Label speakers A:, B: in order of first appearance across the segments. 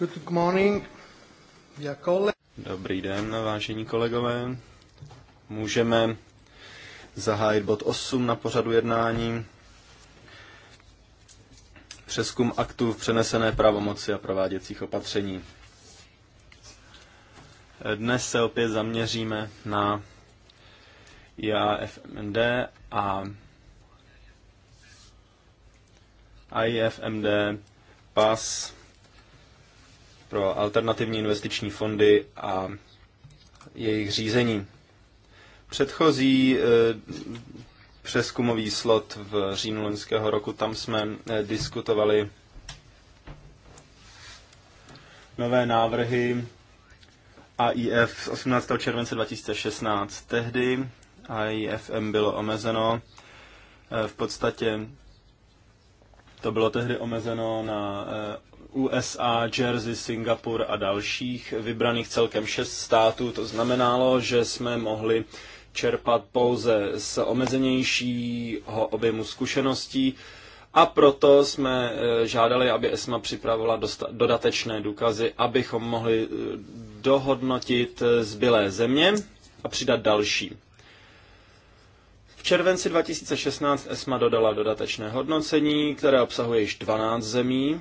A: Good morning, Dobrý den, vážení kolegové. Můžeme zahájit bod 8 na pořadu jednání. Přeskum aktů v přenesené pravomoci a prováděcích opatření. Dnes se opět zaměříme na IAFMD a IFMD PAS pro alternativní investiční fondy a jejich řízení. Předchozí eh, přeskumový slot v říjnu loňského roku, tam jsme eh, diskutovali nové návrhy AIF z 18. července 2016. Tehdy AIFM bylo omezeno. Eh, v podstatě to bylo tehdy omezeno na USA, Jersey, Singapur a dalších, vybraných celkem šest států. To znamenalo, že jsme mohli čerpat pouze z omezenějšího objemu zkušeností a proto jsme eh, žádali, aby ESMA připravila dodatečné důkazy, abychom mohli eh, dohodnotit eh, zbylé země a přidat další. V červenci 2016 ESMA dodala dodatečné hodnocení, které obsahuje již 12 zemí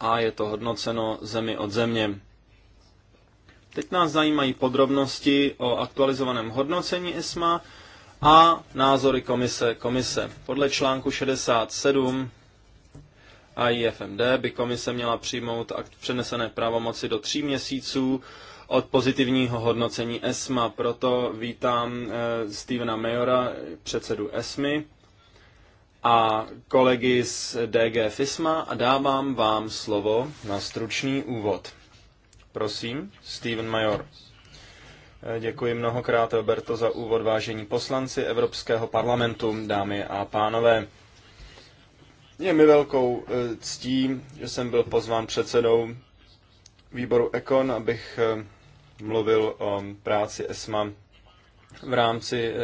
A: a je to hodnoceno zemi od země. Teď nás zajímají podrobnosti o aktualizovaném hodnocení ESMA a názory komise komise. Podle článku 67 a IFMD by komise měla přijmout akt přenesené pravomoci do tří měsíců od pozitivního hodnocení ESMA. Proto vítám eh, Stevena Mayora, předsedu ESMY, a kolegy z DG FISMA a dávám vám slovo na stručný úvod. Prosím, Steven Major. Eh, děkuji mnohokrát, Alberto, za úvod, vážení poslanci Evropského parlamentu, dámy a pánové. Je mi velkou eh, ctí, že jsem byl pozván předsedou výboru ECON, abych eh, mluvil o práci ESMA v rámci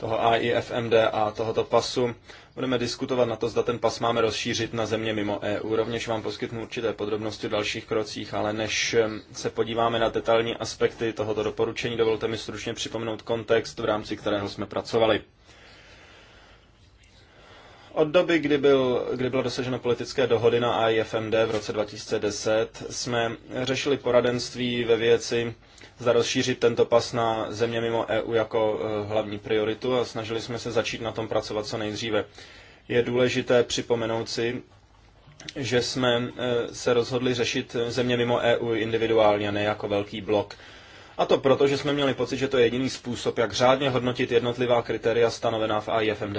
A: toho AIFMD a tohoto pasu. Budeme diskutovat na to, zda ten pas máme rozšířit na země mimo EU. Rovněž vám poskytnu určité podrobnosti o dalších krocích, ale než ehm, se podíváme na detailní aspekty tohoto doporučení, dovolte mi stručně připomenout kontext, v rámci kterého jsme pracovali. Od doby, kdy, byl, kdy bylo dosaženo politické dohody na AIFMD v roce 2010, jsme řešili poradenství ve věci zda rozšířit tento pas na země mimo EU jako eh, hlavní prioritu a snažili jsme se začít na tom pracovat co nejdříve. Je důležité připomenout si, že jsme eh, se rozhodli řešit eh, země mimo EU individuálně, ne jako velký blok. A to proto, že jsme měli pocit, že to je jediný způsob, jak řádně hodnotit jednotlivá kritéria stanovená v AIFMD.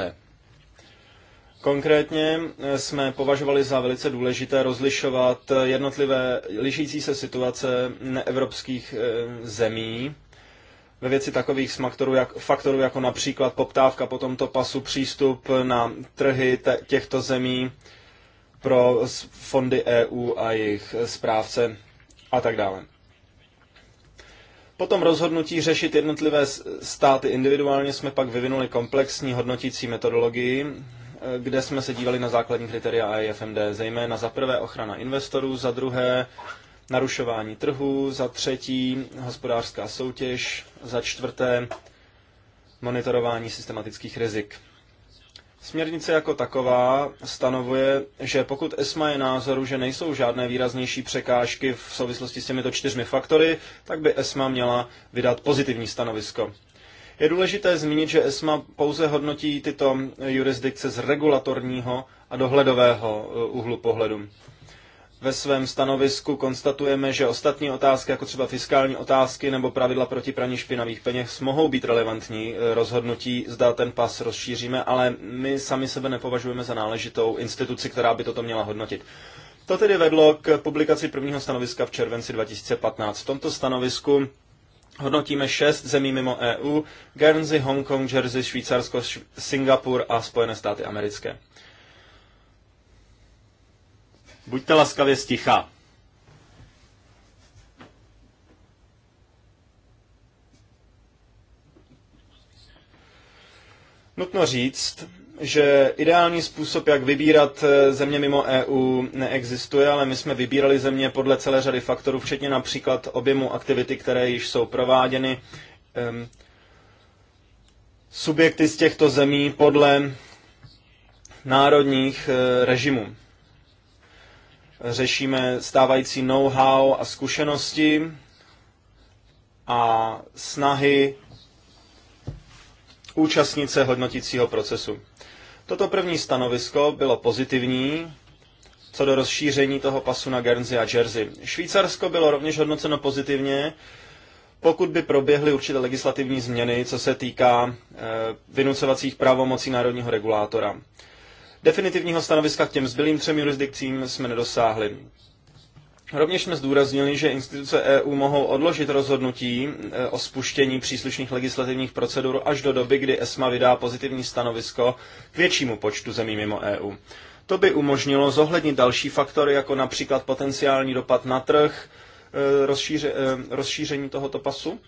A: Konkrétně eh, jsme považovali za velice důležité rozlišovat eh, jednotlivé lišící se situace neevropských eh, zemí ve věci takových faktorů, jak, faktorů jako například poptávka po tomto pasu, přístup na trhy těchto zemí pro fondy EU a jejich správce a tak dále. Potom rozhodnutí řešit jednotlivé státy individuálně jsme pak vyvinuli komplexní hodnotící metodologii, kde jsme se dívali na základní kritéria AIFMD, zejména za prvé ochrana investorů, za druhé narušování trhu, za třetí hospodářská soutěž, za čtvrté monitorování systematických rizik. Směrnice jako taková stanovuje, že pokud ESMA je názoru, že nejsou žádné výraznější překážky v souvislosti s těmito čtyřmi faktory, tak by ESMA měla vydat pozitivní stanovisko. Je důležité zmínit, že ESMA pouze hodnotí tyto jurisdikce z regulatorního a dohledového eh, úhlu pohledu. Ve svém stanovisku konstatujeme, že ostatní otázky, jako třeba fiskální otázky nebo pravidla proti praní špinavých peněz, mohou být relevantní eh, rozhodnutí, zda ten pas rozšíříme, ale my sami sebe nepovažujeme za náležitou instituci, která by toto měla hodnotit. To tedy vedlo k publikaci prvního stanoviska v červenci 2015. V tomto stanovisku Hodnotíme šest zemí mimo EU, Guernsey, Hongkong, Jersey, Švýcarsko, Singapur a Spojené státy americké. Buďte laskavě sticha. Nutno říct, že ideální způsob, jak vybírat eh, země mimo EU, neexistuje, ale my jsme vybírali země podle celé řady faktorů, včetně například objemu aktivity, které již jsou prováděny ehm, subjekty z těchto zemí podle národních eh, režimů. Řešíme stávající know-how a zkušenosti a snahy účastnit se hodnotícího procesu. Toto první stanovisko bylo pozitivní co do rozšíření toho pasu na Guernsey a Jersey. Švýcarsko bylo rovněž hodnoceno pozitivně, pokud by proběhly určité legislativní změny, co se týká e, vynucovacích pravomocí národního regulátora. Definitivního stanoviska k těm zbylým třem jurisdikcím jsme nedosáhli. Rovněž jsme zdůraznili, že instituce EU mohou odložit rozhodnutí e, o spuštění příslušných legislativních procedur až do doby, kdy ESMA vydá pozitivní stanovisko k většímu počtu zemí mimo EU. To by umožnilo zohlednit další faktory, jako například potenciální dopad na trh, e, rozšíře, e, rozšíření tohoto pasu.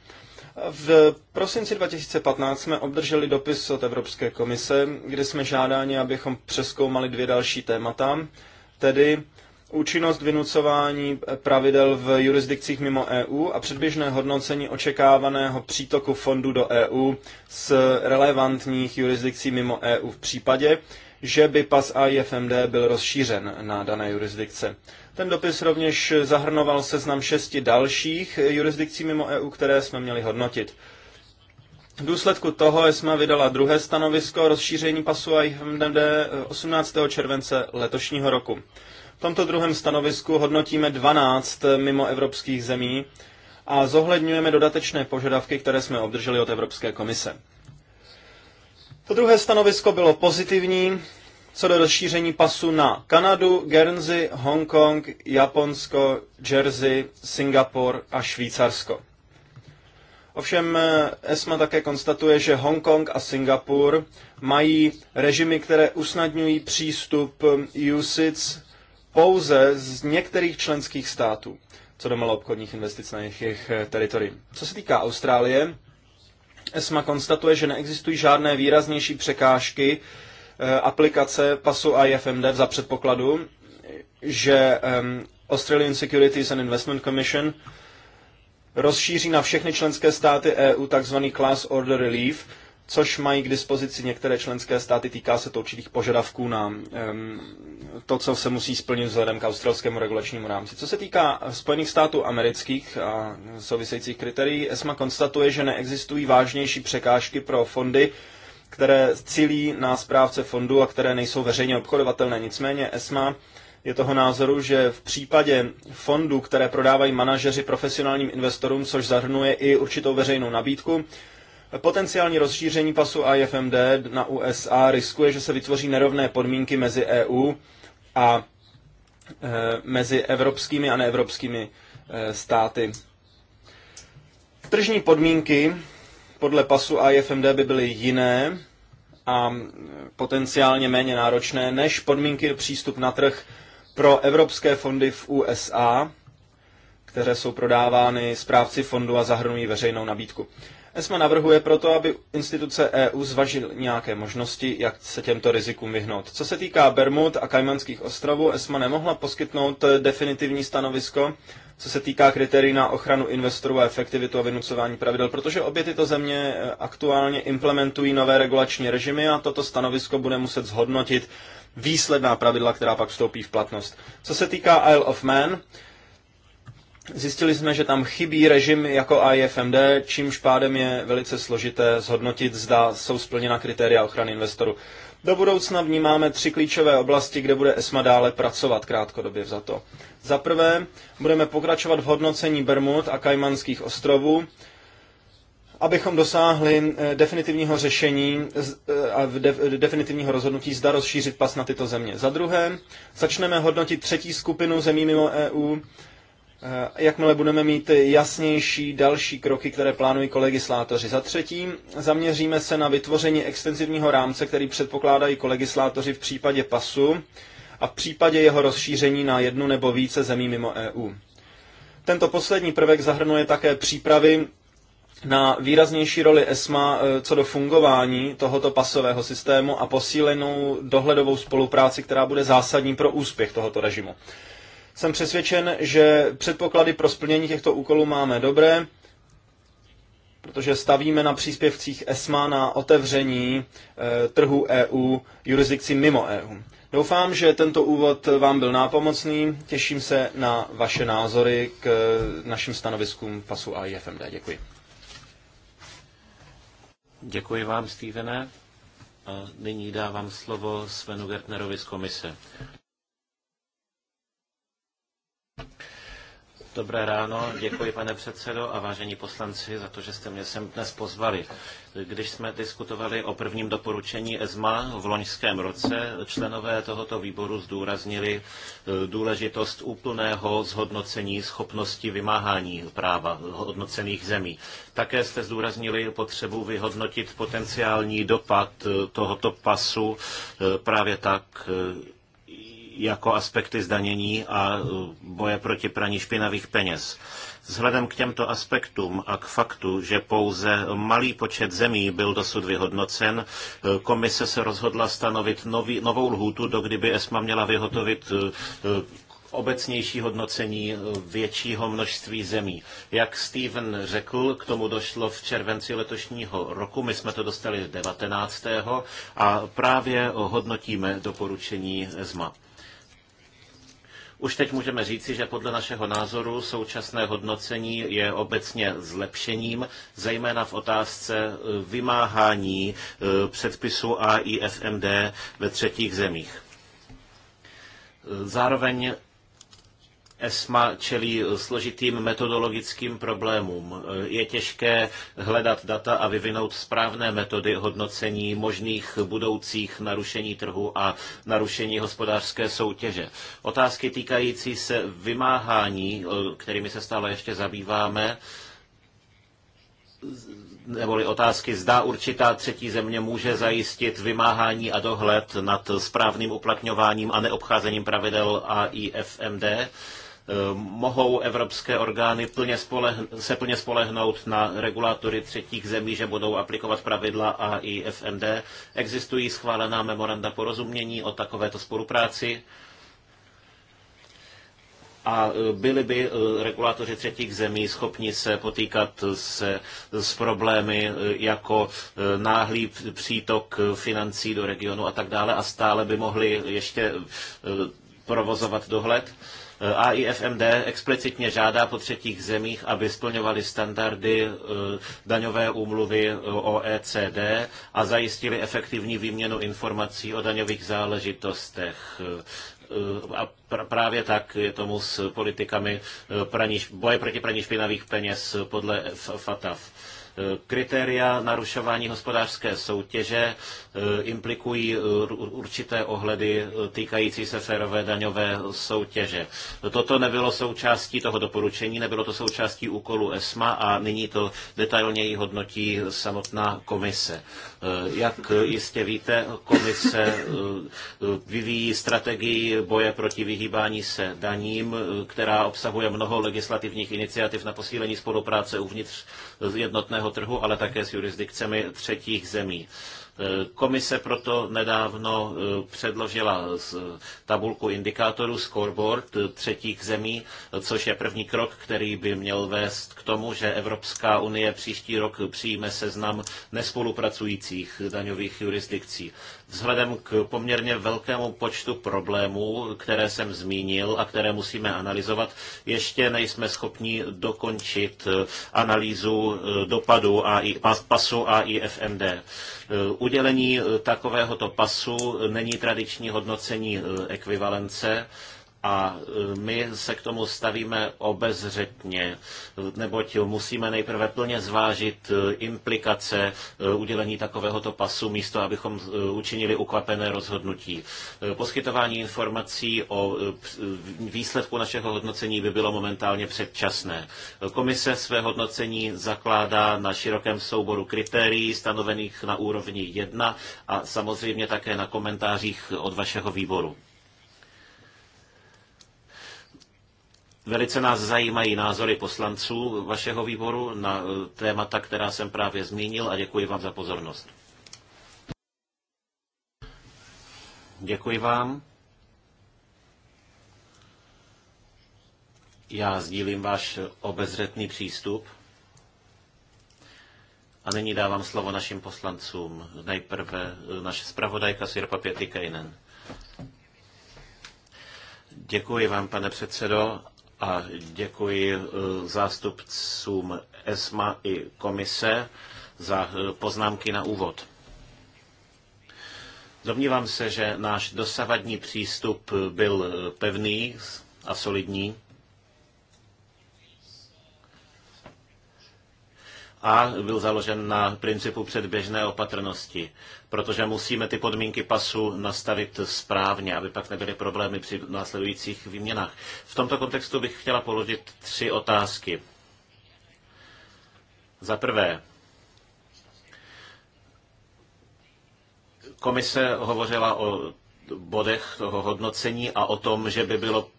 A: V prosinci 2015 jsme obdrželi dopis od Evropské komise, kde jsme žádáni, abychom přeskoumali dvě další témata, tedy účinnost vynucování pravidel v jurisdikcích mimo EU a předběžné hodnocení očekávaného přítoku fondů do EU z relevantních jurisdikcí mimo EU v případě, že by pas IFMD byl rozšířen na dané jurisdikce. Ten dopis rovněž zahrnoval seznam šesti dalších jurisdikcí mimo EU, které jsme měli hodnotit. V důsledku toho jsme vydala druhé stanovisko rozšíření pasu IFMD eh, 18. července letošního roku tomto druhém stanovisku hodnotíme 12 mimo evropských zemí a zohledňujeme dodatečné požadavky, které jsme obdrželi od Evropské komise. To druhé stanovisko bylo pozitivní co do rozšíření pasu na Kanadu, Guernsey, Hongkong, Japonsko, Jersey, Singapur a Švýcarsko. Ovšem ESMA také konstatuje, že Hongkong a Singapur mají režimy, které usnadňují přístup USIC pouze z některých členských států, co do maloobchodních investic na jejich eh, teritorii. Co se týká Austrálie, ESMA konstatuje, že neexistují žádné výraznější překážky eh, aplikace pasu IFMD za předpokladu, že ehm, Australian Securities and Investment Commission rozšíří na všechny členské státy EU takzvaný Class Order Relief, což mají k dispozici některé členské státy. Týká se to určitých požadavků na to, co se musí splnit vzhledem k australskému regulačnímu rámci. Co se týká Spojených států amerických a souvisejících kritérií, ESMA konstatuje, že neexistují vážnější překážky pro fondy, které cílí na správce fondu a které nejsou veřejně obchodovatelné. Nicméně ESMA je toho názoru, že v případě fondů, které prodávají manažeři profesionálním investorům, což zahrnuje i určitou veřejnou nabídku, Potenciální rozšíření pasu IFMD na USA riskuje, že se vytvoří nerovné podmínky mezi EU a e, mezi evropskými a neevropskými e, státy. Tržní podmínky podle pasu IFMD by byly jiné a e, potenciálně méně náročné než podmínky přístup na trh pro evropské fondy v USA, které jsou prodávány správci fondu a zahrnují veřejnou nabídku. ESMA navrhuje proto, aby instituce EU zvažily nějaké možnosti, jak se těmto rizikům vyhnout. Co se týká Bermud a Kajmanských ostrovů, ESMA nemohla poskytnout eh, definitivní stanovisko, co se týká kritérií na ochranu investorů a efektivitu a vynucování pravidel, protože obě tyto země eh, aktuálně implementují nové regulační režimy a toto stanovisko bude muset zhodnotit výsledná pravidla, která pak vstoupí v platnost. Co se týká Isle of Man, Zjistili jsme, že tam chybí režim jako IFMD, čímž pádem je velice složité zhodnotit, zda jsou splněna kritéria ochrany investoru. Do budoucna vnímáme tři klíčové oblasti, kde bude ESMA dále pracovat krátkodobě za to. Za prvé, budeme pokračovat v hodnocení Bermud a Kajmanských ostrovů, abychom dosáhli eh, definitivního řešení eh, a definitivního rozhodnutí, zda rozšířit pas na tyto země. Za druhé, začneme hodnotit třetí skupinu zemí mimo EU, Eh, jakmile budeme mít jasnější další kroky, které plánují kolegislátoři. Za třetí, zaměříme se na vytvoření extenzivního rámce, který předpokládají kolegislátoři v případě pasu a v případě jeho rozšíření na jednu nebo více zemí mimo EU. Tento poslední prvek zahrnuje také přípravy na výraznější roli ESMA eh, co do fungování tohoto pasového systému a posílenou dohledovou spolupráci, která bude zásadní pro úspěch tohoto režimu. Jsem přesvědčen, že předpoklady pro splnění těchto úkolů máme dobré, protože stavíme na příspěvcích ESMA na otevření eh, trhu EU jurisdikci mimo EU. Doufám, že tento úvod vám byl nápomocný. Těším se na vaše názory k eh, našim stanoviskům pasu a IFMD. Děkuji. Děkuji vám, Stevene.
B: nyní dávám slovo Svenu Gertnerovi z komise. Dobré ráno, děkuji pane předsedo a vážení poslanci za to, že jste mě sem dnes pozvali. Když jsme diskutovali o prvním doporučení ESMA v loňském roce, členové tohoto výboru zdůraznili e, důležitost úplného zhodnocení schopnosti vymáhání práva hodnocených zemí. Také jste zdůraznili potřebu vyhodnotit potenciální dopad e, tohoto pasu e, právě tak, jako aspekty zdanění a e, boje proti praní špinavých peněz. Vzhledem k těmto aspektům a k faktu, že pouze malý počet zemí byl dosud vyhodnocen, e, komise se rozhodla stanovit nový, novou lhůtu, do kdyby ESMA měla vyhotovit e, obecnější hodnocení většího množství zemí. Jak Steven řekl, k tomu došlo v červenci letošního roku, my jsme to dostali 19. a právě hodnotíme doporučení ESMA. Už teď můžeme říci, že podle našeho názoru současné hodnocení je obecně zlepšením, zejména v otázce eh, vymáhání eh, předpisu AIFMD ve třetích zemích. Zároveň ESMA čelí složitým metodologickým problémům. Je těžké hledat data a vyvinout správné metody hodnocení možných budoucích narušení trhu a narušení hospodářské soutěže. Otázky týkající se vymáhání, kterými se stále ještě zabýváme, neboli otázky, zda určitá třetí země může zajistit vymáhání a dohled nad správným uplatňováním a neobcházením pravidel AIFMD. Eh, mohou evropské orgány plně spoleh, se plně spolehnout na regulátory třetích zemí, že budou aplikovat pravidla a i FMD. Existují schválená memoranda porozumění o takovéto spolupráci a eh, byli by eh, regulátoři třetích zemí schopni se potýkat se, s problémy jako náhlý přítok financí do regionu a tak dále a stále by mohli ještě provozovat dohled. Eh, AIFMD explicitně žádá po třetích zemích, aby splňovali standardy eh, daňové úmluvy eh, OECD a zajistili efektivní výměnu informací o daňových záležitostech a pr- právě tak je tomu s politikami praní, boje proti praní špinavých peněz podle FATAF. Eh, kritéria narušování hospodářské soutěže eh, implikují eh, určité ohledy týkající se férové daňové soutěže. Toto nebylo součástí toho doporučení, nebylo to součástí úkolu ESMA a nyní to detailněji hodnotí samotná komise. Jak jistě víte, komise vyvíjí strategii boje proti vyhýbání se daním, která obsahuje mnoho legislativních iniciativ na posílení spolupráce uvnitř jednotného volného trhu, ale také s jurisdikcemi třetích zemí. E, komise proto nedávno e, předložila tabulku indikátorů scoreboard třetích zemí, což je první krok, který by měl vést k tomu, že Evropská unie příští rok přijme seznam nespolupracujících daňových jurisdikcí. Vzhledem k poměrně velkému počtu problémů, které jsem zmínil a které musíme analyzovat, ještě nejsme schopni dokončit eh, analýzu eh, dopadu AI, pasu AIFMD. Eh, udělení takovéhoto pasu není tradiční hodnocení ekvivalence, a e, my se k tomu stavíme obezřetně, neboť musíme nejprve plně zvážit e, implikace e, udělení takovéhoto pasu, místo abychom učinili ukvapené rozhodnutí. Poskytování informací o výsledku našeho hodnocení by bylo momentálně předčasné. Komise své hodnocení zakládá na širokém souboru kritérií stanovených na úrovni 1 a samozřejmě také na komentářích od vašeho výboru. Velice nás zajímají názory poslanců vašeho výboru na eh, témata, která jsem právě zmínil a děkuji vám za pozornost. Děkuji vám. Já sdílím váš obezřetný přístup. A nyní dávám slovo našim poslancům. Nejprve eh, naše zpravodajka Sirpa Pětikejnen. Děkuji vám, pane předsedo, a děkuji eh, zástupcům ESMA i komise za eh, poznámky na úvod. Domnívám se, že náš dosavadní přístup byl eh, pevný a solidní. a byl založen na principu předběžné opatrnosti, protože musíme ty podmínky pasu nastavit správně, aby pak nebyly problémy při následujících výměnách. V tomto kontextu bych chtěla položit tři otázky. Za prvé, komise hovořila o bodech toho hodnocení a o tom, že by bylo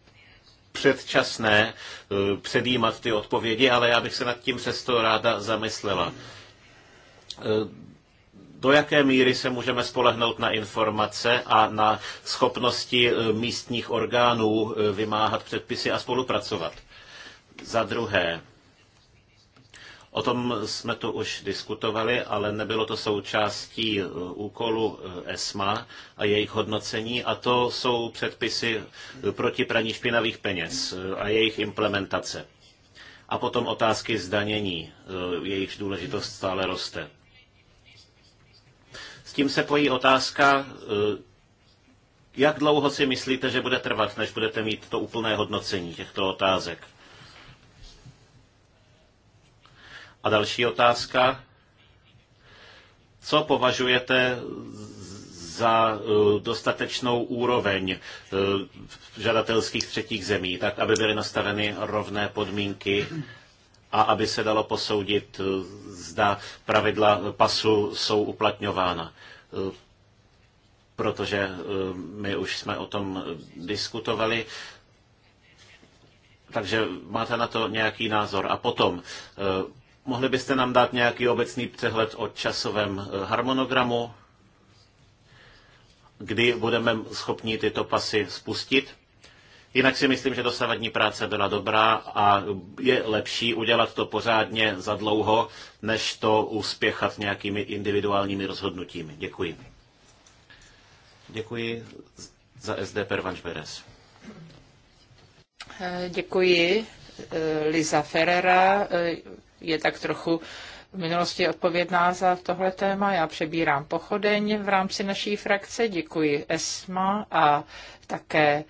B: předčasné eh, předjímat ty odpovědi, ale já bych se nad tím přesto ráda zamyslela. Eh, do jaké míry se můžeme spolehnout na informace a na schopnosti eh, místních orgánů vymáhat předpisy a spolupracovat? Za druhé, O tom jsme tu už diskutovali, ale nebylo to součástí e, úkolu e, ESMA a jejich hodnocení a to jsou předpisy e, proti praní špinavých peněz a jejich implementace. A potom otázky zdanění, jejichž důležitost stále roste. S tím se pojí otázka, jak dlouho si myslíte, že bude trvat, než budete mít to úplné hodnocení těchto otázek? A další otázka. Co považujete za eh, dostatečnou úroveň eh, žadatelských třetích zemí, tak aby byly nastaveny rovné podmínky a aby se dalo posoudit, eh, zda pravidla pasu jsou uplatňována. Protože my už jsme o tom diskutovali. Takže máte na to nějaký názor. A potom Mohli byste nám dát nějaký obecný přehled o časovém eh, harmonogramu, kdy budeme schopni tyto pasy spustit? Jinak si myslím, že dosavadní práce byla dobrá a je lepší udělat to pořádně za dlouho, než to uspěchat nějakými individuálními rozhodnutími. Děkuji. Děkuji za SD Pervanš Beres.
C: Eh, děkuji. Eh, Liza Ferrera je tak trochu v minulosti odpovědná za tohle téma. Já přebírám pochodeň v rámci naší frakce. Děkuji ESMA a také e,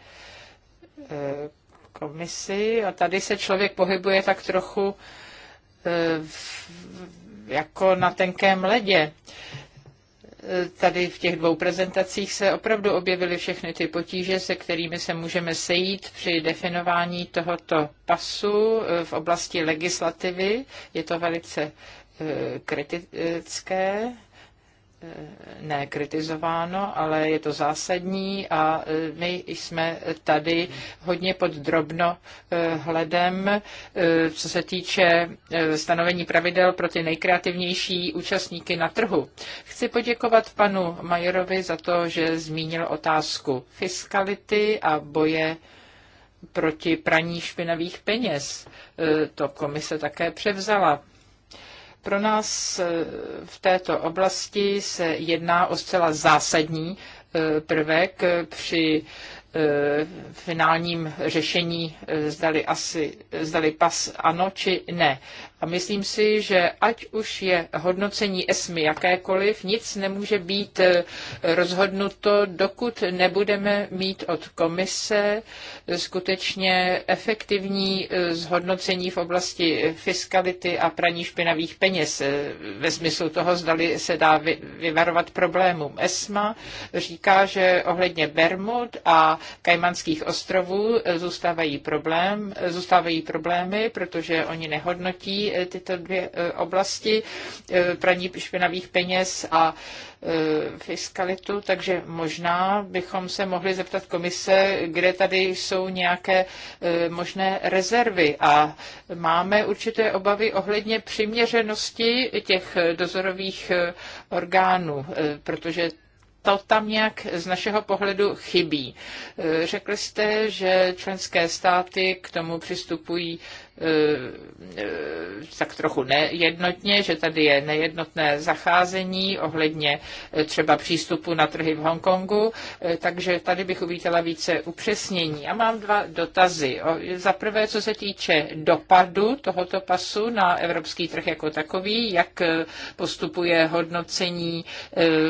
C: komisi. A tady se člověk pohybuje tak trochu e, jako na tenkém ledě tady v těch dvou prezentacích se opravdu objevily všechny ty potíže, se kterými se můžeme sejít při definování tohoto pasu eh, v oblasti legislativy. Je to velice eh, kritické. Eh, nekritizováno, kritizováno, ale je to zásadní a eh, my jsme tady hodně pod drobno eh, hledem, co se týče stanovení pravidel pro ty nejkreativnější účastníky na trhu. Chci poděkovat panu Majerovi za to, že zmínil otázku fiskality a boje proti praní špinavých peněz. To komise také převzala pro nás eh, v této oblasti se jedná o zcela zásadní eh, prvek eh, při finálním řešení, zdali, asi, zdali pas ano či ne. A myslím si, že ať už je hodnocení ESMI jakékoliv, nic nemůže být eh, rozhodnuto, dokud nebudeme mít od komise eh, skutečně efektivní eh, zhodnocení v oblasti fiskality a praní špinavých peněz ve smyslu toho, zdali se dá vyvarovat problémům. ESMA říká, že ohledně Bermud a Kajmanských ostrovů zůstávají, problém, zůstávají problémy, protože oni nehodnotí tyto dvě e, oblasti, e, praní špinavých peněz a e, fiskalitu, takže možná bychom se mohli zeptat komise, kde tady jsou nějaké možné rezervy a máme určité obavy ohledně přiměřenosti těch dozorových orgánů, protože to tam nějak z našeho pohledu chybí. Řekli jste, že členské státy k tomu přistupují Eh, tak trochu nejednotně, že tady je nejednotné zacházení ohledně eh, třeba přístupu na trhy v Hongkongu, eh, takže tady bych uvítala více upřesnění. A mám dva dotazy. Za prvé, co se týče dopadu tohoto pasu na evropský trh jako takový, jak postupuje hodnocení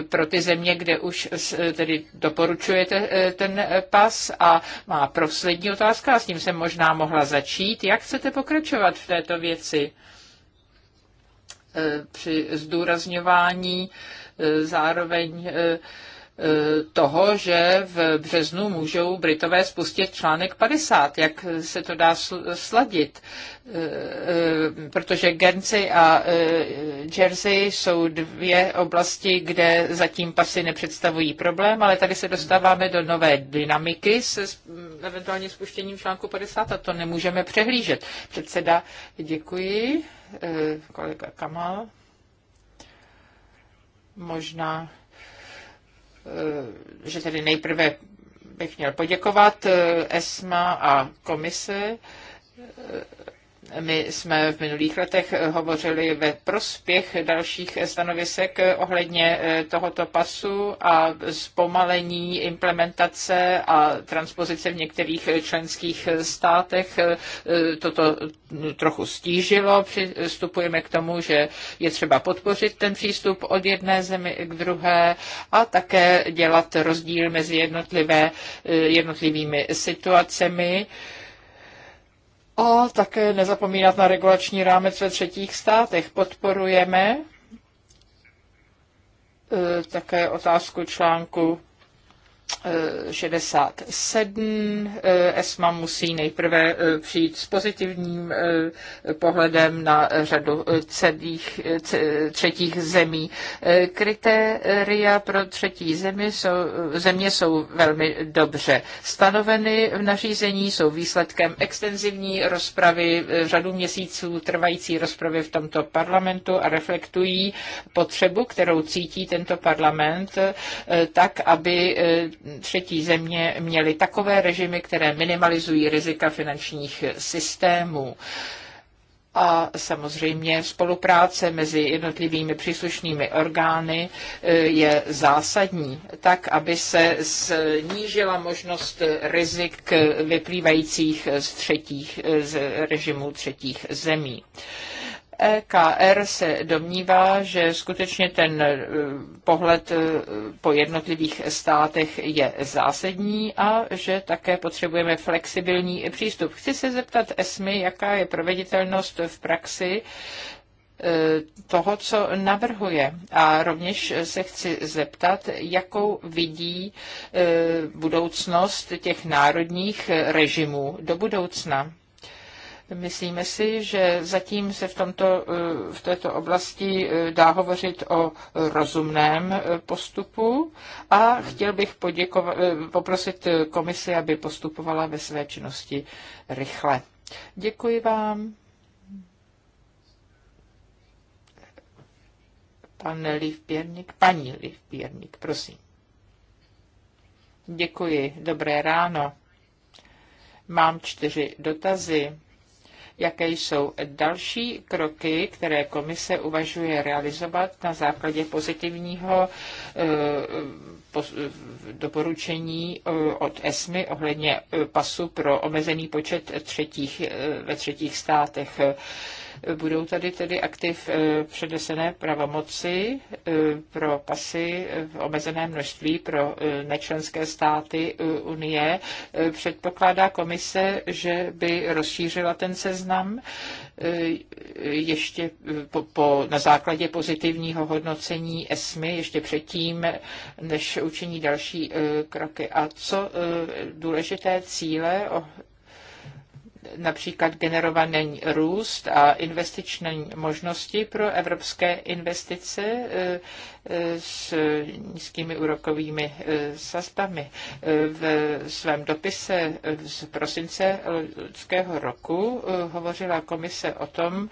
C: pro ty země, kde už tedy doporučujete ten pas a má poslední otázka, a s tím jsem možná mohla začít. Jak chcete pokračovat v této věci e, při zdůrazňování e, zároveň e, E, toho, že v březnu můžou Britové spustit článek 50, jak se to dá sladit, e, e, protože Guernsey a Jersey jsou dvě oblasti, kde zatím pasy nepředstavují problém, ale tady se dostáváme do nové dynamiky se eventuálně spuštěním článku 50 a to nemůžeme přehlížet. Předseda, děkuji. Kolega Kamal. Možná Eh, že tedy nejprve bych měl poděkovat eh, ESMA a komise eh, my jsme v minulých letech eh, hovořili ve prospěch dalších stanovisek eh, ohledně eh, tohoto pasu a zpomalení implementace a transpozice v některých členských státech toto mm, trochu stížilo. Přistupujeme k tomu, že je třeba podpořit ten přístup od jedné zemi k druhé a také dělat rozdíl mezi jednotlivé, jednotlivými situacemi a také nezapomínat na regulační rámec ve třetích státech. Podporujeme e, také otázku článku 67. ESMA musí nejprve eh, přijít s pozitivním eh, pohledem na řadu eh, celých, třetích zemí. Kritéria pro třetí zemi jsou, země jsou velmi dobře stanoveny v nařízení, jsou výsledkem extenzivní rozpravy, řadu měsíců trvající rozpravy v tomto parlamentu a reflektují potřebu, kterou cítí tento parlament, tak, aby třetí země měly takové režimy, které minimalizují rizika finančních systémů a samozřejmě spolupráce mezi jednotlivými příslušnými orgány e, je zásadní, tak aby se snížila možnost rizik vyplývajících z, třetích, e, z režimu třetích zemí. EKR se domnívá, že skutečně ten e, pohled e, po jednotlivých státech je zásadní a že také potřebujeme flexibilní přístup. Chci se zeptat ESMI, jaká je proveditelnost v praxi e, toho, co navrhuje. A rovněž se chci zeptat, jakou vidí budoucnost těch národních režimů do budoucna Myslíme si, že zatím se v, tomto, eh, v této oblasti eh, dá hovořit o rozumném eh, postupu a chtěl bych poděkovat, poprosit komisi, aby postupovala ve své činnosti rychle. Děkuji vám. Pan Lívpěrník, paní Lívpěrník, prosím. Děkuji, dobré ráno. Mám čtyři dotazy. Jaké jsou další kroky, které komise uvažuje realizovat na základě pozitivního eh, doporučení eh, od ESMY ohledně eh, pasu pro omezený počet třetích, ve třetích státech? Budou tady tedy aktiv eh, předesené pravomoci eh, pro pasy eh, v omezené množství pro nečlenské státy Unie. Předpokládá komise, že by rozšířila ten seznam ještě po, po, na základě pozitivního hodnocení ESMY ještě předtím, než učiní další kroky. A co důležité cíle například generovaný růst a investiční možnosti pro evropské investice eh, s nízkými úrokovými e, sazbami. E, v svém dopise z prosince lidského roku e, hovořila komise o tom,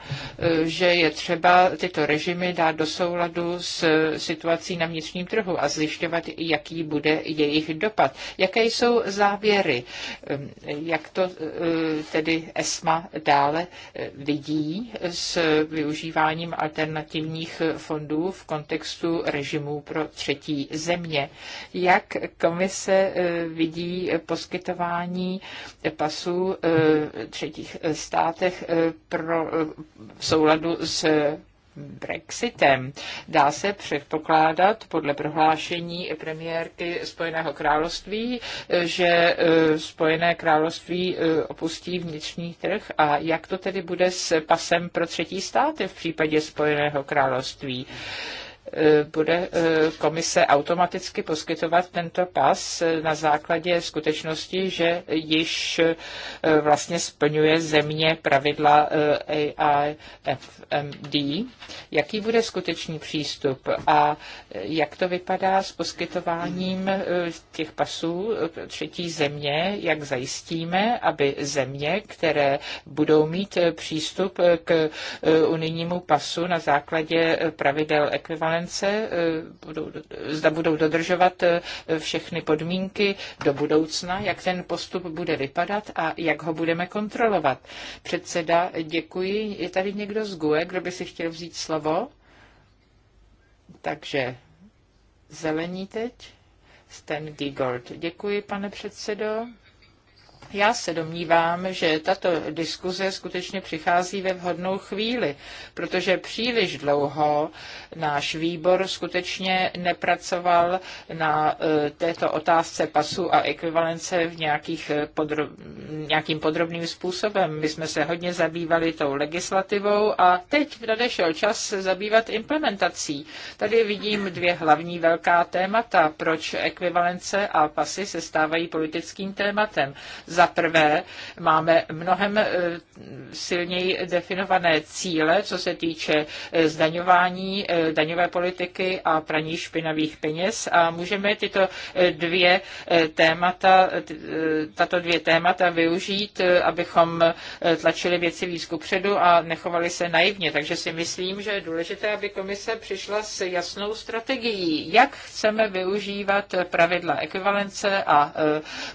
C: že je třeba tyto režimy dát do souladu s situací na vnitřním trhu a zjišťovat, jaký bude jejich dopad. Jaké jsou závěry? Jak to tedy ESMA dále vidí s využíváním alternativních fondů v kontextu režimů pro třetí země. Jak komise eh, vidí poskytování pasů eh, třetích státech eh, pro, v souladu s Brexitem. Dá se předpokládat podle prohlášení premiérky Spojeného království, že Spojené království opustí vnitřní trh a jak to tedy bude s pasem pro třetí státy v případě Spojeného království. E, bude e, komise automaticky poskytovat tento pas e, na základě skutečnosti, že již vlastně splňuje země pravidla AIFMD. Jaký bude skutečný přístup a jak to vypadá s poskytováním těch pasů třetí země, jak zajistíme, aby země, které budou mít přístup k unijnímu pasu na základě pravidel ekvivalent konference, eh, budou, zda budou dodržovat eh, všechny podmínky do budoucna, jak ten postup bude vypadat a jak ho budeme kontrolovat. Předseda, děkuji. Je tady někdo z GUE, kdo by si chtěl vzít slovo? Takže zelení teď. Stan Gigold. Děkuji, pane předsedo. Já se domnívám, že tato diskuze skutečně přichází ve vhodnou chvíli, protože příliš dlouho náš výbor skutečně nepracoval na e, této otázce pasu a ekvivalence v nějakých e, podro... nějakým podrobným způsobem. My jsme se hodně zabývali tou legislativou a teď nadešel čas se zabývat implementací. Tady vidím dvě hlavní velká témata, proč ekvivalence a pasy se stávají politickým tématem. Za za prvé máme mnohem eh, silněji definované cíle, co se týče eh, zdaňování, eh, daňové politiky a praní špinavých peněz a můžeme tyto dvě témata, tato dvě témata využít, abychom tlačili věci výzku předu a nechovali se naivně. Takže si myslím, že je důležité, aby komise přišla s jasnou strategií, jak chceme využívat pravidla ekvivalence a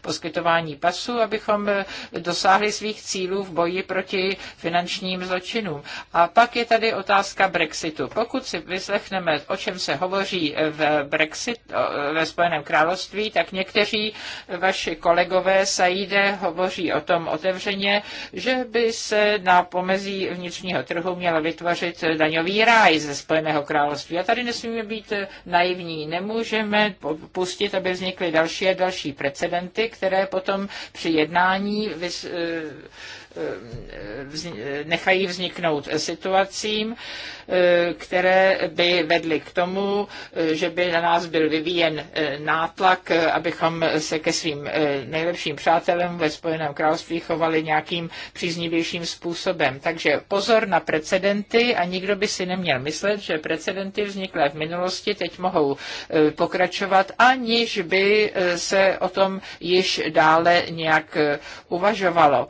C: poskytování pasu, aby abychom eh, dosáhli svých cílů v boji proti finančním zločinům. A pak je tady otázka Brexitu. Pokud si vyslechneme, o čem se hovoří v Brexit, ve Spojeném království, tak někteří vaši kolegové Saide hovoří o tom otevřeně, že by se na pomezí vnitřního trhu mělo vytvořit daňový ráj ze Spojeného království. A tady nesmíme být eh, naivní. Nemůžeme pustit, aby vznikly další a další precedenty, které potom při jednání nechají vzniknout situacím, eh, které by vedly k tomu, eh, že by na nás byl vyvíjen eh, nátlak, abychom se ke svým nejlepším přátelům ve Spojeném království chovali nějakým příznivějším způsobem. Takže pozor na precedenty a nikdo by si neměl myslet, že precedenty vzniklé v minulosti teď mohou pokračovat, aniž by se o tom již dále nějak uvažovalo.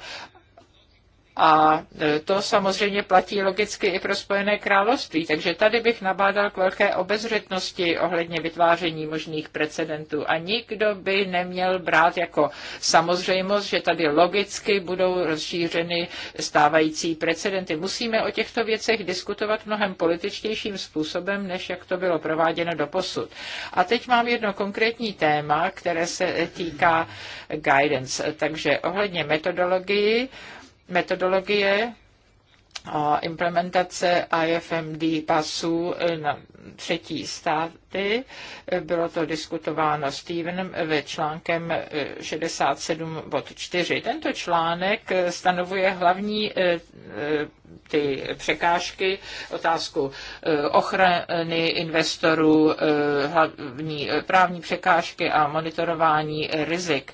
C: A e, to samozřejmě platí logicky i pro Spojené království, takže tady bych nabádal k velké obezřetnosti ohledně vytváření možných precedentů. A nikdo by neměl brát jako samozřejmost, že tady logicky budou rozšířeny stávající precedenty. Musíme o těchto věcech diskutovat mnohem političtějším způsobem, než jak to bylo prováděno do posud. A teď mám jedno konkrétní téma, které se týká guidance. Takže ohledně metodologii, metodologie implementace IFMD pasů na třetí státy. Bylo to diskutováno Stevenem ve článkem 67 eh, bod 4. Tento článek eh, stanovuje hlavní eh, ty překážky, otázku ochrany investorů, hlavní právní překážky a monitorování rizik.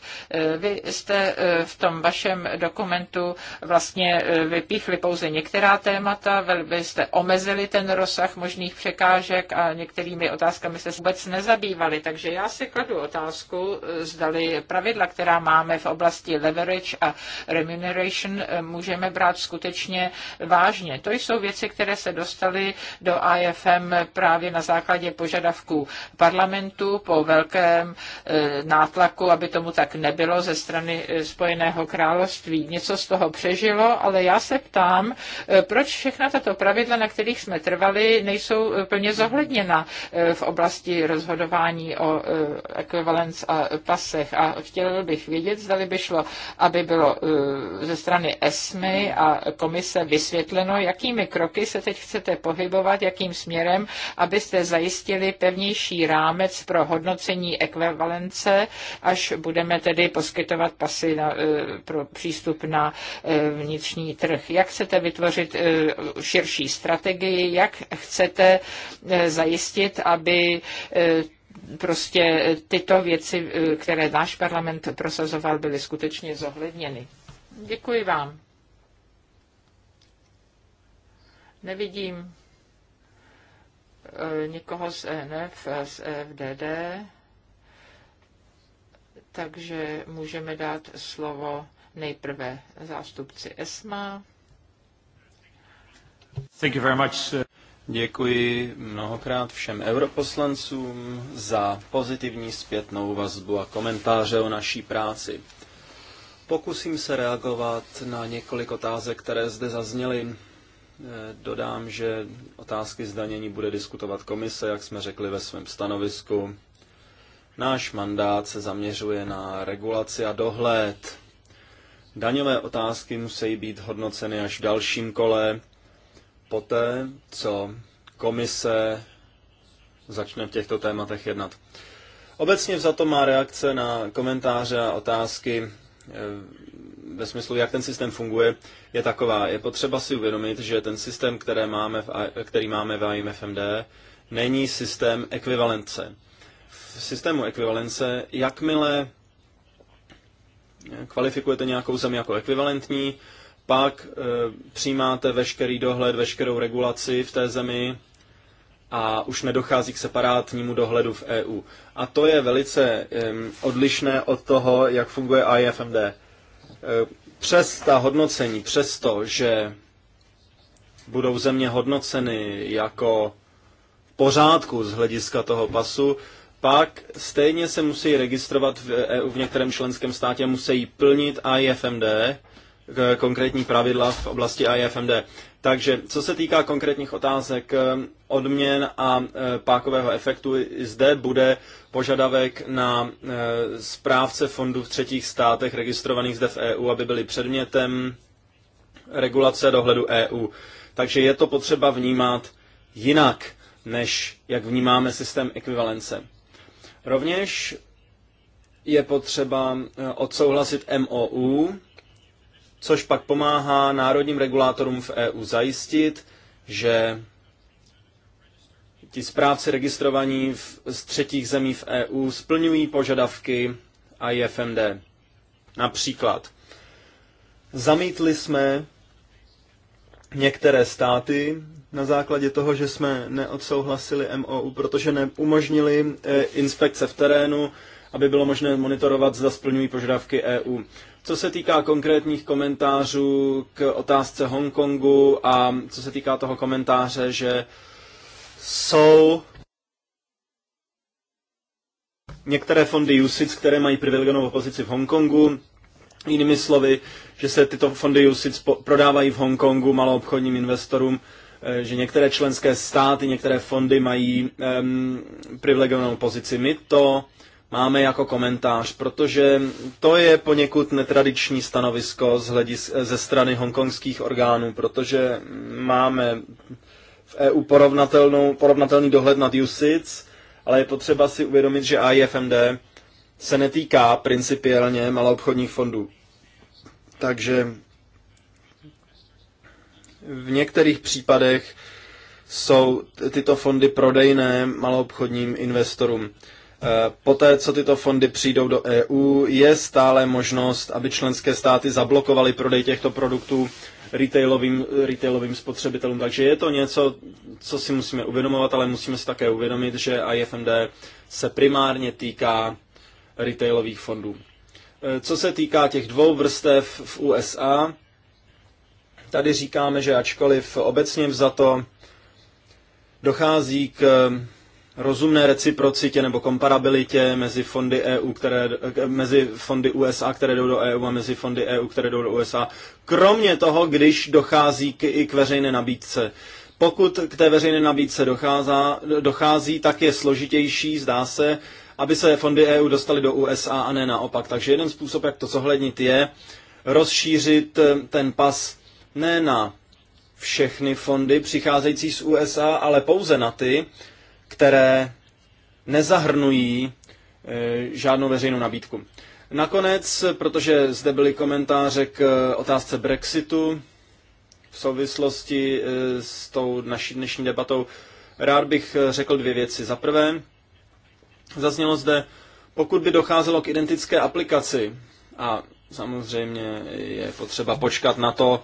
C: Vy jste v tom vašem dokumentu vlastně vypíchli pouze některá témata, vy jste omezili ten rozsah možných překážek, balíček a některými otázkami se vůbec nezabývali. Takže já si kladu otázku, zdali pravidla, která máme v oblasti leverage a remuneration, můžeme brát skutečně vážně. To jsou věci, které se dostaly do IFM právě na základě požadavků parlamentu po velkém eh, nátlaku, aby tomu tak nebylo ze strany eh, Spojeného království. Něco z toho přežilo, ale já se ptám, eh, proč všechna tato pravidla, na kterých jsme trvali, nejsou plně zohledněna eh, v oblasti rozhodování o eh, ekvivalenc a pasech. A chtěl bych vědět, zda by šlo, aby bylo eh, ze strany ESMY a komise vysvětleno, jakými kroky se teď chcete pohybovat, jakým směrem, abyste zajistili pevnější rámec pro hodnocení ekvivalence, až budeme tedy poskytovat pasy na, pro přístup na vnitřní trh. Jak chcete vytvořit širší strategii, jak chcete Eh, zajistit, aby eh, prostě tyto věci, eh, které náš parlament prosazoval, byly skutečně zohledněny. Děkuji vám. Nevidím nikoho z ENF, z FDD, e takže můžeme dát slovo nejprve zástupci ESMA.
A: Thank you very much. Sir. Děkuji mnohokrát všem europoslancům za pozitivní zpětnou vazbu a komentáře o naší práci. Pokusím se reagovat na několik otázek, které zde zazněly. Eh, dodám, že otázky zdanění bude diskutovat komise, jak jsme řekli ve svém stanovisku. Náš mandát se zaměřuje na regulaci a dohled. Daňové otázky musí být hodnoceny až v dalším kole poté, co komise začne v těchto tématech jednat. Obecně to má reakce na komentáře a otázky eh, ve smyslu, jak ten systém funguje, je taková. Je potřeba si uvědomit, že ten systém, které máme v, který máme v IMFMD, není systém ekvivalence. V systému ekvivalence, jakmile eh, kvalifikujete nějakou zemi jako ekvivalentní, pak eh, přijímáte veškerý dohled, veškerou regulaci v té zemi a už nedochází k separátnímu dohledu v EU. A to je velice odlišné od toho, jak funguje IFMD. Eh, přes ta hodnocení, přes to, že budou země hodnoceny jako v pořádku z hlediska toho pasu, pak stejně se musí registrovat v EU v některém členském státě, musí plnit IFMD, Eh, konkrétní pravidla v oblasti IFMD. Takže co se týká konkrétních otázek eh, odměn a eh, pákového efektu, zde bude požadavek na správce fondů v třetích státech registrovaných zde v EU, aby byly předmětem regulace dohledu EU. Takže je to potřeba vnímat jinak, než jak vnímáme systém ekvivalence. Rovněž je potřeba odsouhlasit MOU, což pak pomáhá národním regulátorům v EU zajistit, že ti správci registrovaní v, z třetích zemí v EU splňují požadavky IFMD. Například zamítli jsme některé státy na základě toho, že jsme neodsouhlasili MOU, protože neumožnili eh, inspekce v terénu, aby bylo možné monitorovat, zda splňují požadavky EU. Co se týká konkrétních komentářů k otázce Hongkongu a co se týká toho komentáře, že jsou některé fondy USIC, které mají privilegovanou pozici v Hongkongu, jinými slovy, že se tyto fondy USIC prodávají v Hongkongu maloobchodním investorům, eh, že některé členské státy, některé fondy mají um, privilegovanou pozici. My to máme jako komentář, protože to je poněkud netradiční stanovisko z hledis, ze strany hongkongských orgánů, protože máme v EU porovnatelnou, porovnatelný dohled nad USIC, ale je potřeba si uvědomit, že AIFMD se netýká principiálně maloobchodních fondů. Takže v některých případech jsou tyto fondy prodejné maloobchodním investorům. Eh, poté, co tyto fondy přijdou do EU, je stále možnost, aby členské státy zablokovaly prodej těchto produktů retailovým, retailovým spotřebitelům. Takže je to něco, co si musíme uvědomovat, ale musíme si také uvědomit, že IFMD se primárně týká retailových fondů. Eh, co se týká těch dvou vrstev v USA, tady říkáme, že ačkoliv obecně vzato dochází k rozumné reciprocitě nebo komparabilitě mezi fondy EU, které, mezi fondy USA, které jdou do EU a mezi fondy EU, které jdou do USA. Kromě toho, když dochází k, i k veřejné nabídce. Pokud k té veřejné nabídce docházá, dochází, tak je složitější, zdá se, aby se fondy EU dostaly do USA a ne naopak. Takže jeden způsob, jak to zohlednit, je rozšířit eh, ten pas ne na všechny fondy přicházející z USA, ale pouze na ty, které nezahrnují e, žádnou veřejnou nabídku. Nakonec, protože zde byly komentáře k otázce Brexitu v souvislosti e, s tou naší dnešní debatou, rád bych e, řekl dvě věci. Za prvé, zaznělo zde, pokud by docházelo k identické aplikaci, a samozřejmě je potřeba počkat na to,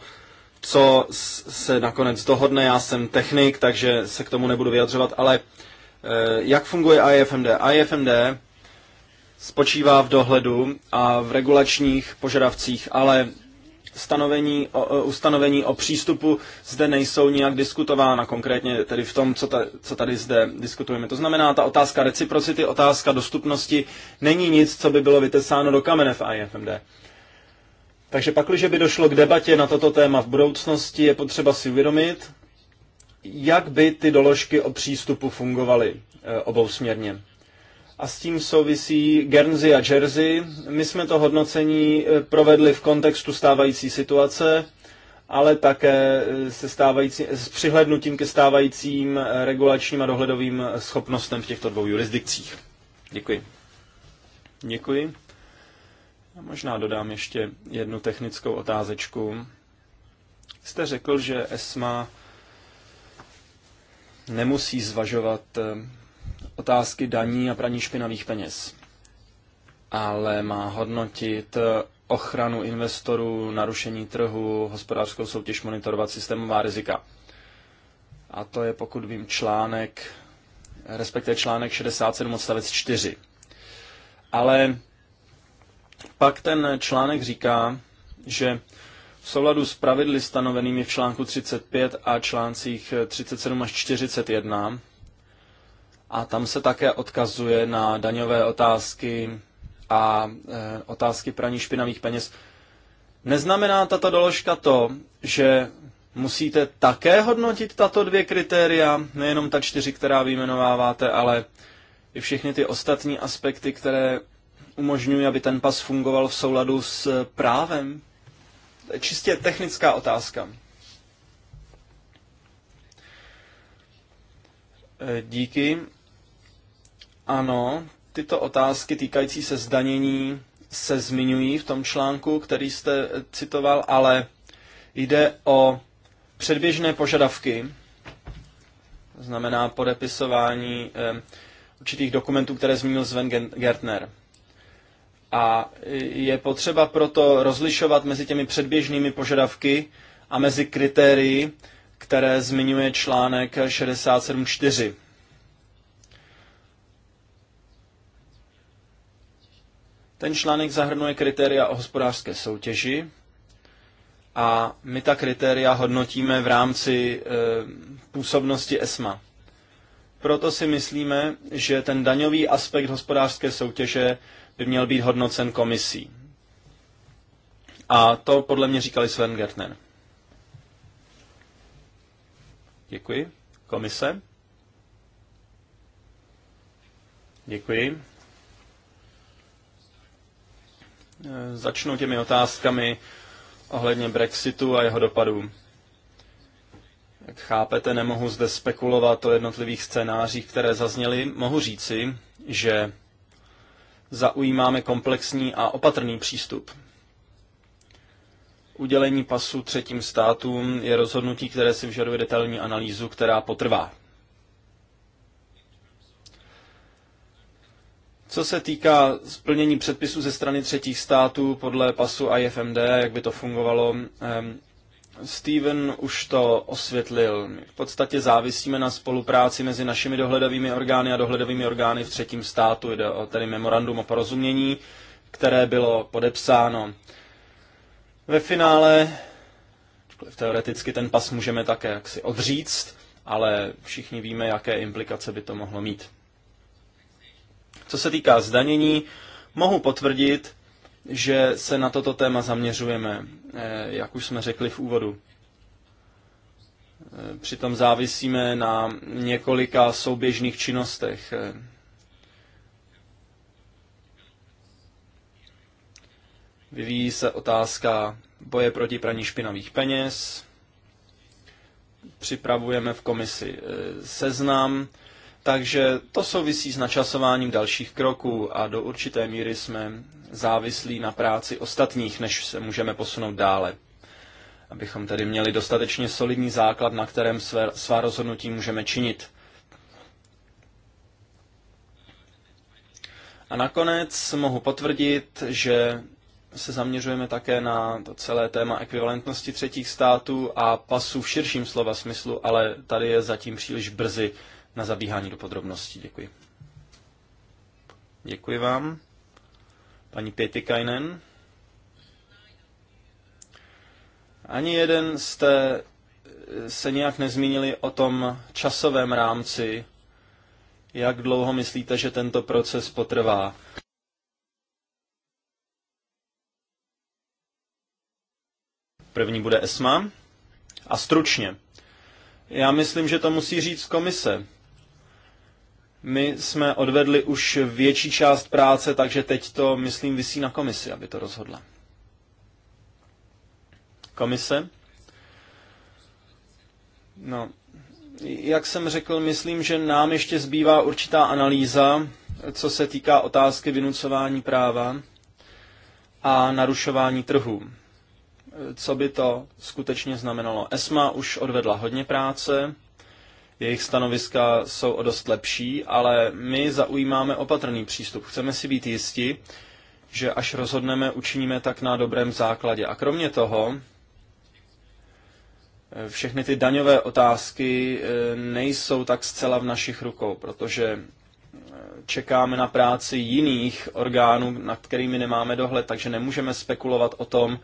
A: co se nakonec dohodne, já jsem technik, takže se k tomu nebudu vyjadřovat, ale Eh, jak funguje IFMD? IFMD spočívá v dohledu a v regulačních požadavcích, ale stanovení, o, eh, ustanovení o přístupu zde nejsou nijak diskutována, konkrétně tedy v tom, co, ta, co tady zde diskutujeme. To znamená, ta otázka reciprocity, otázka dostupnosti není nic, co by bylo vytesáno do kamene v IFMD. Takže pakliže by došlo k debatě na toto téma v budoucnosti, je potřeba si uvědomit, jak by ty doložky o přístupu fungovaly eh, obousměrně. A s tím souvisí Guernsey a Jersey. My jsme to hodnocení eh, provedli v kontextu stávající situace, ale také eh, se stávající, s přihlednutím ke stávajícím regulačním a dohledovým schopnostem v těchto dvou jurisdikcích. Děkuji. Děkuji. Já možná dodám ještě jednu technickou otázečku. Jste řekl, že ESMA nemusí zvažovat eh, otázky daní a praní špinavých peněz, ale má hodnotit eh, ochranu investorů, narušení trhu, hospodářskou soutěž, monitorovat systémová rizika. A to je, pokud vím, článek, respektive článek 67 odstavec 4. Ale pak ten článek říká, že v souladu s pravidly stanovenými v článku 35 a článcích 37 až 41. A tam se také odkazuje na daňové otázky a e, otázky praní špinavých peněz. Neznamená tato doložka to, že musíte také hodnotit tato dvě kritéria, nejenom ta čtyři, která vyjmenováváte, ale i všechny ty ostatní aspekty, které umožňují, aby ten pas fungoval v souladu s právem? čistě technická otázka. E, díky. Ano, tyto otázky týkající se zdanění se zmiňují v tom článku, který jste citoval, ale jde o předběžné požadavky, znamená podepisování e, určitých dokumentů, které zmínil Sven Gertner. A je potřeba proto rozlišovat mezi těmi předběžnými požadavky a mezi kritérii, které zmiňuje článek 67.4. Ten článek zahrnuje kritéria o hospodářské soutěži a my ta kritéria hodnotíme v rámci e, působnosti ESMA. Proto si myslíme, že ten daňový aspekt hospodářské soutěže by měl být hodnocen komisí. A to podle mě říkali Sven Gertner. Děkuji. Komise? Děkuji. Začnu těmi otázkami ohledně Brexitu a jeho dopadů. Jak chápete, nemohu zde spekulovat o jednotlivých scénářích, které zazněly. Mohu říci, že zaujímáme komplexní a opatrný přístup. Udělení pasu třetím státům je rozhodnutí, které si vyžaduje detailní analýzu, která potrvá. Co se týká splnění předpisů ze strany třetích států podle pasu IFMD, jak by to fungovalo, Steven už to osvětlil. My v podstatě závisíme na spolupráci mezi našimi dohledovými orgány a dohledovými orgány v třetím státu. Jde o tedy memorandum o porozumění, které bylo podepsáno. Ve finále, teoreticky ten pas můžeme také jaksi odříct, ale všichni víme, jaké implikace by to mohlo mít. Co se týká zdanění, mohu potvrdit, že se na toto téma zaměřujeme, eh, jak už jsme řekli v úvodu. Eh, přitom závisíme na několika souběžných činnostech. Eh. Vyvíjí se otázka boje proti praní špinavých peněz. Připravujeme v komisi seznam takže to souvisí s načasováním dalších kroků a do určité míry jsme závislí na práci ostatních, než se můžeme posunout dále. Abychom tedy měli dostatečně solidní základ, na kterém své, svá rozhodnutí můžeme činit. A nakonec mohu potvrdit, že se zaměřujeme také na to celé téma ekvivalentnosti třetích států a pasů v širším slova smyslu, ale tady je zatím příliš brzy na zabíhání do podrobností. Děkuji. Děkuji vám. Paní Pětikainen. Ani jeden jste se nějak nezmínili o tom časovém rámci, jak dlouho myslíte, že tento proces potrvá. První bude ESMA. A stručně. Já myslím, že to musí říct komise. My jsme odvedli už větší část práce, takže teď to, myslím, vysí na komisi, aby to rozhodla. Komise? No, jak jsem řekl, myslím, že nám ještě zbývá určitá analýza, co se týká otázky vynucování práva a narušování trhů. Co by to skutečně znamenalo? ESMA už odvedla hodně práce, jejich stanoviska jsou o dost lepší, ale my zaujímáme opatrný přístup. Chceme si být jisti, že až rozhodneme, učiníme tak na dobrém základě. A kromě toho, eh, všechny ty daňové otázky eh, nejsou tak zcela v našich rukou, protože eh, čekáme na práci jiných orgánů, nad kterými nemáme dohled, takže nemůžeme spekulovat o tom,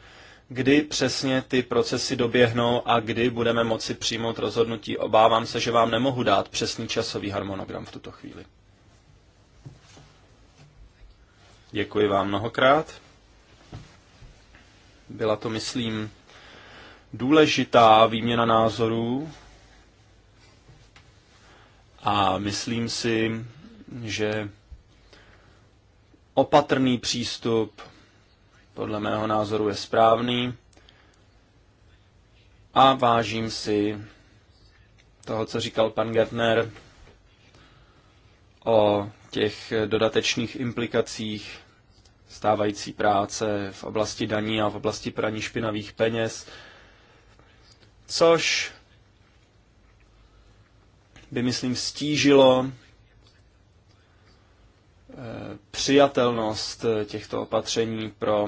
A: kdy přesně ty procesy doběhnou a kdy budeme moci přijmout rozhodnutí. Obávám se, že vám nemohu dát přesný časový harmonogram v tuto chvíli. Děkuji vám mnohokrát. Byla to, myslím, důležitá výměna názorů a myslím si, že opatrný přístup podle mého názoru je správný a vážím si toho, co říkal pan Gertner o těch dodatečných implikacích stávající práce v oblasti daní a v oblasti praní špinavých peněz, což by, myslím, stížilo přijatelnost těchto opatření pro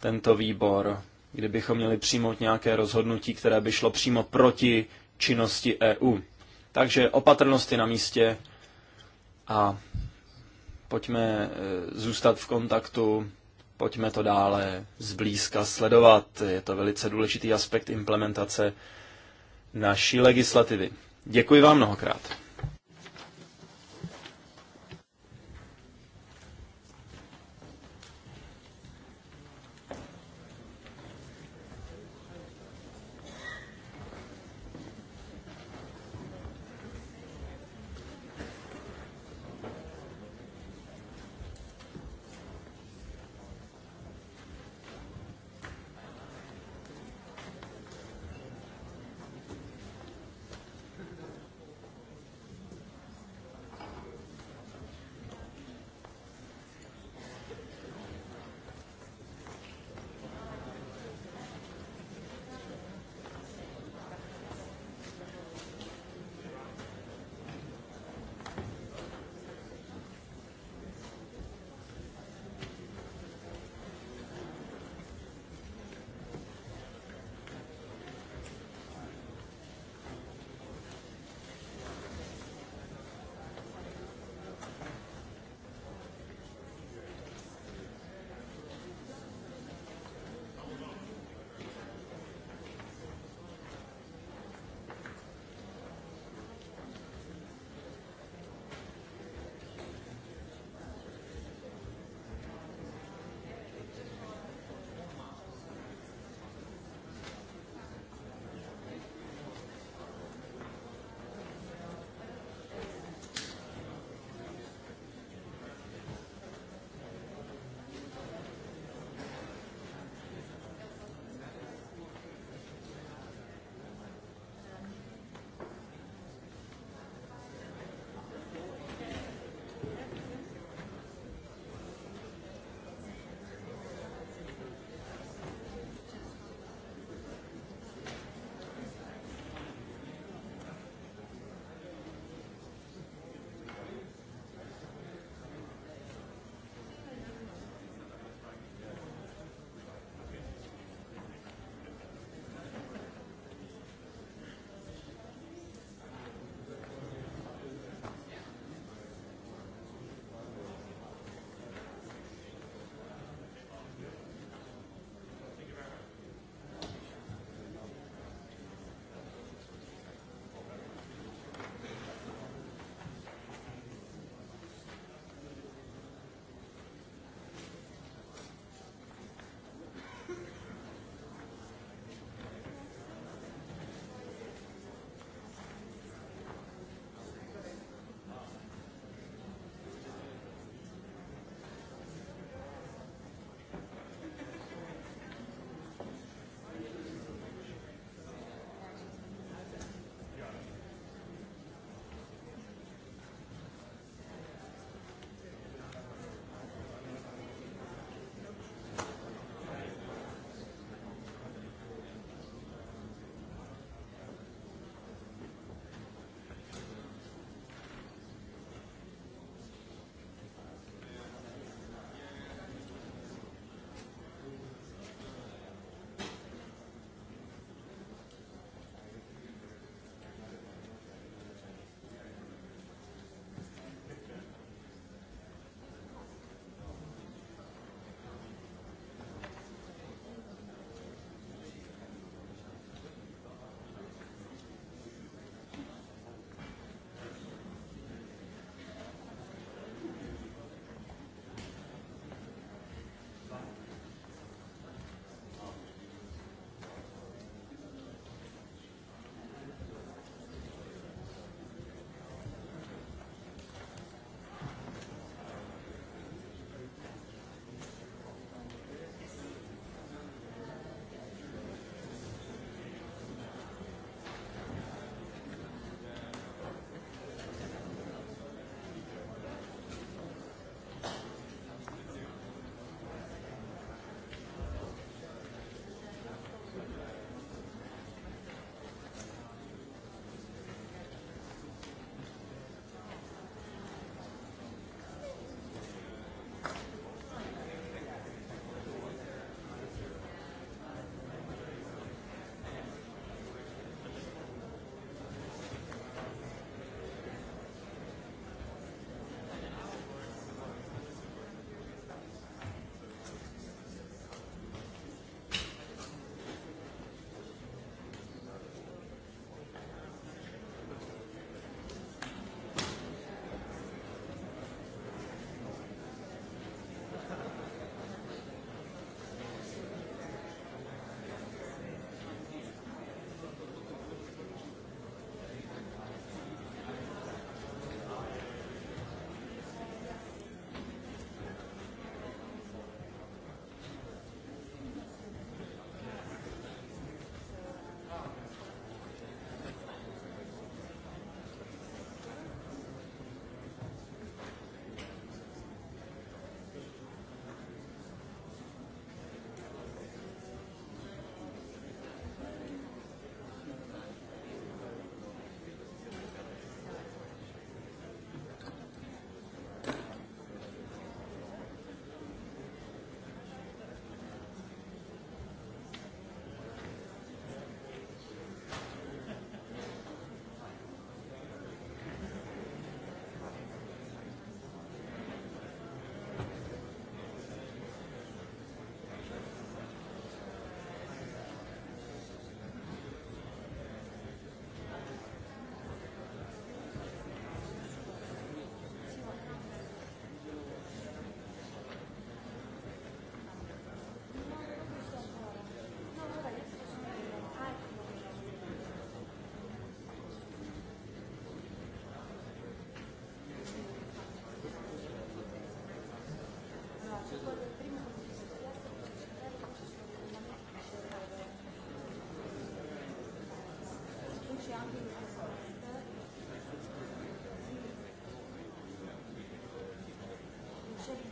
A: tento výbor, kdybychom měli přijmout nějaké rozhodnutí, které by šlo přímo proti činnosti EU. Takže opatrnost je na místě a pojďme e, zůstat v kontaktu, pojďme to dále zblízka sledovat. Je to velice důležitý aspekt implementace naší legislativy. Děkuji vám mnohokrát.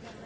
A: Thank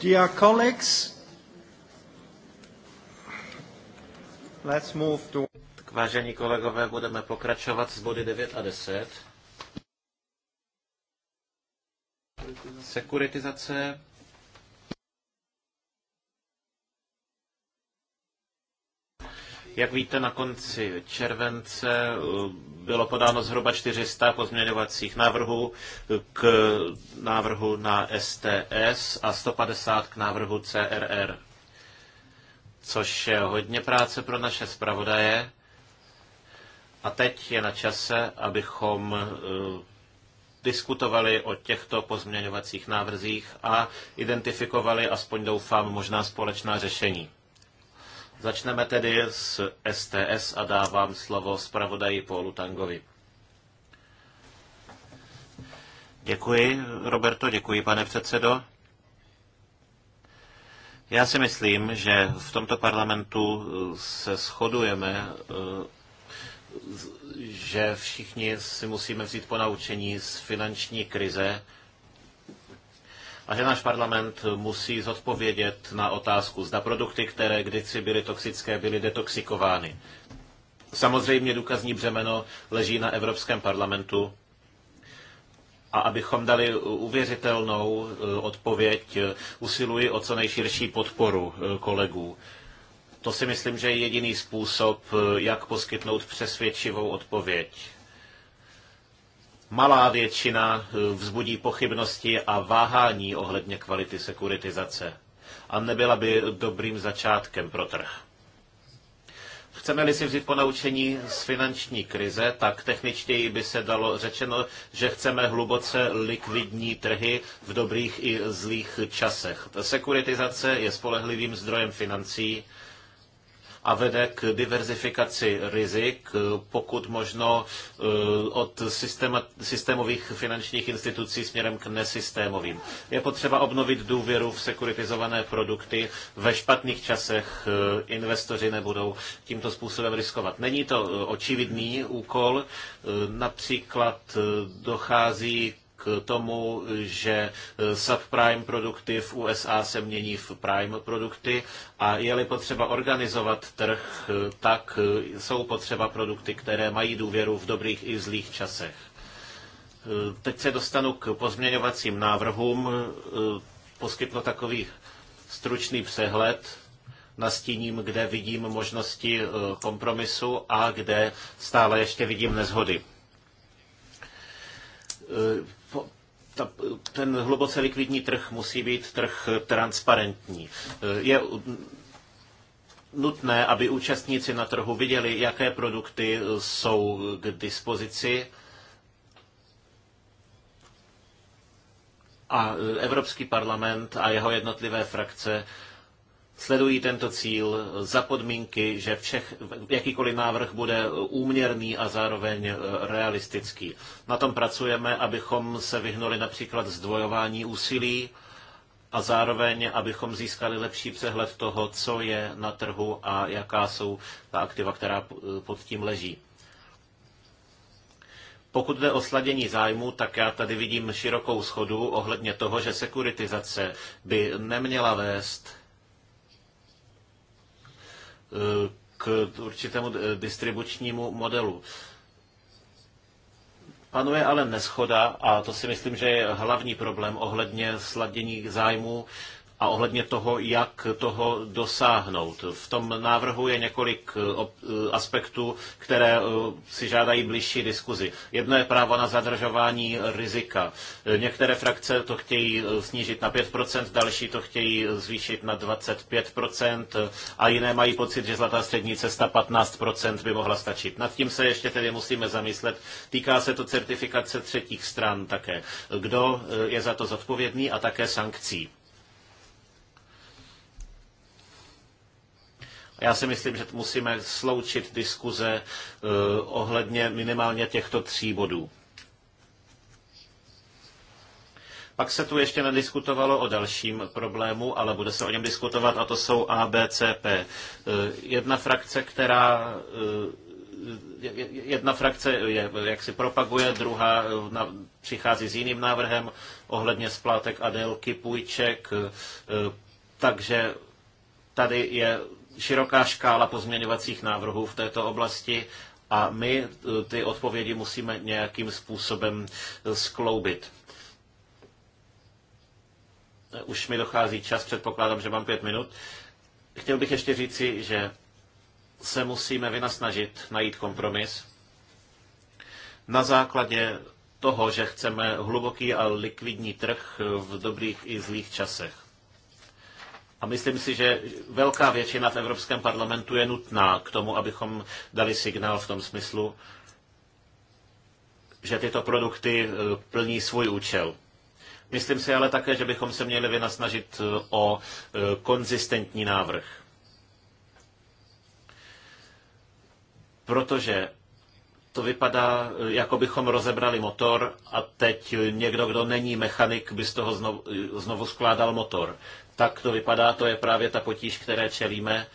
A: Dear colleagues, let's move to...
B: Tak vážení kolegové, budeme pokračovat s body 9 a 10. Sekuritizace Jak víte, na konci července uh, bylo podáno zhruba 400 pozměňovacích návrhů k návrhu na STS a 150 k návrhu CRR, což je hodně práce pro naše zpravodaje. A teď je na čase, abychom uh, diskutovali o těchto pozměňovacích návrzích a identifikovali, aspoň doufám, možná společná řešení. Začneme tedy s STS a dávám slovo zpravodaji Paulu Tangovi. Děkuji, Roberto, děkuji, pane předsedo. Já si myslím, že v tomto parlamentu se shodujeme, že všichni si musíme vzít po naučení z finanční krize a že náš parlament musí zodpovědět na otázku, zda produkty, které kdysi byly toxické, byly detoxikovány. Samozřejmě důkazní břemeno leží na Evropském parlamentu a abychom dali uvěřitelnou eh, odpověď, eh, usiluji o co nejširší podporu eh, kolegů. To si myslím, že je jediný způsob, jak poskytnout přesvědčivou odpověď malá většina eh, vzbudí pochybnosti a váhání ohledně kvality sekuritizace a nebyla by dobrým začátkem pro trh. Chceme-li si vzít po naučení z finanční krize, tak techničtěji by se dalo řečeno, že chceme hluboce likvidní trhy v dobrých i zlých časech. Sekuritizace je spolehlivým zdrojem financí a vede k diverzifikaci rizik, pokud možno eh, od systéma, systémových finančních institucí směrem k nesystémovým. Je potřeba obnovit důvěru v sekuritizované produkty. Ve špatných časech eh, investoři nebudou tímto způsobem riskovat. Není to eh, očividný úkol, například dochází tomu, že subprime produkty v USA se mění v prime produkty a je-li potřeba organizovat trh, tak jsou potřeba produkty, které mají důvěru v dobrých i zlých časech. Teď se dostanu k pozměňovacím návrhům. Poskytnu takový stručný přehled nastíním, kde vidím možnosti eh, kompromisu a kde stále ještě vidím nezhody. Eh, ta, ten hluboce likvidní trh musí být trh transparentní. Je nutné, aby účastníci na trhu viděli, jaké produkty jsou k dispozici. A Evropský parlament a jeho jednotlivé frakce sledují tento cíl za podmínky, že všech, jakýkoliv návrh bude úměrný a zároveň eh, realistický. Na tom pracujeme, abychom se vyhnuli například zdvojování úsilí a zároveň, abychom získali lepší přehled toho, co je na trhu a jaká jsou ta aktiva, která eh, pod tím leží. Pokud jde o sladění zájmu, tak já tady vidím širokou schodu ohledně toho, že sekuritizace by neměla vést k určitému distribučnímu modelu. Panuje ale neschoda, a to si myslím, že je hlavní problém ohledně sladění zájmů a ohledně toho, jak toho dosáhnout. V tom návrhu je několik eh, eh, aspektů, které eh, si žádají blížší diskuzi. Jedno je právo na zadržování rizika. Některé frakce to chtějí snížit na 5%, další to chtějí zvýšit na 25% a jiné mají pocit, že zlatá střední cesta 15% by mohla stačit. Nad tím se ještě tedy musíme zamyslet. Týká se to certifikace třetích stran také. Kdo je za to zodpovědný a také sankcí. Já si myslím, že musíme sloučit diskuze eh, ohledně minimálně těchto tří bodů. Pak se tu ještě nediskutovalo o dalším problému, ale bude se o něm diskutovat a to jsou ABCP. Eh, jedna frakce, která eh, jedna frakce je, jak si propaguje, druhá na, přichází s jiným návrhem ohledně splátek a délky půjček, takže tady je široká škála pozměňovacích návrhů v této oblasti a my eh, ty odpovědi musíme nějakým způsobem eh, skloubit. Eh, už mi dochází čas, předpokládám, že mám pět minut. Chtěl bych ještě říci, že se musíme vynasnažit najít kompromis na základě toho, že chceme hluboký a likvidní trh v dobrých i zlých časech myslím si, že velká většina v Evropském parlamentu je nutná k tomu, abychom dali signál v tom smyslu, že tyto produkty eh, plní svůj účel. Myslím si ale také, že bychom se měli vynasnažit eh, o eh, konzistentní návrh. Protože to vypadá, jako bychom rozebrali motor a teď někdo, kdo není mechanik, by z toho znovu, znovu skládal motor tak to vypadá, to je právě ta potíž, které čelíme.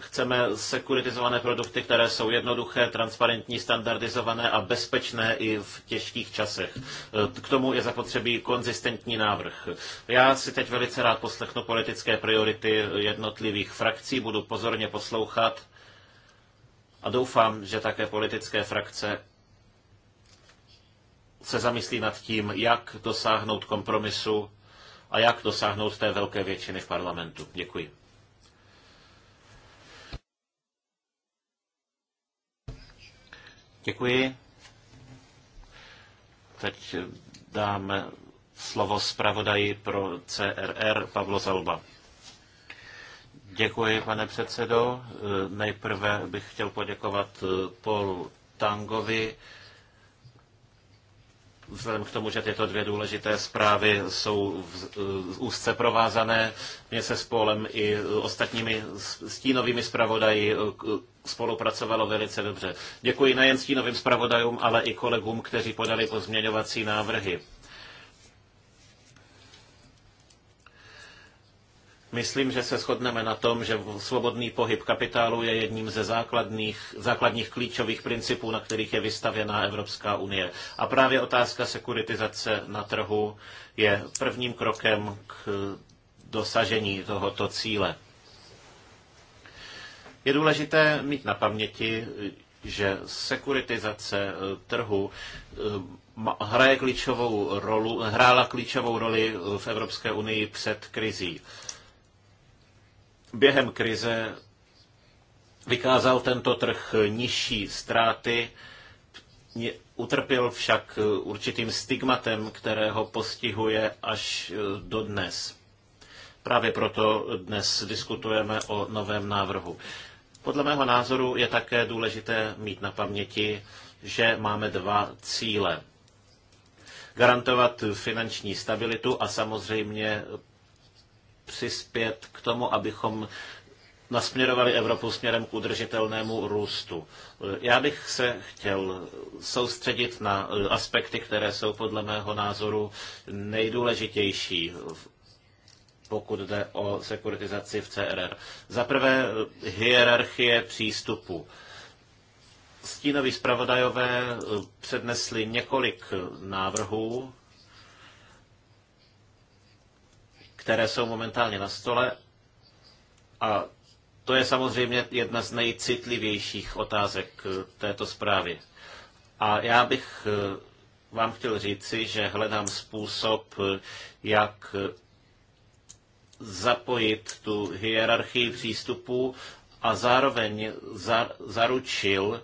B: Chceme sekuritizované produkty, které jsou jednoduché, transparentní, standardizované a bezpečné i v těžkých časech. K tomu je zapotřebí konzistentní návrh. Já si teď velice rád poslechnu politické priority jednotlivých frakcí, budu pozorně poslouchat a doufám, že také politické frakce se zamyslí nad tím, jak dosáhnout kompromisu a jak dosáhnout té velké většiny v parlamentu. Děkuji. Děkuji. Teď dáme slovo zpravodaji pro CRR Pavlo Zalba. Děkuji, pane předsedo. Nejprve bych chtěl poděkovat Paulu Tangovi, vzhledem k tomu, že tyto dvě důležité zprávy jsou v, eh, úzce provázané, mě se spolem i ostatními stínovými zpravodaji eh, spolupracovalo velice dobře. Děkuji nejen stínovým zpravodajům, ale i kolegům, kteří podali pozměňovací návrhy. Myslím, že se shodneme na tom, že svobodný pohyb kapitálu je jedním ze základních, základních klíčových principů, na kterých je vystavěná Evropská unie. A právě otázka sekuritizace na trhu je prvním krokem k dosažení tohoto cíle. Je důležité mít na paměti, že sekuritizace eh, trhu eh, hraje klíčovou rolu, hrála klíčovou roli v Evropské unii před krizí během krize vykázal tento trh nižší ztráty, utrpěl však určitým stigmatem, které ho postihuje až do dnes. Právě proto dnes diskutujeme o novém návrhu. Podle mého názoru je také důležité mít na paměti, že máme dva cíle. Garantovat finanční stabilitu a samozřejmě přispět k tomu, abychom nasměrovali Evropu směrem k udržitelnému růstu. Já bych se chtěl soustředit na aspekty, které jsou podle mého názoru nejdůležitější pokud jde o sekuritizaci v CRR. Za prvé hierarchie přístupu. Stínoví zpravodajové přednesli několik návrhů které jsou momentálně na stole. A to je samozřejmě jedna z nejcitlivějších otázek eh, této zprávy. A já bych eh, vám chtěl říci, že hledám způsob, eh, jak zapojit tu hierarchii přístupů a zároveň zaručil,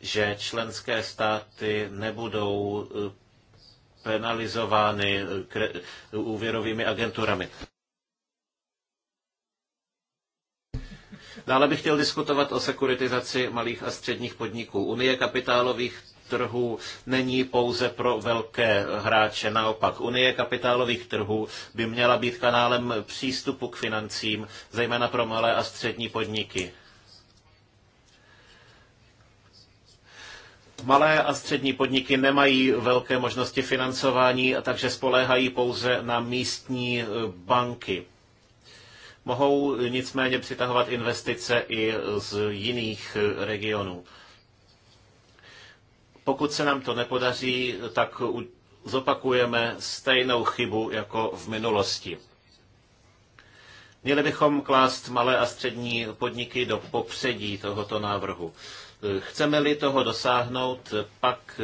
B: že členské státy nebudou penalizovány eh, eh, úvěrovými agenturami. Dále bych chtěl diskutovat o sekuritizaci malých a středních podniků. Unie kapitálových trhů není pouze pro velké hráče. Naopak, Unie kapitálových trhů by měla být kanálem přístupu k financím, zejména pro malé a střední podniky. Malé a střední podniky nemají velké možnosti financování, takže spoléhají pouze na místní e, banky. Mohou nicméně přitahovat investice i z jiných e, regionů. Pokud se nám to nepodaří, tak zopakujeme stejnou chybu jako v minulosti. Měli bychom klást malé a střední podniky do popředí tohoto návrhu. Chceme-li toho dosáhnout, pak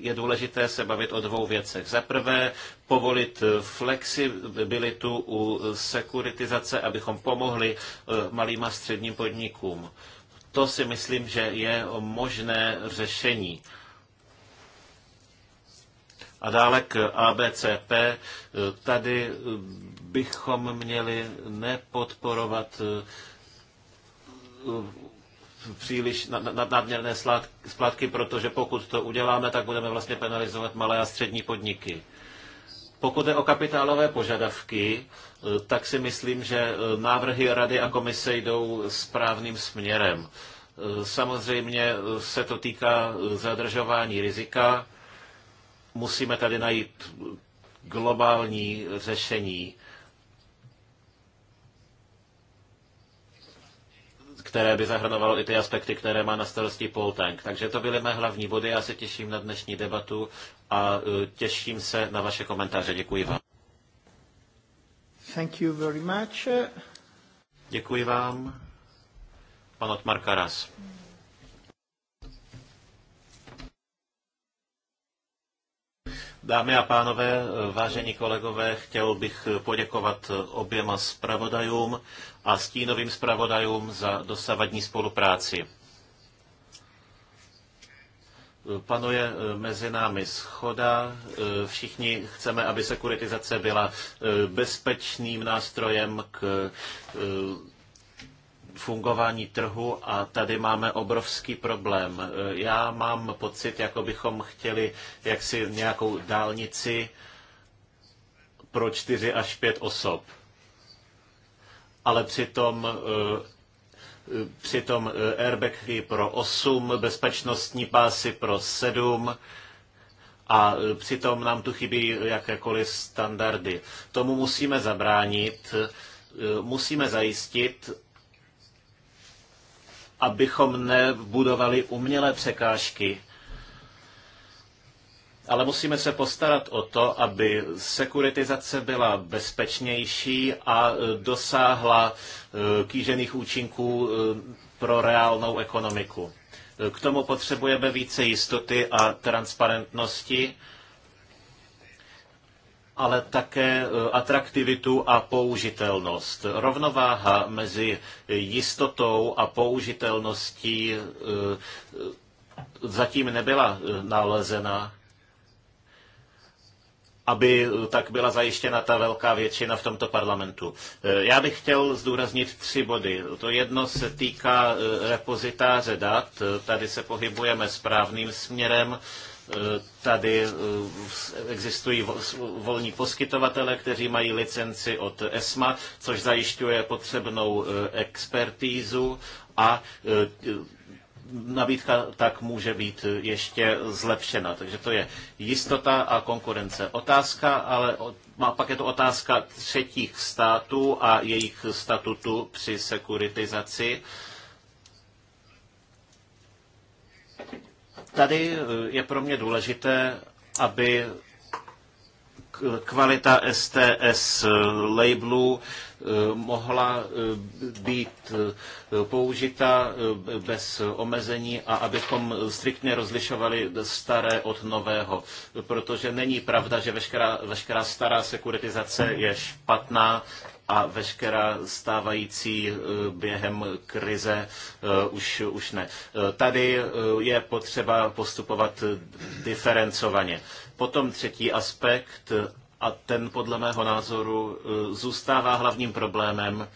B: je důležité se bavit o dvou věcech. Za prvé, povolit flexibilitu u sekuritizace, abychom pomohli eh, malým a středním podnikům. To si myslím, že je možné řešení. A dále k ABCP. Eh, tady eh, bychom měli nepodporovat příliš nadměrné splátky, protože pokud to uděláme, tak budeme vlastně penalizovat malé a střední podniky. Pokud je o kapitálové požadavky, eh, tak si myslím, že eh, návrhy Rady a komise jdou správným směrem. Eh, samozřejmě se to týká zadržování rizika. Musíme tady najít globální řešení které by zahrnovalo i ty aspekty, které má na starosti Paul Tank. Takže to byly mé hlavní body, já se těším na dnešní debatu a e, těším se na vaše komentáře. Děkuji vám.
C: Thank you very much.
B: Děkuji vám. Pan Otmar Karas. Dámy a pánové, vážení kolegové, chtěl bych poděkovat oběma zpravodajům a stínovým zpravodajům za dosavadní spolupráci. Panuje mezi námi schoda. Všichni chceme, aby sekuritizace byla bezpečným nástrojem k fungování trhu a tady máme obrovský problém. E, já mám pocit, jako bychom chtěli jaksi nějakou dálnici pro čtyři až pět osob. Ale přitom e, e, přitom airbagy pro osm, bezpečnostní pásy pro sedm a přitom nám tu chybí jakékoliv standardy. Tomu musíme zabránit, musíme zajistit, abychom nebudovali umělé překážky, ale musíme se postarat o to, aby sekuritizace byla bezpečnější a e, dosáhla e, kýžených účinků e, pro reálnou ekonomiku. K tomu potřebujeme více jistoty a transparentnosti ale také eh, atraktivitu a použitelnost. Rovnováha mezi jistotou a použitelností eh, zatím nebyla eh, nalezena, aby tak byla zajištěna ta velká většina v tomto parlamentu. Já bych chtěl zdůraznit tři body. To jedno se týká repozitáře dat. Tady se pohybujeme správným směrem Eh, tady eh, existují volní poskytovatele, kteří mají licenci od ESMA, což zajišťuje potřebnou eh, expertízu a nabídka tak může být ještě zlepšena. Takže to je jistota a konkurence. Otázka, ale má pak je to otázka třetích států a jejich statutu při sekuritizaci. Uh, Tady eh, je pro mě důležité, aby kvalita STS eh, labelů eh, mohla být použita bez omezení a abychom striktně rozlišovali staré od nového, protože není pravda, že veškerá, veškerá stará sekuritizace je špatná a veškerá stávající eh, během krize eh, už, už ne. Eh, tady je potřeba postupovat diferencovaně. Potom třetí aspekt, a ten podle mého názoru zůstává hlavním problémem,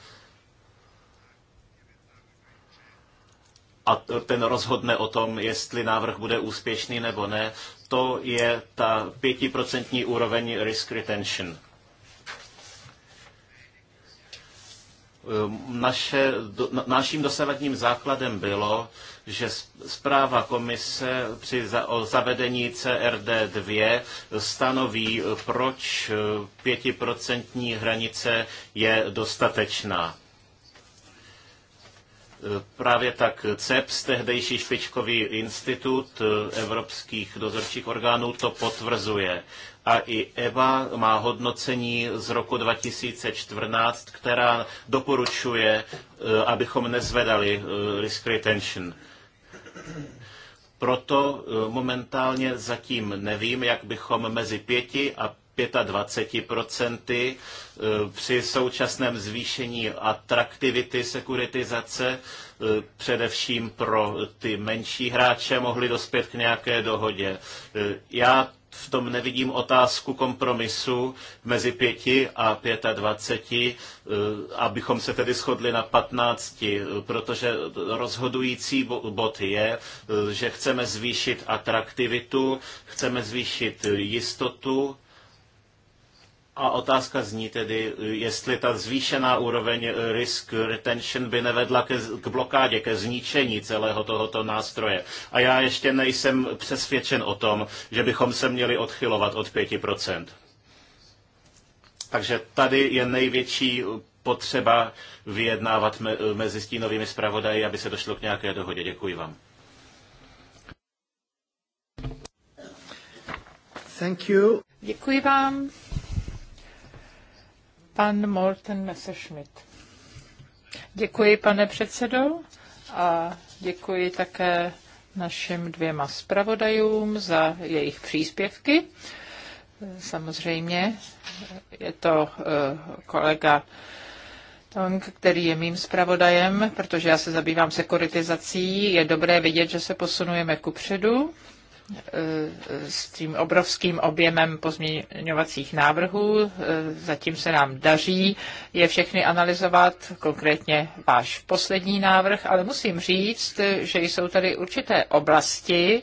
B: a ten rozhodne o tom, jestli návrh bude úspěšný nebo ne, to je ta pětiprocentní úroveň risk retention. Ehm, naše, naším dosavadním základem bylo, že zpráva komise při za, o zavedení CRD2 stanoví, eh, proč eh, pětiprocentní hranice je dostatečná. Eh, právě tak CEPS, tehdejší špičkový institut evropských dozorčích orgánů, to potvrzuje a i EVA má hodnocení z roku 2014, která doporučuje, eh, abychom nezvedali eh, risk retention. Proto eh, momentálně zatím nevím, jak bychom mezi 5 a 25 při současném zvýšení atraktivity sekuritizace, především pro ty menší hráče, mohli dospět k nějaké dohodě. Já v tom nevidím otázku kompromisu mezi pěti a 25, eh, abychom se tedy shodli na 15, eh, protože rozhodující bod je, eh, že chceme zvýšit atraktivitu, chceme zvýšit jistotu a otázka zní tedy, jestli ta zvýšená úroveň risk retention by nevedla ke, k blokádě, ke zničení celého tohoto nástroje. A já ještě nejsem přesvědčen o tom, že bychom se měli odchylovat od 5%. Takže tady je největší potřeba vyjednávat me, mezi stínovými zpravodaji, aby se došlo k nějaké dohodě. Děkuji vám.
C: Thank you. Děkuji vám. Pan Morten Messerschmidt. Děkuji, pane předsedo, a děkuji také našim dvěma zpravodajům za jejich příspěvky. Samozřejmě je to eh, kolega Tong, který je mým zpravodajem, protože já se zabývám sekuritizací. Je dobré vidět, že se posunujeme ku předu s tím obrovským objemem pozměňovacích návrhů. Zatím se nám daří je všechny analyzovat, konkrétně váš poslední návrh, ale musím říct, že jsou tady určité oblasti,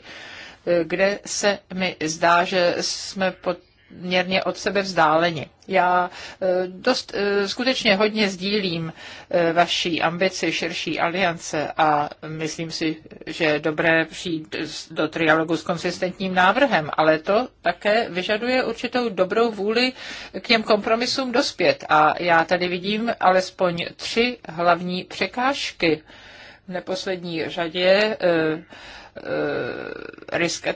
C: kde se mi zdá, že jsme pod poměrně od sebe vzdáleni. Já eh, dost, eh, skutečně hodně sdílím eh, vaší ambici širší aliance a myslím si, že je dobré přijít do trialogu s konsistentním návrhem, ale to také vyžaduje určitou dobrou vůli k těm kompromisům dospět. A já tady vidím alespoň tři hlavní překážky. V neposlední řadě Eh, risk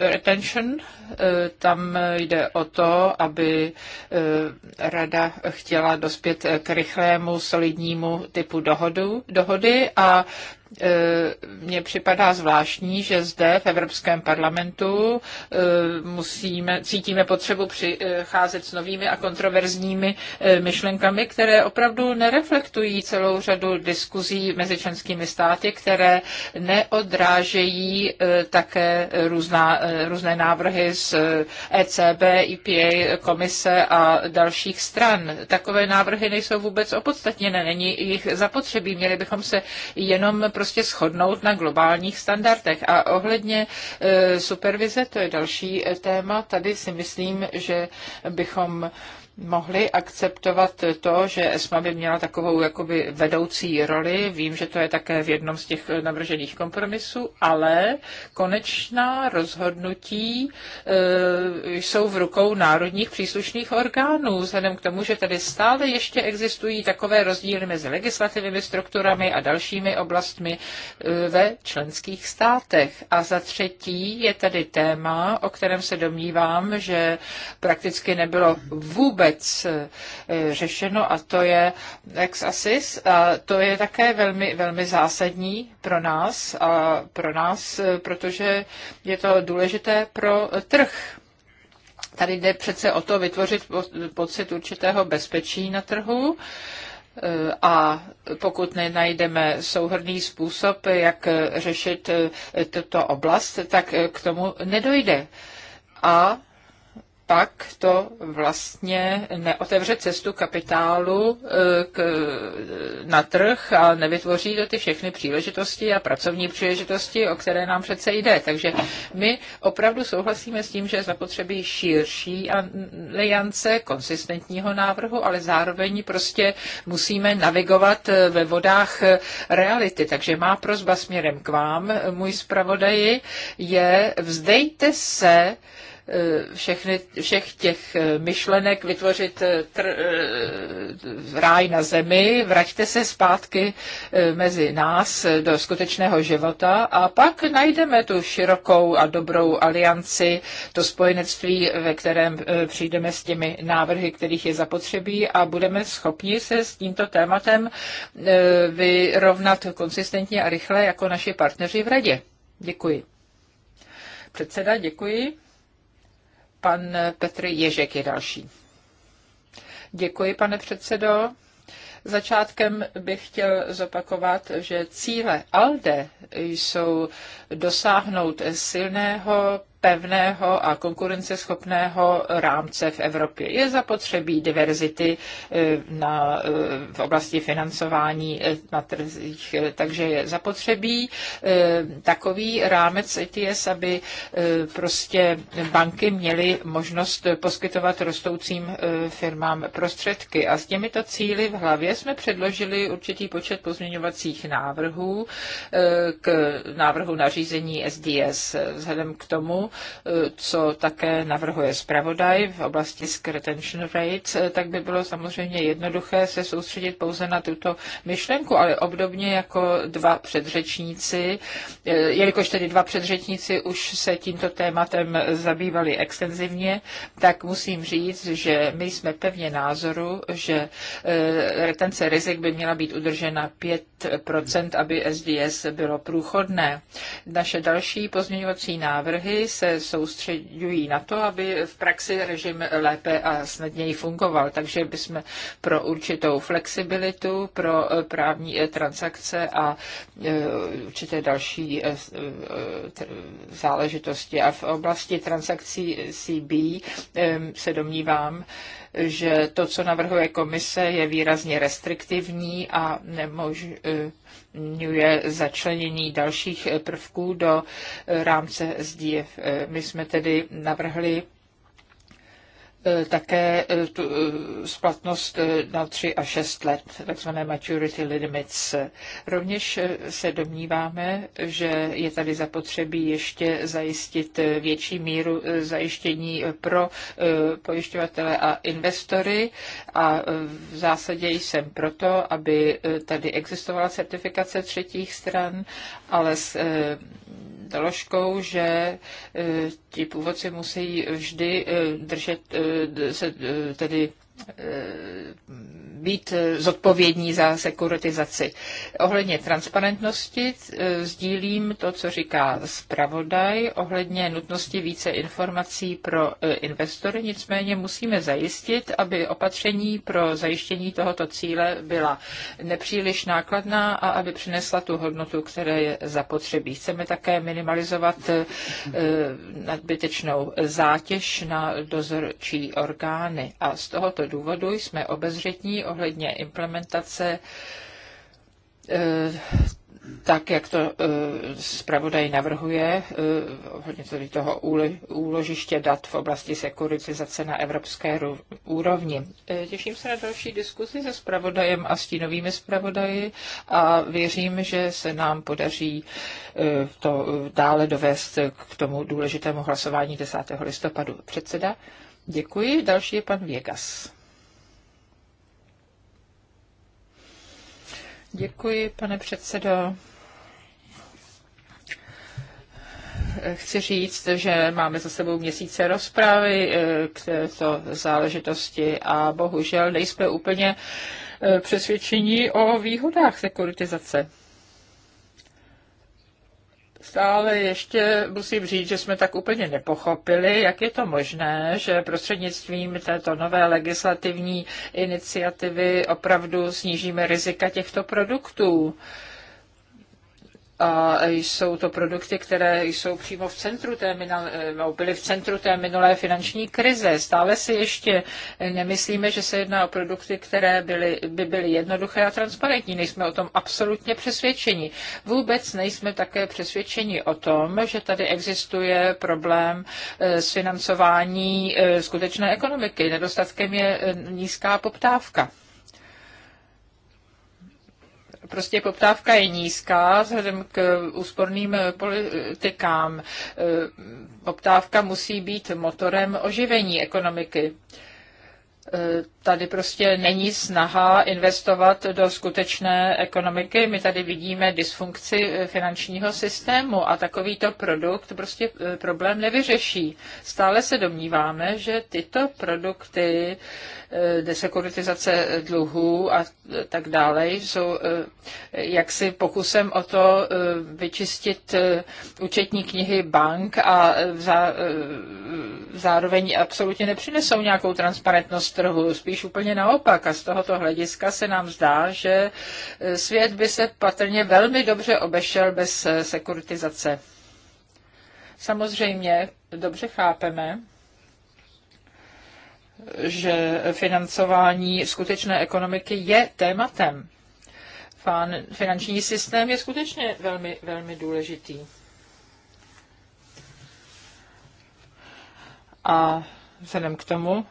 C: retention. Eh, tam jde o to, aby eh, rada chtěla dospět k rychlému, solidnímu typu dohodu, dohody a E, mně připadá zvláštní, že zde v Evropském parlamentu e, musíme, cítíme potřebu přicházet s novými a kontroverzními e, myšlenkami, které opravdu nereflektují celou řadu diskuzí mezi členskými státy, které neodrážejí také různá, různé návrhy z ECB, EPA, komise a dalších stran. Takové návrhy nejsou vůbec opodstatněné, není jich zapotřebí. Měli bychom se jenom prostě prostě shodnout na globálních standardech. A ohledně e, supervize, to je další e, téma, tady si myslím, že bychom mohli akceptovat to, že ESMA by měla takovou jakoby vedoucí roli. Vím, že to je také v jednom z těch navržených kompromisů, ale konečná rozhodnutí e, jsou v rukou národních příslušných orgánů, vzhledem k tomu, že tady stále ještě existují takové rozdíly mezi legislativními strukturami a dalšími oblastmi e, ve členských státech. A za třetí je tady téma, o kterém se domnívám, že prakticky nebylo vůbec vůbec eh, eh, řešeno a to je ex assis a to je také velmi, velmi zásadní pro nás a pro nás, eh, protože je to důležité pro trh. Tady jde přece o to vytvořit pocit určitého bezpečí na trhu a pokud nenajdeme souhrný způsob, jak řešit tuto oblast, tak k tomu nedojde. A pak to vlastně neotevře cestu kapitálu e, k, na trh a nevytvoří to ty všechny příležitosti a pracovní příležitosti, o které nám přece jde. Takže my opravdu souhlasíme s tím, že je zapotřebí širší aliance, konsistentního návrhu, ale zároveň prostě musíme navigovat e, ve vodách e, reality. Takže má prozba směrem k vám, můj zpravodaji, je vzdejte se, Eh, všechny, všech těch eh, myšlenek vytvořit eh, tr, ráj na zemi, vraťte se zpátky mezi nás do skutečného života a pak najdeme tu širokou a dobrou alianci, to spojenectví, ve kterém přijdeme s těmi návrhy, kterých je zapotřebí a budeme schopni se s tímto tématem vyrovnat konsistentně a rychle jako naši partneři v radě. Děkuji. Předseda, děkuji. Pan Petr Ježek je další. Děkuji, pane předsedo. Začátkem bych chtěl zopakovat, že cíle ALDE jsou dosáhnout silného pevného a konkurenceschopného rámce v Evropě. Je zapotřebí diverzity eh, na, eh, v oblasti financování eh, na trzích, takže je zapotřebí takový rámec ETS, aby prostě banky měly možnost poskytovat rostoucím firmám prostředky. A s těmito cíly v hlavě jsme předložili určitý počet pozměňovacích návrhů k návrhu nařízení SDS. Vzhledem k tomu, co také navrhuje zpravodaj v oblasti risk retention rates, tak by bylo samozřejmě jednoduché se soustředit pouze na tuto myšlenku, ale obdobně jako dva předřečníci, eh, jelikož tedy dva předřečníci už se tímto tématem zabývali extenzivně, tak musím říct, že my jsme pevně názoru, že eh, retence rizik by měla být udržena 5%, aby SDS bylo průchodné. Naše další pozměňovací návrhy se se soustředují na to, aby v praxi režim lépe a snadněji fungoval. Takže bychom pro určitou flexibilitu, pro eh, právní eh, transakce a eh, určité další záležitosti. A v oblasti transakcí CB ehm, se domnívám, že to, co navrhuje komise, je výrazně restriktivní a nemož, umožňuje začlenění dalších prvků do rámce SDF. My jsme tedy navrhli E, také e, tu e, splatnost na 3 a 6 let, takzvané maturity limits. Rovněž se domníváme, že je tady zapotřebí ještě zajistit větší míru zajištění pro pojišťovatele a investory a v zásadě jsem proto, aby tady existovala certifikace třetích stran, ale s doložkou, že eh, ti původci musí vždy eh, držet eh, se tedy být eh, zodpovědní za sekuritizaci. Ohledně transparentnosti eh, sdílím to, co říká zpravodaj, ohledně nutnosti více informací pro eh, investory, nicméně musíme zajistit, aby opatření pro zajištění tohoto cíle byla nepříliš nákladná a aby přinesla tu hodnotu, které je zapotřebí. Chceme také minimalizovat nadbytečnou zátěž na dozorčí orgány a z tohoto důvodu jsme obezřetní ohledně implementace eh, tak, jak to eh, zpravodaj navrhuje, eh, ohledně tedy toho úložiště dat v oblasti sekuritizace na evropské úrovni. Těším se na další diskuzi se zpravodajem a stínovými zpravodaji a věřím, že se nám podaří to dále dovést k tomu důležitému hlasování 10. listopadu. Předseda, děkuji. Další je pan Věgas. Děkuji, pane předsedo. Chci říct, že máme za sebou měsíce rozpravy eh, k této záležitosti a bohužel nejsme úplně eh, přesvědčení o výhodách sekuritizace stále ještě musím říct, že jsme tak úplně nepochopili, jak je to možné, že prostřednictvím této nové legislativní iniciativy opravdu snížíme rizika těchto produktů. A jsou to produkty, které jsou přímo v centru té minulé, no, byly v centru té minulé finanční krize. Stále si ještě nemyslíme, že se jedná o produkty, které byly, by byly jednoduché a transparentní. Nejsme o tom absolutně přesvědčeni. Vůbec nejsme také přesvědčeni o tom, že tady existuje problém eh, s financování eh, skutečné ekonomiky. Nedostatkem je eh, nízká poptávka prostě poptávka je nízká vzhledem k úsporným eh, politikám. Eh, poptávka musí být motorem oživení ekonomiky. Eh, tady prostě není snaha investovat do skutečné ekonomiky. My tady vidíme dysfunkci finančního systému a takovýto produkt prostě problém nevyřeší. Stále se domníváme, že tyto produkty Eh, desekuritizace dluhů a tak dále jsou eh, jaksi pokusem o to eh, vyčistit účetní knihy bank a zároveň absolutně nepřinesou nějakou transparentnost trhu, spíš úplně naopak. A z tohoto hlediska se nám zdá, že svět by se patrně velmi dobře obešel bez sekuritizace. Samozřejmě dobře chápeme, že financování skutečné ekonomiky je tématem. Finanční systém je skutečně velmi, velmi důležitý. A vzhledem k tomu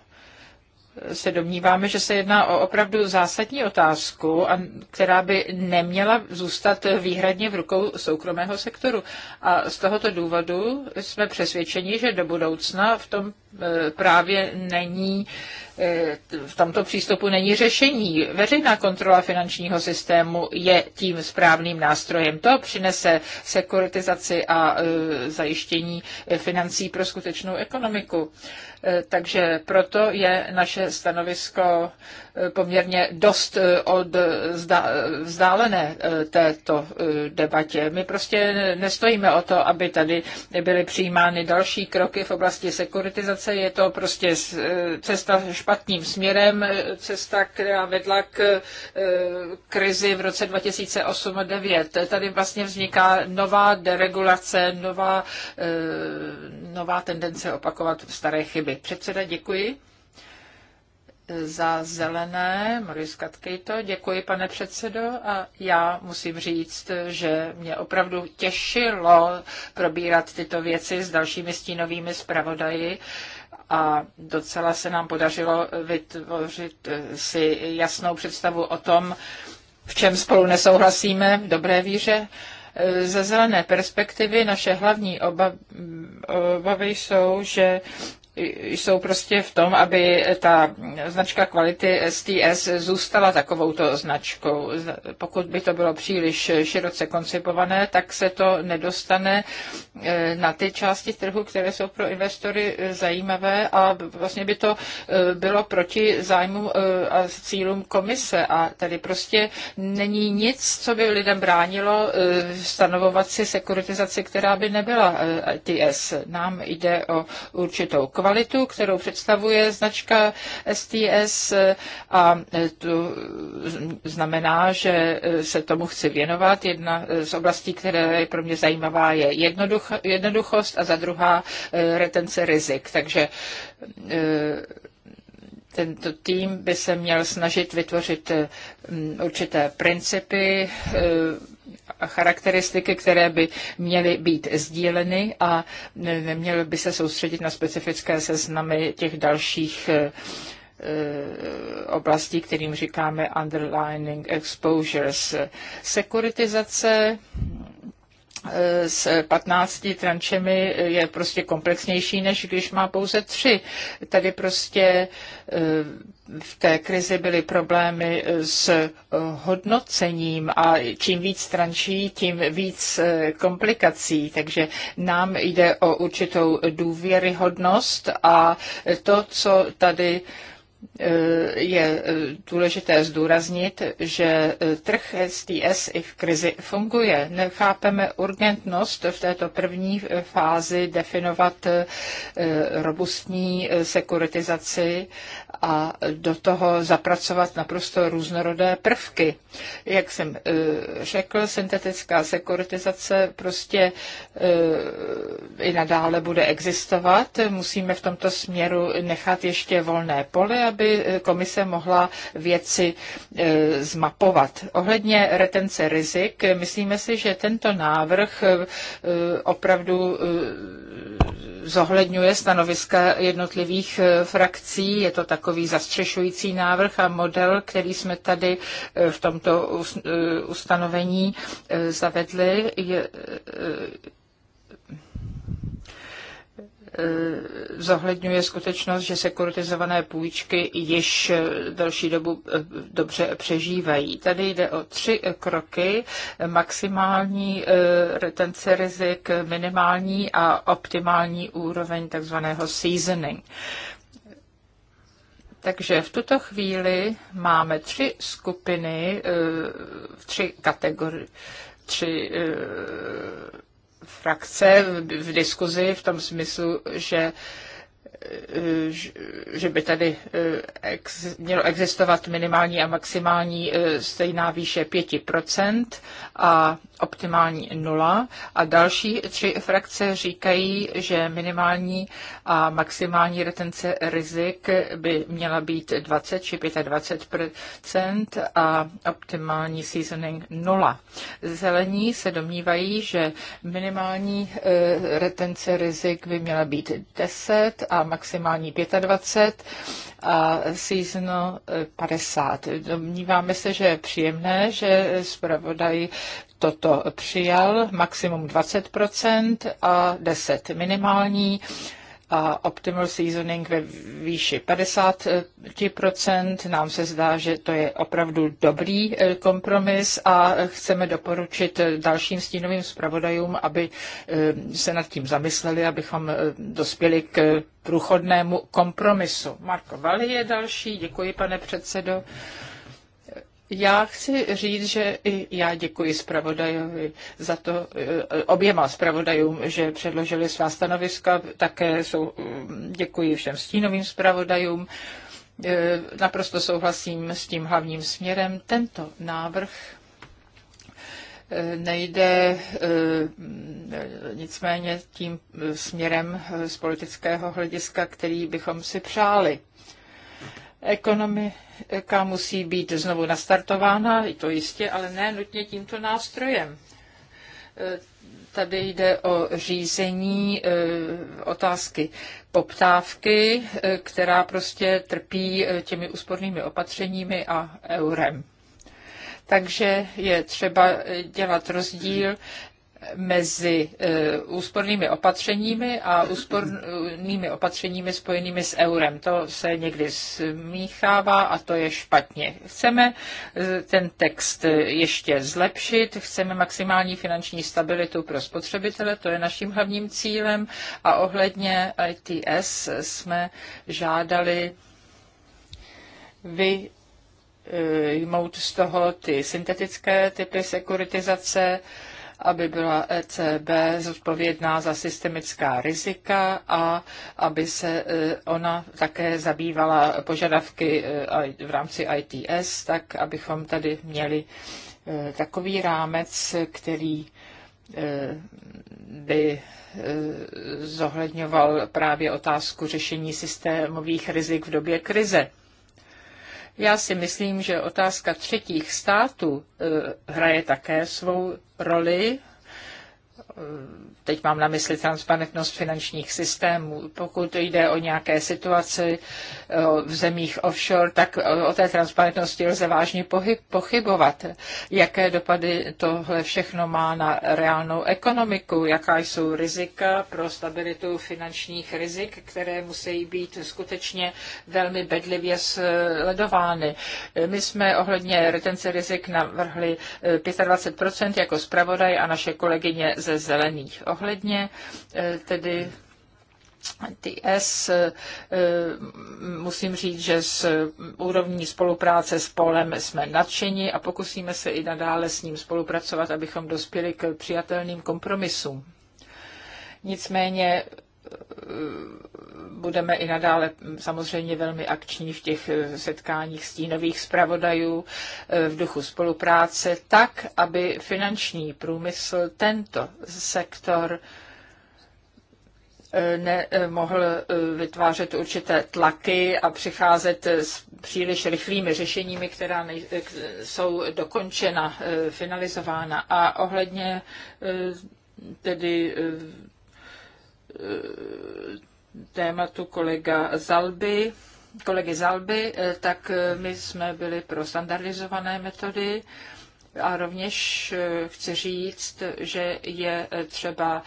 C: se domníváme, že se jedná o opravdu zásadní otázku, která by neměla zůstat výhradně v rukou soukromého sektoru. A z tohoto důvodu jsme přesvědčeni, že do budoucna v tom E, právě není e, v tomto přístupu není řešení. Veřejná kontrola finančního systému je tím správným nástrojem. To přinese sekuritizaci a e, zajištění financí pro skutečnou ekonomiku. Takže proto je naše stanovisko poměrně dost eh, od eh, eh, vzdálené této debatě. My prostě nestojíme o to, aby tady byly přijímány další kroky v oblasti sekuritizace. Je to prostě cesta špatným směrem, cesta, která vedla k krizi v roce 2008 a 2009. Tady vlastně vzniká nová deregulace, nová, nová tendence opakovat staré chyby. Předseda, děkuji za zelené, Mariska to. Děkuji, pane předsedo. A já musím říct, že mě opravdu těšilo probírat tyto věci s dalšími stínovými zpravodaji a docela se nám podařilo vytvořit eh, si jasnou představu o tom, v čem spolu nesouhlasíme v dobré víře. Eh, ze zelené perspektivy naše hlavní obavy jsou, že jsou prostě v tom, aby ta značka kvality STS zůstala takovouto značkou. Pokud by to bylo příliš široce koncipované, tak se to nedostane eh, na ty části trhu, které jsou pro investory eh, zajímavé a vlastně by to eh, bylo proti zájmu a cílům komise a tady prostě není nic, co by lidem bránilo stanovovat si sekuritizaci, která by nebyla TS. Nám jde o určitou kvalitu kvalitu, kterou představuje značka STS a e, to znamená, že e, se tomu chci věnovat. Jedna e, z oblastí, která je pro mě zajímavá, je jednoduch, jednoduchost a za druhá retence rizik. Takže tento tým by se měl snažit vytvořit určité principy, charakteristiky, které by měly být sdíleny a neměly by se soustředit na specifické seznamy těch dalších eh, eh, oblastí, kterým říkáme underlining exposures. Sekuritizace s 15 trančemi je prostě komplexnější, než když má pouze tři. Tady prostě e, v té krizi byly problémy s e, hodnocením a čím víc trančí, tím víc e, komplikací. Takže nám jde o určitou důvěryhodnost a to, co tady Eh, je eh, důležité zdůraznit, že eh, trh STS i v krizi funguje. Nechápeme urgentnost v této první fázi definovat robustní sekuritizaci a do toho zapracovat naprosto různorodé prvky. Jak jsem eh, řekl, syntetická sekuritizace prostě eh, i nadále bude existovat. Musíme v tomto směru nechat ještě volné pole, aby eh, komise mohla věci zmapovat. Ohledně retence rizik, myslíme si, že tento návrh opravdu zohledňuje stanoviska jednotlivých frakcí. Je to tak takový zastřešující návrh a model, který jsme tady eh, v tomto eh, ustanovení eh, zavedli, je, zohledňuje skutečnost, že sekuritizované půjčky již další dobu dobře přežívají. Tady jde o tři kroky. Maximální retence rizik, minimální a optimální úroveň takzvaného seasoning. Takže v tuto chvíli máme tři skupiny, eh, tři kategorie, tři eh, frakce v diskuzi v tom smyslu, že Eh, že by tady eh, ex, mělo existovat minimální a maximální eh, stejná výše 5% a optimální nula. A další tři frakce říkají, že minimální a maximální retence rizik by měla být 20 či 25% a optimální seasoning nula. Zelení se domnívají, že minimální retence rizik by měla být 10 a maximální 25 a seasonal eh, 50. Domníváme se, že je příjemné, že zpravodaj toto přijal, maximum 20 a 10 minimální a optimal seasoning ve výši 50%. Eh, Nám se zdá, že to je opravdu dobrý eh, kompromis a chceme doporučit eh, dalším stínovým zpravodajům, aby se nad tím zamysleli, abychom dospěli k průchodnému kompromisu. Marko Vali je další. Děkuji, pane předsedo. Já chci říct, že i já děkuji zpravodajovi za to, eh, oběma zpravodajům, že předložili svá stanoviska, také jsou, mm, děkuji všem stínovým zpravodajům. Eh, naprosto souhlasím s tím hlavním směrem. Tento návrh eh, nejde nicméně tím směrem z politického hlediska, který bychom si přáli. Ekonomika musí být znovu nastartována, to jistě, ale ne nutně tímto nástrojem. E, tady jde o řízení e, otázky poptávky, e, která prostě trpí těmi úspornými opatřeními a eurem. Takže je třeba dělat rozdíl mezi eh, úspornými opatřeními a úspornými opatřeními spojenými s eurem. To se někdy smíchává a to je špatně. Chceme eh, ten text ještě zlepšit, chceme maximální finanční stabilitu pro spotřebitele, to je naším hlavním cílem a ohledně ITS jsme žádali vy jmout z toho ty syntetické typy sekuritizace, aby byla ECB zodpovědná za systemická rizika a aby se e, ona také zabývala požadavky e, v rámci ITS, tak abychom tady měli e, takový rámec, který by zohledňoval právě otázku řešení systémových rizik v době krize. Já si myslím, že otázka třetích států eh, hraje také svou roli Eh, teď mám na mysli transparentnost finančních systémů. Pokud jde o nějaké situaci eh, v zemích offshore, tak eh, o té transparentnosti lze vážně pohyb, pochybovat. Jaké dopady tohle všechno má na reálnou ekonomiku, jaká jsou rizika pro stabilitu finančních rizik, které musí být skutečně velmi bedlivě sledovány. My jsme ohledně retence rizik navrhli 25% jako zpravodaj a naše kolegyně ze zelených. Ohledně eh, tedy TS eh, musím říct, že s úrovní spolupráce s Polem jsme nadšeni a pokusíme se i nadále s ním spolupracovat, abychom dospěli k přijatelným kompromisům. Nicméně eh, budeme i nadále samozřejmě velmi akční v těch eh, setkáních stínových zpravodajů eh, v duchu spolupráce, tak, aby finanční průmysl tento sektor eh, nemohl vytvářet určité tlaky a přicházet s příliš rychlými řešeními, která jsou dokončena, finalizována. A ohledně tedy tématu kolega Zalby, kolegy Zalby, eh, tak eh, my jsme byli pro standardizované metody. A rovněž eh, chci říct, že je třeba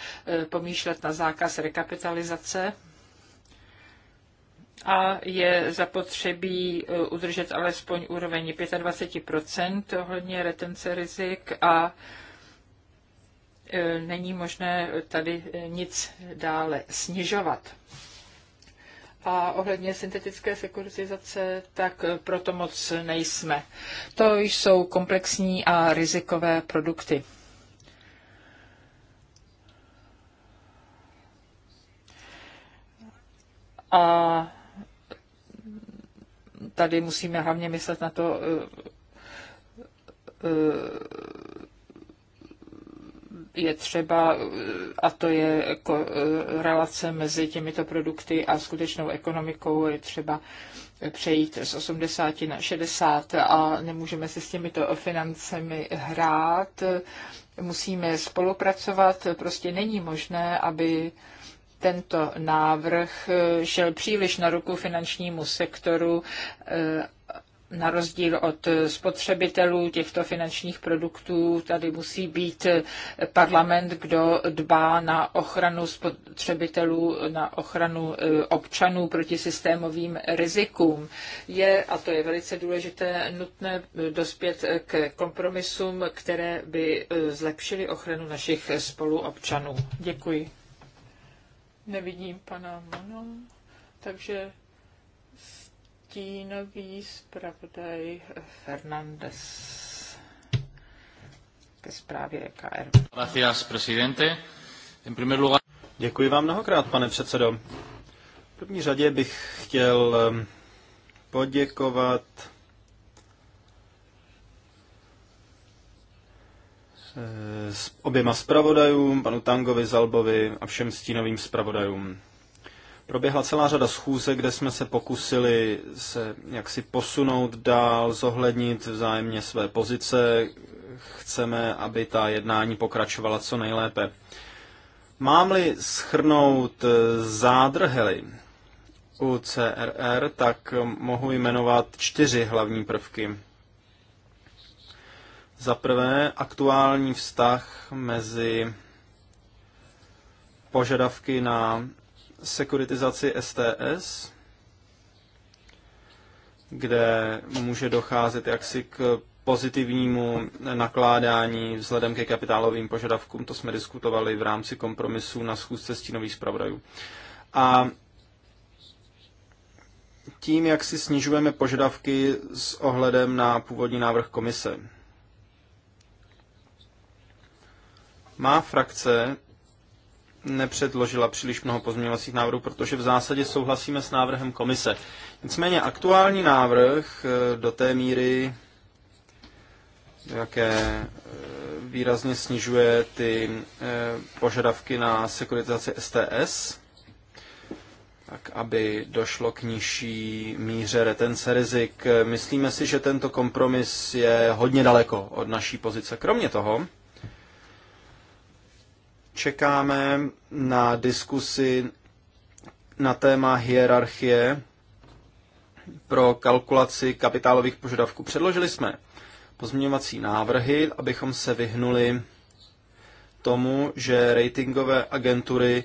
C: pomýšlet na zákaz rekapitalizace a je zapotřebí udržet alespoň úroveň 25 ohledně retence rizik a E, není možné tady e, nic dále snižovat. A ohledně syntetické sekuritizace, tak proto moc nejsme. To jsou komplexní a rizikové produkty. A tady musíme hlavně myslet na to, e, je třeba, a to je jako relace mezi těmito produkty a skutečnou ekonomikou, je třeba přejít z 80 na 60 a nemůžeme si s těmito financemi hrát. Musíme spolupracovat. Prostě není možné, aby tento návrh eh, šel příliš na ruku finančnímu sektoru eh, na rozdíl od spotřebitelů těchto finančních produktů, tady musí být parlament, kdo dbá na ochranu spotřebitelů, na ochranu eh, občanů proti systémovým rizikům. Je, a to je velice důležité, nutné dospět k kompromisům, které by eh, zlepšily ochranu našich spoluobčanů. Děkuji. Nevidím pana Mano, takže Stínový zpravodaj Fernandez ke zprávě EKR.
A: Gracias, presidente. En primer lugar... Děkuji vám mnohokrát, pane předsedo. V první řadě bych chtěl ehm, poděkovat s oběma zpravodajům, panu Tangovi, Zalbovi a všem stínovým zpravodajům. Proběhla celá řada schůzek, kde jsme se pokusili se jaksi posunout dál, zohlednit vzájemně své pozice. Chceme, aby ta jednání pokračovala co nejlépe. Mám-li schrnout eh, zádrhely u CRR, tak mohu jmenovat čtyři hlavní prvky. Za prvé, aktuální vztah mezi požadavky na sekuritizaci STS, kde může docházet jaksi k pozitivnímu nakládání vzhledem ke kapitálovým požadavkům. To jsme diskutovali v rámci kompromisu na schůzce stínových zpravodajů. A tím, jak si snižujeme požadavky s ohledem na původní návrh komise. Má frakce nepředložila příliš mnoho pozměňovacích návrhů, protože v zásadě souhlasíme s návrhem komise. Nicméně aktuální návrh eh, do té míry, jaké eh, výrazně snižuje ty eh, požadavky na sekuritizaci STS, tak aby došlo k nižší míře retence rizik. Myslíme si, že tento kompromis je hodně daleko od naší pozice. Kromě toho, Čekáme na diskusi na téma hierarchie pro kalkulaci kapitálových požadavků. Předložili jsme pozměňovací návrhy, abychom se vyhnuli tomu, že ratingové agentury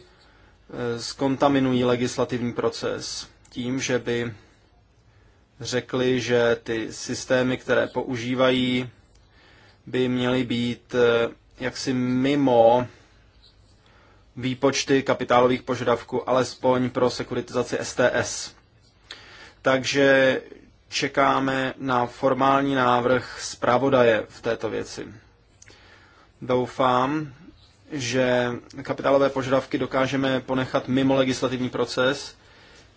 A: skontaminují eh, legislativní proces tím, že by řekli, že ty systémy, které používají, by měly být eh, jaksi mimo výpočty kapitálových požadavků, alespoň pro sekuritizaci STS. Takže čekáme na formální návrh zpravodaje v této věci. Doufám, že kapitálové požadavky dokážeme ponechat mimo legislativní proces,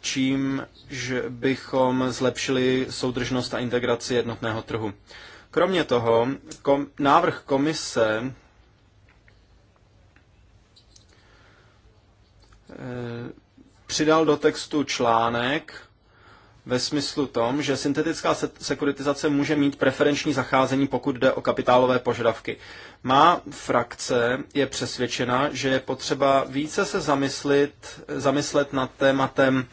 A: čímž bychom zlepšili soudržnost a integraci jednotného trhu. Kromě toho, kom, návrh komise Eh, přidal do textu článek ve smyslu tom, že syntetická sekuritizace může mít preferenční zacházení, pokud jde o kapitálové požadavky. Má frakce je přesvědčena, že je potřeba více se zamyslit, zamyslet nad tématem,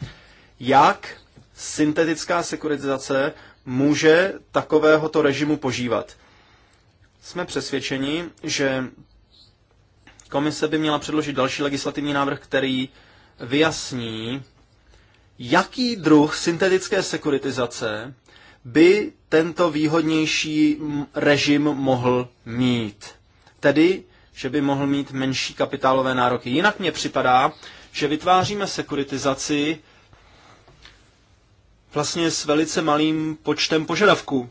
A: jak syntetická sekuritizace může takovéhoto režimu požívat. Jsme přesvědčeni, že Komise by měla předložit další legislativní návrh, který vyjasní, jaký druh syntetické sekuritizace by tento výhodnější režim mohl mít. Tedy, že by mohl mít menší kapitálové nároky. Jinak mně připadá, že vytváříme sekuritizaci vlastně s velice malým počtem požadavků.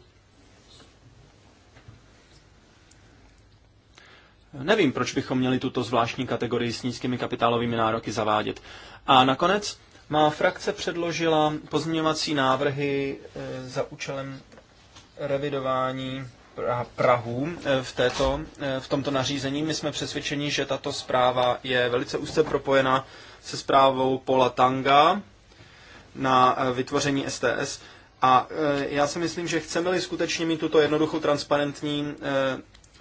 A: Nevím, proč bychom měli tuto zvláštní kategorii s nízkými kapitálovými nároky zavádět. A nakonec má frakce předložila pozměňovací návrhy e, za účelem revidování Prahu e, v, této, e, v tomto nařízení. My jsme přesvědčeni, že tato zpráva je velice úzce propojena se zprávou Pola Tanga na vytvoření STS. A já si myslím, že chceme-li skutečně mít tuto jednoduchou transparentní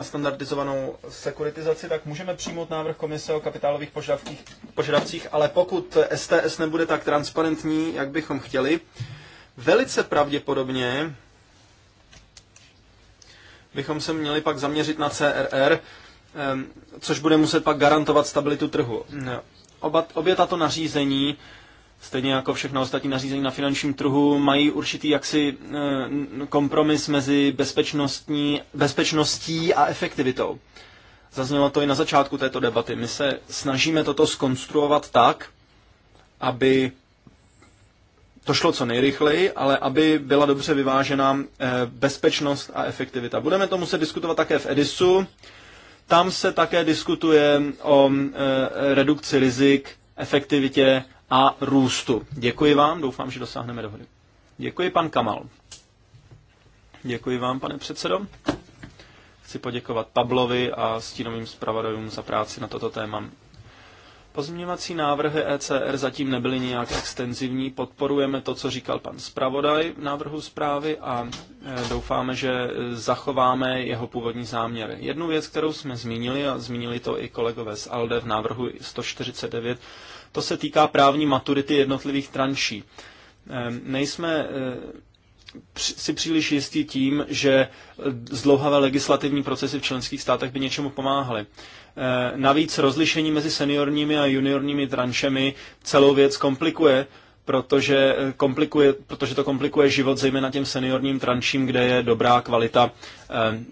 A: a standardizovanou sekuritizaci, tak můžeme přijmout návrh komise o kapitálových požadavcích, ale pokud STS nebude tak transparentní, jak bychom chtěli, velice pravděpodobně bychom se měli pak zaměřit na CRR, ehm, což bude muset pak garantovat stabilitu trhu. Oba, obě tato nařízení stejně jako všechno ostatní nařízení na finančním trhu, mají určitý jaksi eh, kompromis mezi bezpečnostní, bezpečností a efektivitou. Zaznělo to i na začátku této debaty. My se snažíme toto skonstruovat tak, aby to šlo co nejrychleji, ale aby byla dobře vyvážena eh, bezpečnost a efektivita. Budeme to muset diskutovat také v Edisu. Tam se také diskutuje o eh, redukci rizik, efektivitě a růstu. Děkuji vám, doufám, že dosáhneme dohody. Děkuji, pan Kamal. Děkuji vám, pane předsedo. Chci poděkovat Pablovi a stínovým zpravodajům za práci na toto téma. Pozměňovací návrhy ECR zatím nebyly nějak extenzivní. Podporujeme to, co říkal pan zpravodaj v návrhu zprávy a e, doufáme, že zachováme jeho původní záměry. Jednu věc, kterou jsme zmínili, a zmínili to i kolegové z ALDE v návrhu 149, to se týká právní maturity jednotlivých tranší. Ehm, nejsme eh, si příliš jistí tím, že eh, zdlouhavé legislativní procesy v členských státech by něčemu pomáhaly. Ehm, navíc rozlišení mezi seniorními a juniorními tranšemi celou věc komplikuje, protože, eh, komplikuje, protože to komplikuje život zejména těm seniorním tranším, kde je dobrá kvalita ehm,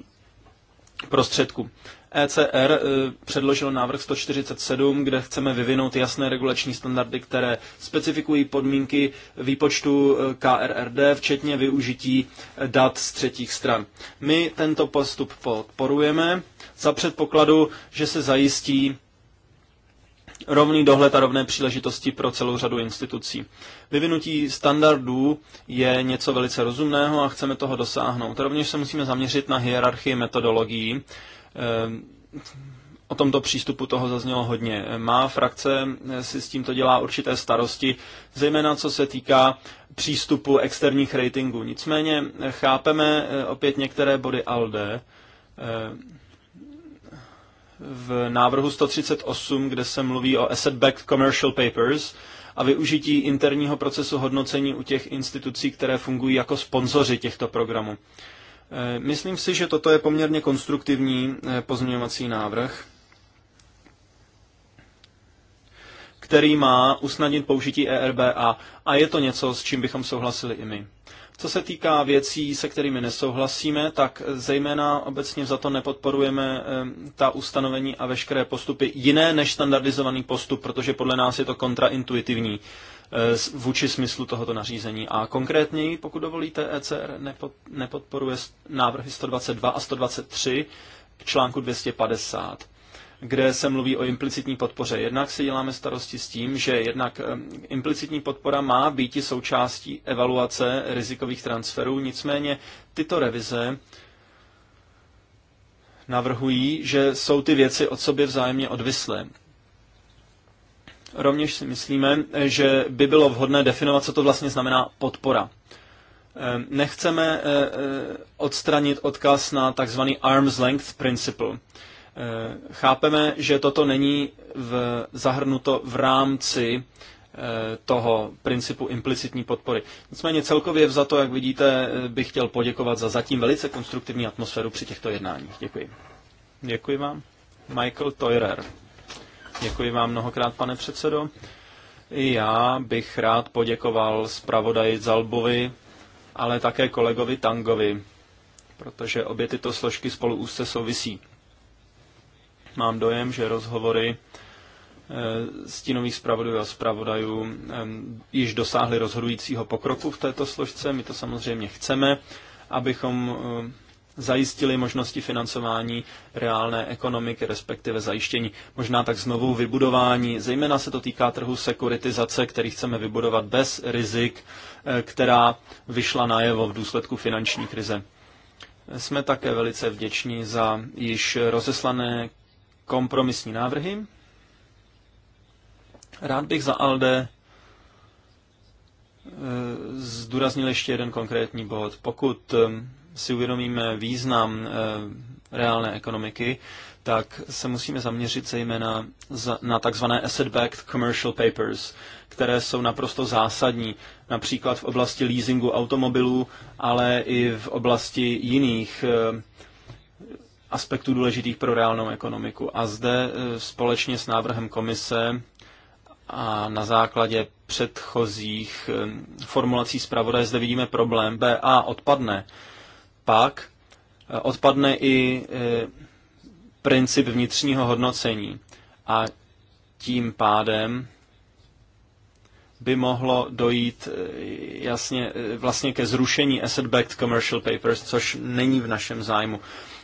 A: prostředku. ECR e, předložilo návrh 147, kde chceme vyvinout jasné regulační standardy, které specifikují podmínky výpočtu e, KRRD, včetně využití e, dat z třetích stran. My tento postup podporujeme za předpokladu, že se zajistí rovný dohled a rovné příležitosti pro celou řadu institucí. Vyvinutí standardů je něco velice rozumného a chceme toho dosáhnout. Rovněž se musíme zaměřit na hierarchii metodologií, Ehm, o tomto přístupu toho zaznělo hodně. Má frakce eh, si s tímto dělá určité starosti, zejména co se týká přístupu externích ratingů. Nicméně eh, chápeme eh, opět některé body ALDE ehm, v návrhu 138, kde se mluví o asset-backed commercial papers a využití interního procesu hodnocení u těch institucí, které fungují jako sponzoři těchto programů. Eh, myslím si, že toto je poměrně konstruktivní eh, pozměňovací návrh, který má usnadnit použití ERBA a je to něco, s čím bychom souhlasili i my. Co se týká věcí, se kterými nesouhlasíme, tak zejména obecně za to nepodporujeme eh, ta ustanovení a veškeré postupy jiné než standardizovaný postup, protože podle nás je to kontraintuitivní. Eh, vůči smyslu tohoto nařízení. A konkrétně pokud dovolíte, ECR nepodporuje návrhy 122 a 123 k článku 250 kde se mluví o implicitní podpoře. Jednak si děláme starosti s tím, že jednak eh, implicitní podpora má být i součástí evaluace rizikových transferů, nicméně tyto revize navrhují, že jsou ty věci od sobě vzájemně odvislé. Rovněž si myslíme, že by bylo vhodné definovat, co to vlastně znamená podpora. Ehm, nechceme eh, eh, odstranit odkaz na tzv. arm's length principle. Eh, chápeme, že toto není v, zahrnuto v rámci toho principu implicitní podpory. Nicméně celkově vzato, jak vidíte, bych chtěl poděkovat za zatím velice konstruktivní atmosféru při těchto jednáních. Děkuji. Děkuji vám. Michael Teurer. Děkuji vám mnohokrát, pane předsedo. I já bych rád poděkoval zpravodaji Zalbovi, ale také kolegovi Tangovi, protože obě tyto složky spolu úzce souvisí. Mám dojem, že rozhovory eh, stínových zpravodajů a zpravodajů eh, již dosáhly rozhodujícího pokroku v této složce. My to samozřejmě chceme, abychom eh, zajistili možnosti financování reálné ekonomiky, respektive zajištění možná tak znovu vybudování. Zejména se to týká trhu sekuritizace, který chceme vybudovat bez rizik, eh, která vyšla najevo v důsledku finanční krize. Jsme také velice vděční za již rozeslané kompromisní návrhy. Rád bych za ALDE eh, zdůraznil ještě jeden konkrétní bod. Pokud eh, si uvědomíme eh, význam eh, reálné ekonomiky, tak se musíme zaměřit zejména na takzvané asset-backed commercial papers, které jsou naprosto zásadní, například v oblasti leasingu automobilů, ale i v oblasti jiných eh, aspektů důležitých pro reálnou ekonomiku. A zde společně s návrhem komise a na základě předchozích formulací zpravodaje zde vidíme problém. BA odpadne pak eh, odpadne i eh, princip vnitřního hodnocení a tím pádem by mohlo dojít eh, jasně vlastně ke zrušení asset-backed commercial papers, což není v našem zájmu.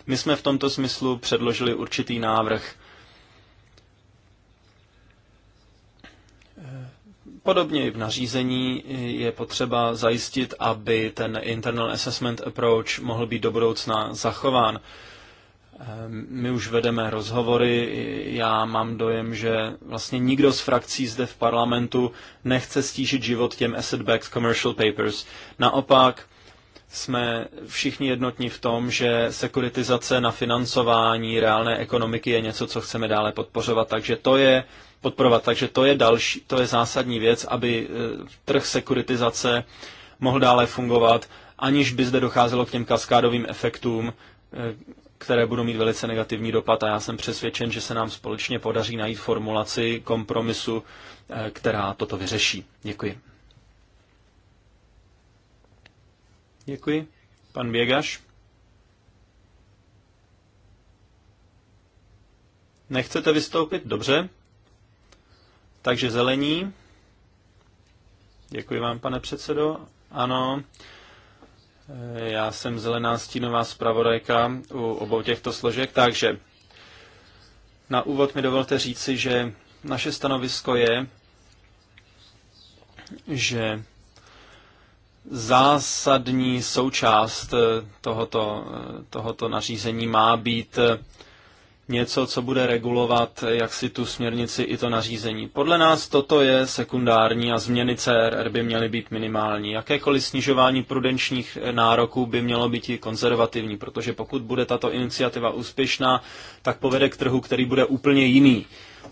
A: My jsme v tomto smyslu předložili určitý návrh. Podobně i v nařízení je potřeba zajistit, aby ten internal assessment approach mohl být do budoucna zachován. Ehm, my už vedeme rozhovory, já mám dojem, že vlastně nikdo z frakcí zde v parlamentu nechce stížit život těm asset-backed commercial papers. Naopak, jsme všichni jednotní v tom, že sekuritizace na financování reálné ekonomiky je něco, co chceme dále podpořovat. Takže to je podporovat. Takže to je další, to je zásadní věc, aby eh, trh sekuritizace mohl dále fungovat, aniž by zde docházelo k těm kaskádovým efektům, eh, které budou mít velice negativní dopad a já jsem přesvědčen, že se nám společně podaří najít formulaci kompromisu, eh, která toto vyřeší. Děkuji. Děkuji. Pan Běgaš? Nechcete vystoupit? Dobře. Takže zelení. Děkuji vám, pane předsedo. Ano, eh, já jsem zelená stínová zpravodajka u obou těchto složek, takže na úvod mi dovolte říci, že naše stanovisko je, že zásadní součást eh, tohoto, eh, tohoto nařízení má být něco, co bude regulovat jak si tu směrnici i to nařízení. Podle nás toto je sekundární a změny CRR by měly být minimální. Jakékoliv snižování prudenčních nároků by mělo být i konzervativní, protože pokud bude tato iniciativa úspěšná, tak povede k trhu, který bude úplně jiný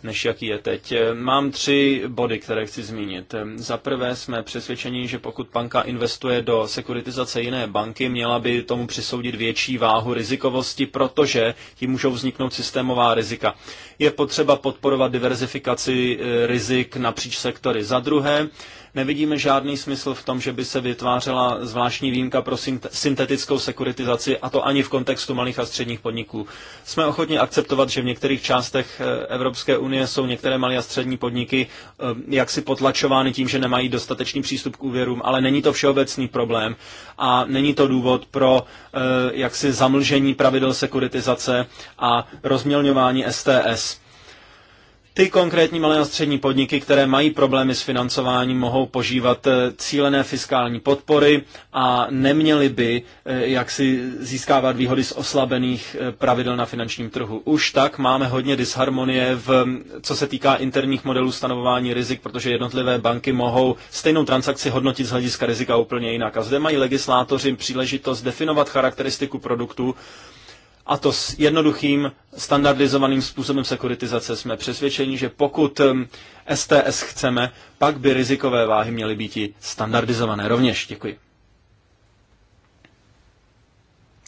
A: než jaký je teď. Mám tři body, které chci zmínit. Za prvé jsme přesvědčeni, že pokud banka investuje do sekuritizace jiné banky, měla by tomu přisoudit větší váhu rizikovosti, protože tím můžou vzniknout systémová rizika. Je potřeba podporovat diverzifikaci eh, rizik napříč sektory. Za druhé, Nevidíme žádný smysl v tom, že by se vytvářela zvláštní výjimka pro syntetickou sekuritizaci, a to ani v kontextu malých a středních podniků. Jsme ochotni akceptovat, že v některých částech eh, Evropské unie jsou některé malé a střední podniky eh, jaksi potlačovány tím, že nemají dostatečný přístup k úvěrům, ale není to všeobecný problém a není to důvod pro eh, jaksi zamlžení pravidel sekuritizace a rozmělňování STS. Ty konkrétní malé a střední podniky, které mají problémy s financováním, mohou požívat eh, cílené fiskální podpory a neměly by eh, jak si získávat výhody z oslabených eh, pravidel na finančním trhu. Už tak máme hodně disharmonie, v, co se týká interních modelů stanovování rizik, protože jednotlivé banky mohou stejnou transakci hodnotit z hlediska rizika úplně jinak. A zde mají legislátoři příležitost definovat charakteristiku produktu, a to s jednoduchým standardizovaným způsobem sekuritizace. Jsme přesvědčeni, že pokud STS um, chceme, pak by rizikové váhy měly být i standardizované rovněž. Děkuji.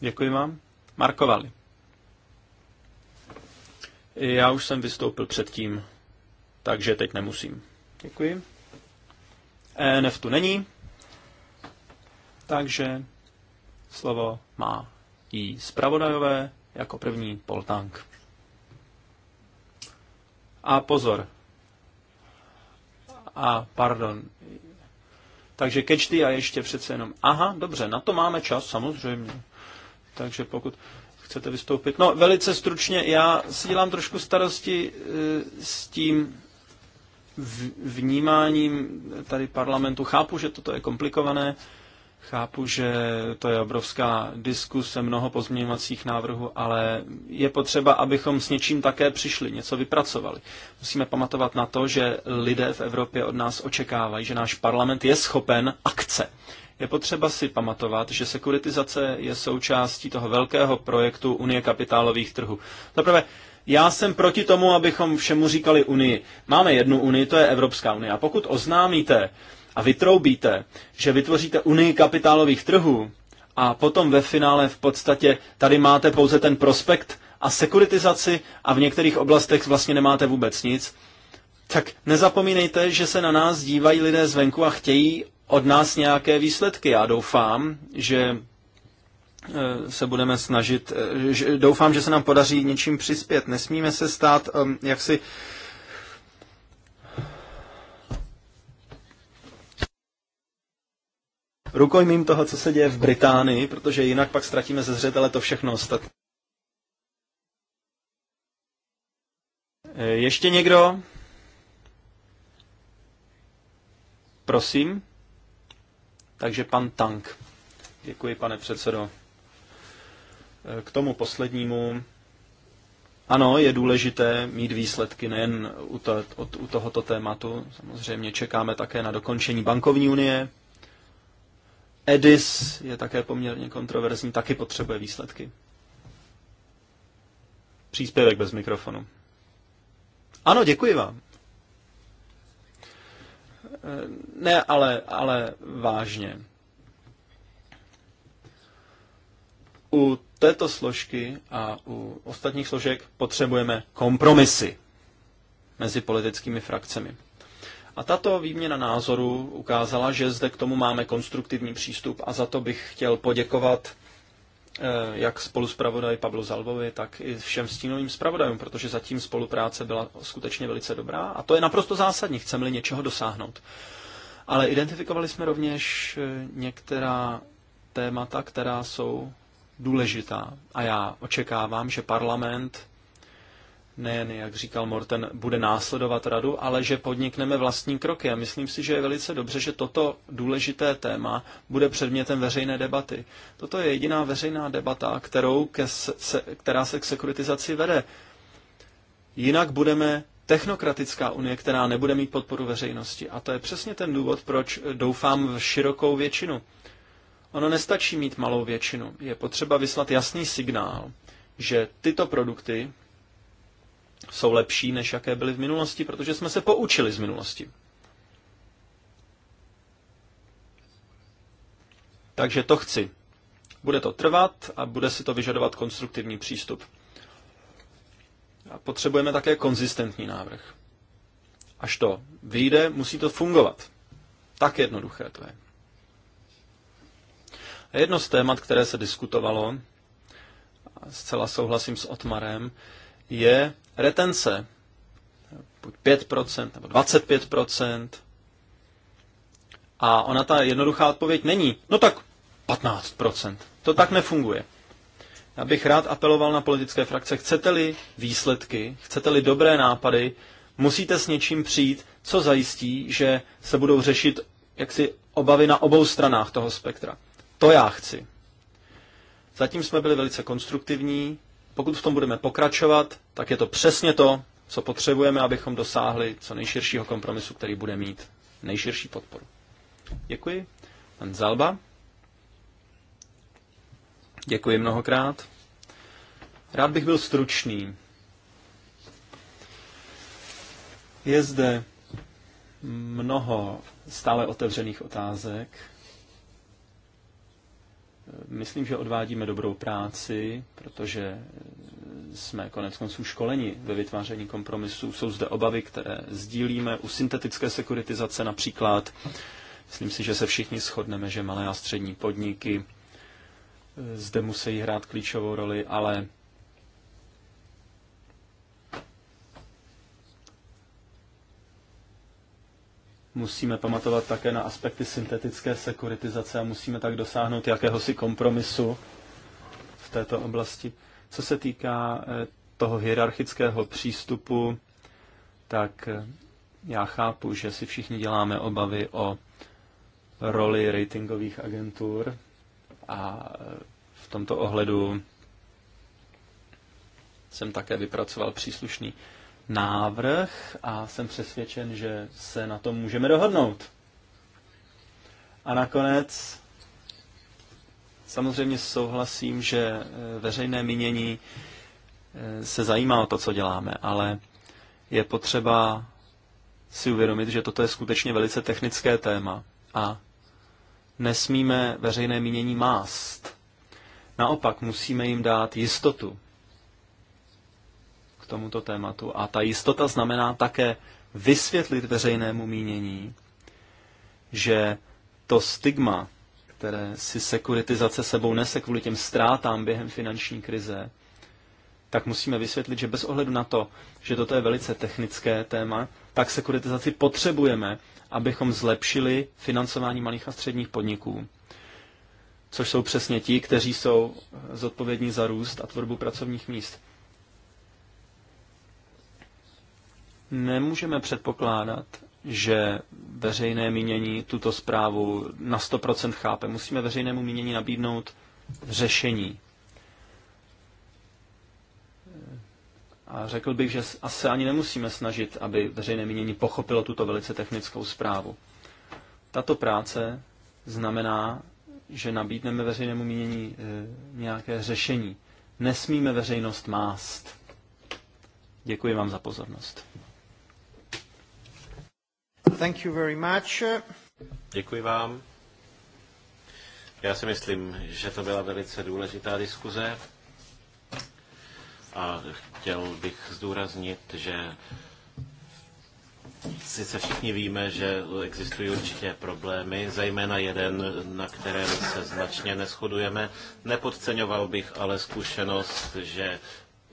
A: Děkuji vám. Markovali. Já už jsem vystoupil předtím, takže teď nemusím. Děkuji. ENF tu není, takže slovo má i zpravodajové, jako první Poltank. A pozor. A pardon. Takže kečty a ještě přece jenom. Aha, dobře, na to máme čas, samozřejmě. Takže pokud chcete vystoupit. No, velice stručně, já si dělám trošku starosti e, s tím vnímáním tady parlamentu. Chápu, že toto je komplikované, Chápu, že to je obrovská diskuse, mnoho pozměňovacích návrhů, ale je potřeba, abychom s něčím také přišli, něco vypracovali. Musíme pamatovat na to, že lidé v Evropě od nás očekávají, že náš parlament je schopen akce. Je potřeba si pamatovat, že sekuritizace je součástí toho velkého projektu Unie kapitálových trhů. Zaprvé, já jsem proti tomu, abychom všemu říkali Unii. Máme jednu Unii, to je Evropská unie. A pokud oznámíte, a vytroubíte, že vytvoříte unii kapitálových trhů a potom ve finále v podstatě tady máte pouze ten prospekt a sekuritizaci a v některých oblastech vlastně nemáte vůbec nic, tak nezapomínejte, že se na nás dívají lidé zvenku a chtějí od nás nějaké výsledky. Já doufám, že eh, se budeme snažit, eh, doufám, že se nám podaří něčím přispět. Nesmíme se stát eh, jaksi rukojmím toho, co se děje v Británii, protože jinak pak ztratíme ze zřetele to všechno ostatní. Eh, ještě někdo? Prosím. Takže pan Tank. Děkuji, pane předsedo. Eh, k tomu poslednímu. Ano, je důležité mít výsledky nejen u, to, od, u tohoto tématu. Samozřejmě čekáme také na dokončení bankovní unie. EDIS je také poměrně kontroverzní, taky potřebuje výsledky. Příspěvek bez mikrofonu. Ano, děkuji vám. Eh, ne, ale, ale vážně. U této složky a u ostatních složek potřebujeme kompromisy mezi politickými frakcemi. A tato výměna názorů ukázala, že zde k tomu máme konstruktivní přístup a za to bych chtěl poděkovat eh, jak spolu zpravodaj Pablo Zalvovi, tak i všem stínovým zpravodajům, protože zatím spolupráce byla skutečně velice dobrá a to je naprosto zásadní, chceme-li něčeho dosáhnout. Ale identifikovali jsme rovněž eh, některá témata, která jsou důležitá a já očekávám, že parlament nejen, jak říkal Morten, bude následovat radu, ale že podnikneme vlastní kroky. A myslím si, že je velice dobře, že toto důležité téma bude předmětem veřejné debaty. Toto je jediná veřejná debata, kterou ke se, která se k sekuritizaci vede. Jinak budeme technokratická unie, která nebude mít podporu veřejnosti. A to je přesně ten důvod, proč doufám v širokou většinu. Ono nestačí mít malou většinu. Je potřeba vyslat jasný signál, že tyto produkty, jsou lepší, než jaké byly v minulosti, protože jsme se poučili z minulosti. Takže to chci. Bude to trvat a bude si to vyžadovat konstruktivní přístup. A potřebujeme také konzistentní návrh. Až to vyjde, musí to fungovat. Tak jednoduché to je. A jedno z témat, které se diskutovalo, a zcela souhlasím s Otmarem, je retence, buď 5% nebo 25%. A ona ta jednoduchá odpověď není, no tak 15%. To tak nefunguje. Já bych rád apeloval na politické frakce, chcete-li výsledky, chcete-li dobré nápady, musíte s něčím přijít, co zajistí, že se budou řešit jaksi obavy na obou stranách toho spektra. To já chci. Zatím jsme byli velice konstruktivní, pokud v tom budeme pokračovat, tak je to přesně to, co potřebujeme, abychom dosáhli co nejširšího kompromisu, který bude mít nejširší podporu. Děkuji. Pan Zalba. Děkuji mnohokrát. Rád bych byl stručný. Je zde mnoho stále otevřených otázek, Myslím, že odvádíme dobrou práci, protože jsme konec konců školeni ve vytváření kompromisů. Jsou zde obavy, které sdílíme u syntetické sekuritizace například. Myslím si, že se všichni shodneme, že malé a střední podniky e, zde musí hrát klíčovou roli, ale Musíme pamatovat také na aspekty syntetické sekuritizace a musíme tak dosáhnout jakéhosi kompromisu v této oblasti. Co se týká eh, toho hierarchického přístupu, tak eh, já chápu, že si všichni děláme obavy o roli ratingových agentur a eh, v tomto ohledu jsem také vypracoval příslušný návrh a jsem přesvědčen, že se na tom můžeme dohodnout. A nakonec samozřejmě souhlasím, že eh, veřejné mínění eh, se zajímá o to, co děláme, ale je potřeba si uvědomit, že toto je skutečně velice technické téma a nesmíme veřejné mínění mást. Naopak musíme jim dát jistotu, tomuto tématu. A ta jistota znamená také vysvětlit veřejnému mínění, že to stigma, které si sekuritizace sebou nese kvůli těm ztrátám během finanční krize, tak musíme vysvětlit, že bez ohledu na to, že toto je velice technické téma, tak sekuritizaci potřebujeme, abychom zlepšili financování malých a středních podniků, což jsou přesně ti, kteří jsou zodpovědní za růst a tvorbu pracovních míst. nemůžeme předpokládat, že veřejné mínění tuto zprávu na 100% chápe. Musíme veřejnému mínění nabídnout řešení. A řekl bych, že asi ani nemusíme snažit, aby veřejné mínění pochopilo tuto velice technickou zprávu. Tato práce znamená, že nabídneme veřejnému mínění eh, nějaké řešení. Nesmíme veřejnost mást. Děkuji vám za pozornost.
C: Thank you very much.
B: Děkuji vám. Já si myslím, že to byla velice důležitá diskuze a chtěl bych zdůraznit, že sice všichni víme, že existují určitě problémy, zejména jeden, na kterém se značně neschodujeme. Nepodceňoval bych ale zkušenost, že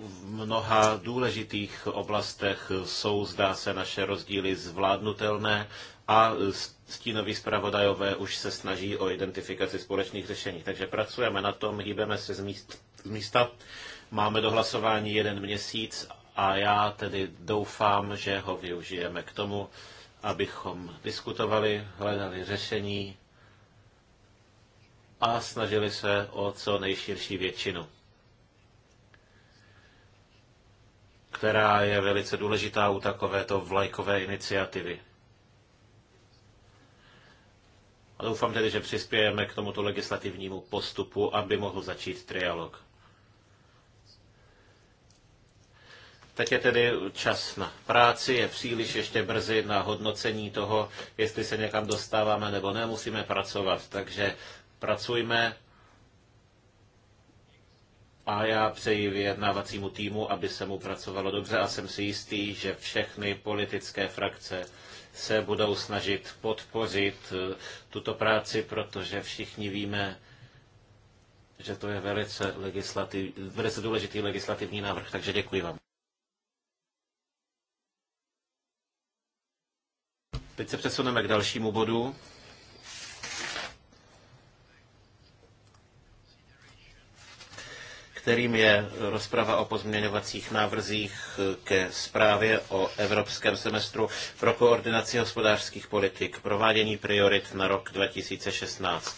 B: v mnoha důležitých oblastech jsou, zdá se, naše rozdíly zvládnutelné a stínoví zpravodajové už se snaží o identifikaci společných řešení. Takže pracujeme na tom, hýbeme se z, míst, z místa. Máme do hlasování jeden měsíc a já tedy doufám, že ho využijeme k tomu, abychom diskutovali, hledali řešení a snažili se o co nejširší většinu. která je velice důležitá u takovéto vlajkové iniciativy. A doufám tedy, že přispějeme k tomuto legislativnímu postupu, aby mohl začít trialog. Teď je tedy čas na práci, je příliš ještě brzy na hodnocení toho, jestli se někam dostáváme nebo ne, musíme pracovat. Takže pracujme, a já přeji vyjednávacímu týmu, aby se mu pracovalo dobře a jsem si jistý, že všechny politické frakce se budou snažit podpořit eh, tuto práci, protože všichni víme, že to je velice, legislativ, velice důležitý legislativní návrh, takže děkuji vám. Teď se přesuneme k dalšímu bodu. kterým je rozprava o pozměňovacích návrzích ke zprávě o Evropském semestru pro koordinaci hospodářských politik, provádění priorit na rok 2016.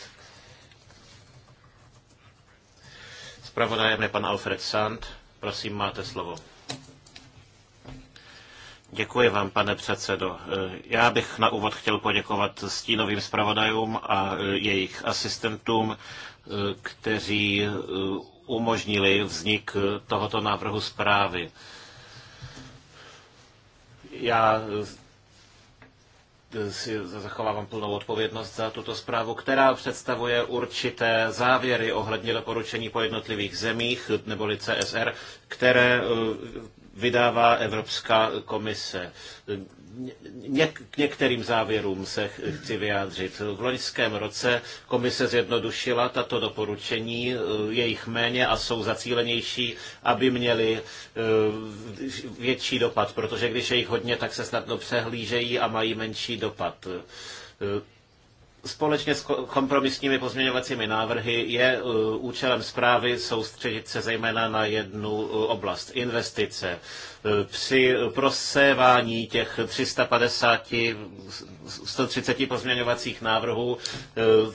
B: Zpravodajem je pan Alfred Sand. Prosím, máte slovo. Děkuji vám, pane předsedo. Já bych na úvod chtěl poděkovat stínovým zpravodajům a jejich asistentům, kteří umožnili vznik tohoto návrhu zprávy. Já eh, si zachovávám plnou odpovědnost za tuto zprávu, která představuje určité závěry ohledně doporučení po jednotlivých zemích, neboli CSR, které eh, vydává Evropská komise. k některým závěrům se chci vyjádřit. V loňském roce komise zjednodušila tato doporučení, eh, je jich méně a jsou zacílenější, aby měly eh, větší dopad, protože když je jich hodně, tak se snadno přehlížejí a mají menší dopad. Eh, Společně s kompromisními pozměňovacími návrhy je uh, účelem zprávy soustředit se zejména na jednu uh, oblast investice. Eh, při prosévání těch 350, 130 pozměňovacích návrhů eh,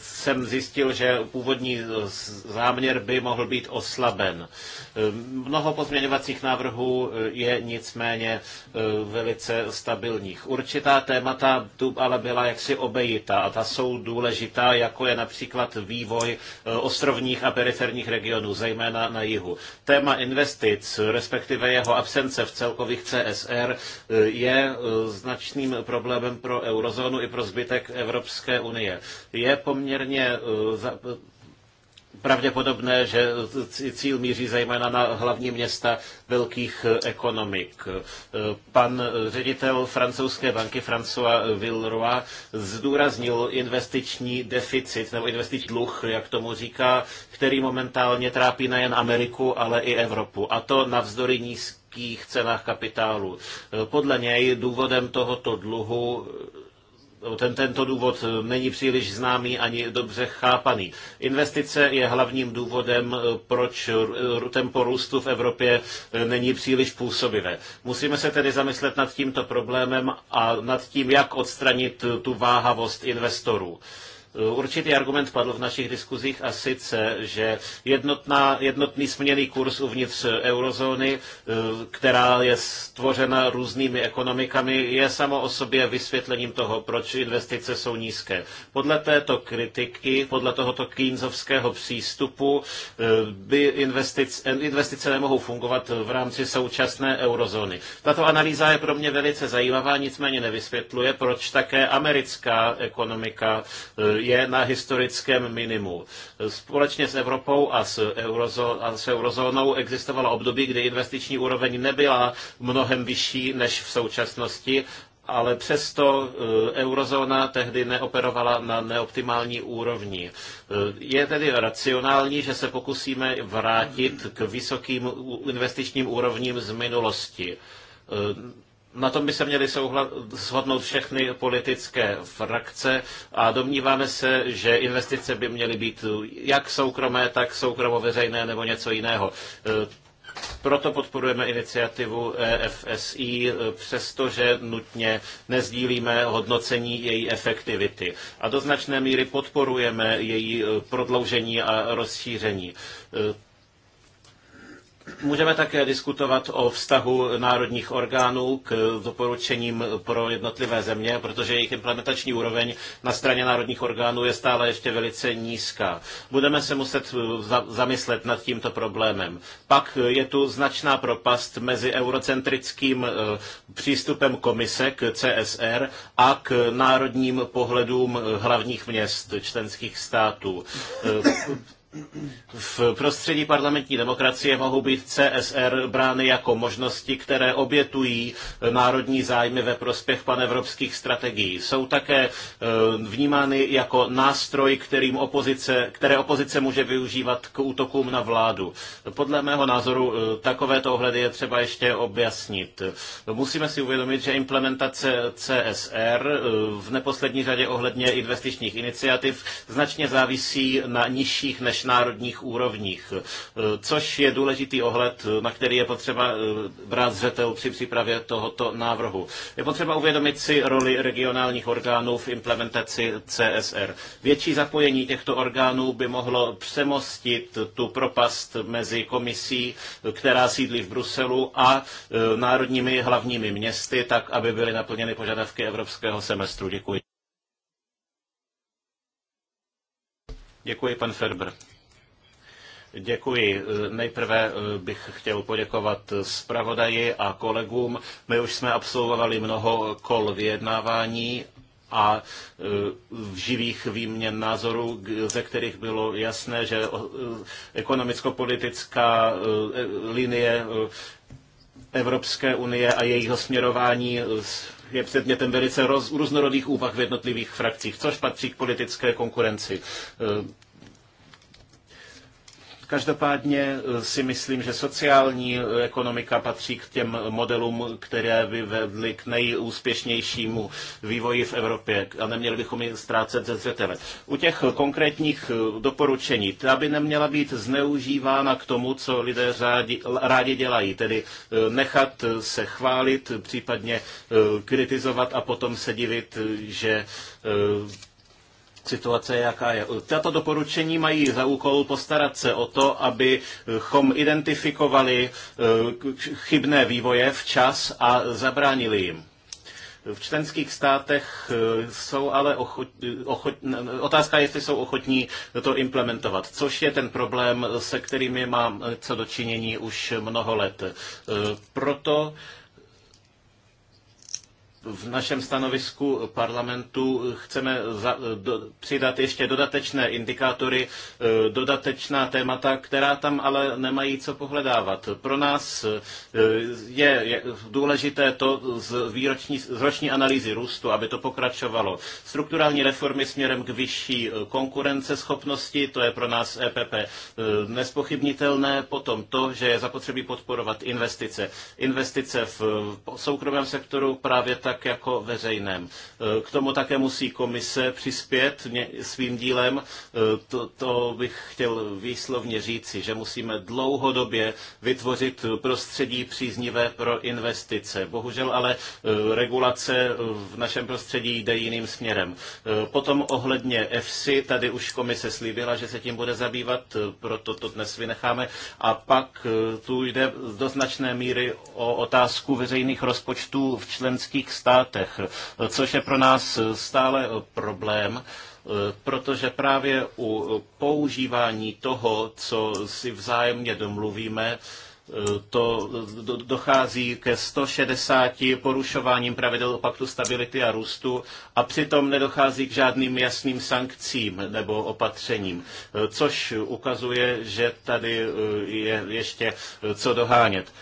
B: jsem zjistil, že původní eh, záměr by mohl být oslaben. Mnoho pozměňovacích návrhů je nicméně velice stabilních. Určitá témata tu ale byla jaksi obejita a ta jsou důležitá, jako je například vývoj ostrovních a periferních regionů, zejména na jihu. Téma investic, respektive jeho absence v celkových CSR eh, je eh, značným problémem pro eurozónu i pro zbytek Evropské unie. Je poměrně eh, pravděpodobné, že cíl míří zejména na hlavní města velkých ekonomik. Pan ředitel francouzské banky François Villeroy zdůraznil investiční deficit nebo investiční dluh, jak tomu říká, který momentálně trápí nejen Ameriku, ale i Evropu. A to navzdory nízké vysokých cenách kapitálu. Podle něj důvodem tohoto dluhu ten, tento důvod není příliš známý ani dobře chápaný. Investice je hlavním důvodem, proč tempo růstu v Evropě není příliš působivé. Musíme se tedy zamyslet nad tímto problémem a nad tím, jak odstranit tu váhavost investorů. Určitý argument padl v našich diskuzích a sice, že jednotná, jednotný směný kurz uvnitř eurozóny, eh, která je stvořena různými ekonomikami, je samo o sobě vysvětlením toho, proč investice jsou nízké. Podle této kritiky, podle tohoto Keynesovského přístupu, eh, by investice, investice nemohou fungovat v rámci současné eurozóny. Tato analýza je pro mě velice zajímavá, nicméně nevysvětluje, proč také americká ekonomika eh, je na historickém minimu. Společně s Evropou a s, a s eurozónou existovalo období, kdy investiční úroveň nebyla mnohem vyšší než v současnosti, ale přesto eh, eurozóna tehdy neoperovala na neoptimální úrovni. Eh, je tedy racionální, že se pokusíme vrátit k vysokým investičním úrovním z minulosti eh, na tom by se měly shodnout všechny politické frakce a domníváme se, že investice by měly být jak soukromé, tak soukromoveřejné nebo něco jiného. E, proto podporujeme iniciativu EFSI, e, přestože nutně nezdílíme hodnocení její efektivity. A do značné míry podporujeme její e, prodloužení a rozšíření. Můžeme také diskutovat o vztahu národních orgánů k doporučením pro jednotlivé země, protože jejich implementační úroveň na straně národních orgánů je stále ještě velice nízká. Budeme se muset eh, zamyslet nad tímto problémem. Pak je tu značná propast mezi eurocentrickým eh, přístupem komise k CSR a k národním pohledům eh, hlavních měst členských států. V prostředí parlamentní demokracie mohou být CSR brány jako možnosti, které obětují národní zájmy ve prospěch panevropských strategií. Jsou také eh, vnímány jako nástroj, kterým opozice, které opozice může využívat k útokům na vládu. Podle mého názoru eh, takovéto ohledy je třeba ještě objasnit. Musíme si uvědomit, že implementace CSR eh, v neposlední řadě ohledně investičních iniciativ značně závisí na nižších než než národních úrovních, eh, což je důležitý ohled, eh, na který je potřeba eh, brát zřetel při přípravě tohoto návrhu. Je potřeba uvědomit si roli regionálních orgánů v implementaci CSR. Větší zapojení těchto orgánů by mohlo přemostit tu propast mezi komisí, která sídlí v Bruselu a národními hlavními městy, tak aby byly naplněny požadavky evropského semestru. Děkuji. Děkuji, pan Ferber. Děkuji. Nejprve eh, bych chtěl poděkovat zpravodaji a kolegům. My už jsme absolvovali mnoho kol vyjednávání a eh, v živých výměn názorů, ze kterých bylo jasné, že eh, ekonomicko-politická linie Evropské unie a jejího směrování je předmětem velice roz, různorodých úvah v jednotlivých frakcích, což patří k politické konkurenci. Každopádně eh, si myslím, že sociální eh, ekonomika patří k těm modelům, které by vedly k nejúspěšnějšímu vývoji v Evropě a neměli bychom je ztrácet ze zřetele. U těch konkrétních eh, doporučení, ta by neměla být zneužívána k tomu, co lidé rádi, rádi dělají, tedy nechat se chválit, případně kritizovat a potom se divit, že situace je, jaká je. Tato doporučení mají za úkol postarat se o to, abychom identifikovali eh, chybné vývoje včas a zabránili jim. V členských státech eh, jsou ale ochot, ochot, otázka, jestli jsou ochotní to implementovat, což je ten problém, se kterými mám co dočinění už mnoho let. Eh, proto v našem stanovisku parlamentu chceme za, do, přidat ještě dodatečné indikátory, e, dodatečná témata, která tam ale nemají co pohledávat. Pro nás e, je, je důležité to z, výroční, z roční analýzy růstu, aby to pokračovalo. Strukturální reformy směrem k vyšší e, konkurenceschopnosti, to je pro nás EPP nespochybnitelné. Potom to, že je zapotřebí podporovat investice. Investice v soukromém sektoru právě tak tak jako veřejném. Eh, k tomu také musí komise přispět svým dílem. Eh, to, to bych chtěl výslovně říci, že musíme dlouhodobě vytvořit prostředí příznivé pro investice. Bohužel ale eh, regulace v našem prostředí jde jiným směrem. Potom ohledně EFSI, tady už komise slíbila, že se tím bude zabývat, proto to dnes vynecháme. A pak tu jde do značné míry o otázku veřejných rozpočtů v členských státech, což je pro nás stále problém, protože právě u používání toho, co si vzájemně domluvíme, to dochází ke 160 porušováním pravidel paktu stability a růstu a přitom nedochází k žádným jasným sankcím nebo opatřením, což ukazuje, že tady je ještě co dohánět.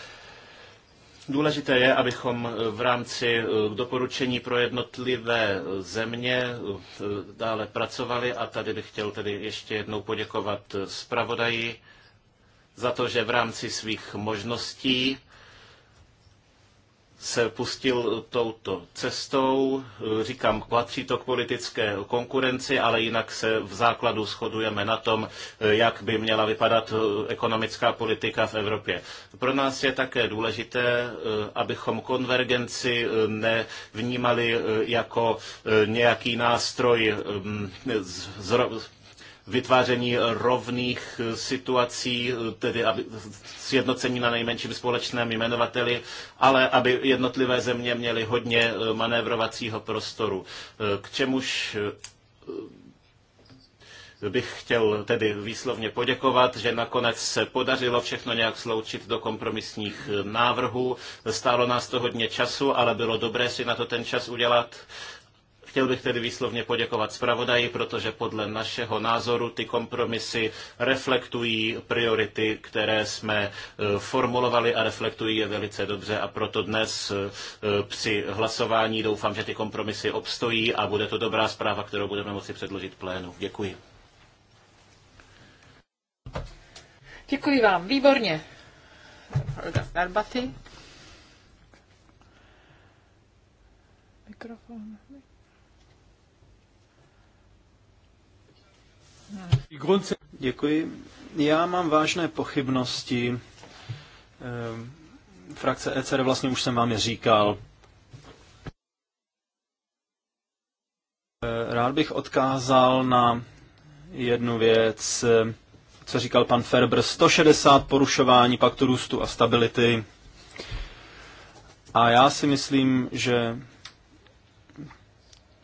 B: Důležité je, abychom eh, v rámci eh, doporučení pro jednotlivé eh, země dále pracovali a tady bych chtěl tedy ještě jednou poděkovat zpravodaji za to, že v rámci svých možností se pustil touto cestou. Říkám, patří to k politické konkurenci, ale jinak se v základu shodujeme na tom, jak by měla vypadat ekonomická politika v Evropě. Pro nás je také důležité, abychom konvergenci nevnímali jako nějaký nástroj mm, vytváření rovných situací, tedy aby sjednocení na nejmenším společném jmenovateli, ale aby jednotlivé země měly hodně eh, manévrovacího prostoru. Eh, k čemuž eh, bych chtěl tedy výslovně poděkovat, že nakonec se podařilo všechno nějak sloučit do kompromisních návrhů. Stálo nás to hodně času, ale bylo dobré si na to ten čas udělat Chtěl bych tedy výslovně poděkovat zpravodaji, protože podle našeho názoru ty kompromisy reflektují priority, které jsme e, formulovali a reflektují je velice dobře a proto dnes e, při hlasování doufám, že ty kompromisy obstojí a bude to dobrá zpráva, kterou budeme moci předložit plénu. Děkuji.
C: Děkuji vám, výborně. Mikrofon.
A: Děkuji. Já mám vážné pochybnosti. Eh, frakce ECR vlastně už jsem vám je říkal. Eh, rád bych odkázal na jednu věc, eh, co říkal pan Ferber. 160 porušování paktu růstu a stability. A já si myslím, že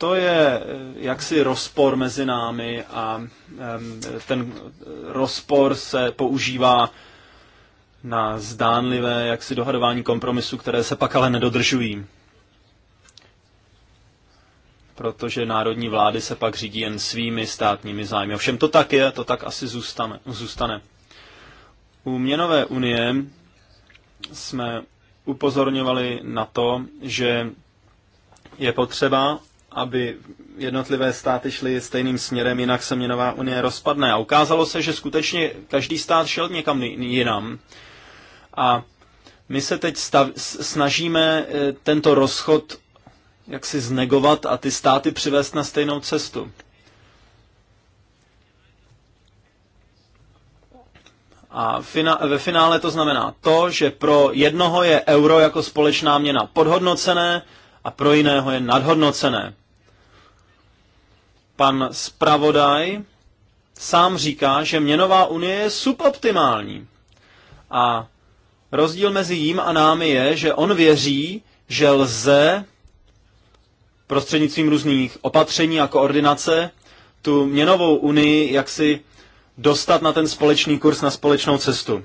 A: to je eh, jaksi rozpor mezi námi a ten rozpor se používá na zdánlivé jaksi dohadování kompromisu, které se pak ale nedodržují. Protože národní vlády se pak řídí jen svými státními zájmy. Ovšem to tak je, to tak asi zůstane. zůstane. U měnové unie jsme upozorňovali na to, že je potřeba aby jednotlivé státy šly stejným směrem, jinak se měnová unie rozpadne. A ukázalo se, že skutečně každý stát šel někam jinam. A my se teď stav, snažíme eh, tento rozchod jak si znegovat a ty státy přivést na stejnou cestu. A ve finále to znamená to, že pro jednoho je euro jako společná měna podhodnocené a pro jiného je nadhodnocené. Pan zpravodaj sám říká, že měnová unie je suboptimální. A rozdíl mezi jím a námi je, že on věří, že lze prostřednictvím různých opatření a koordinace tu měnovou unii jaksi dostat na ten společný kurz, na společnou cestu.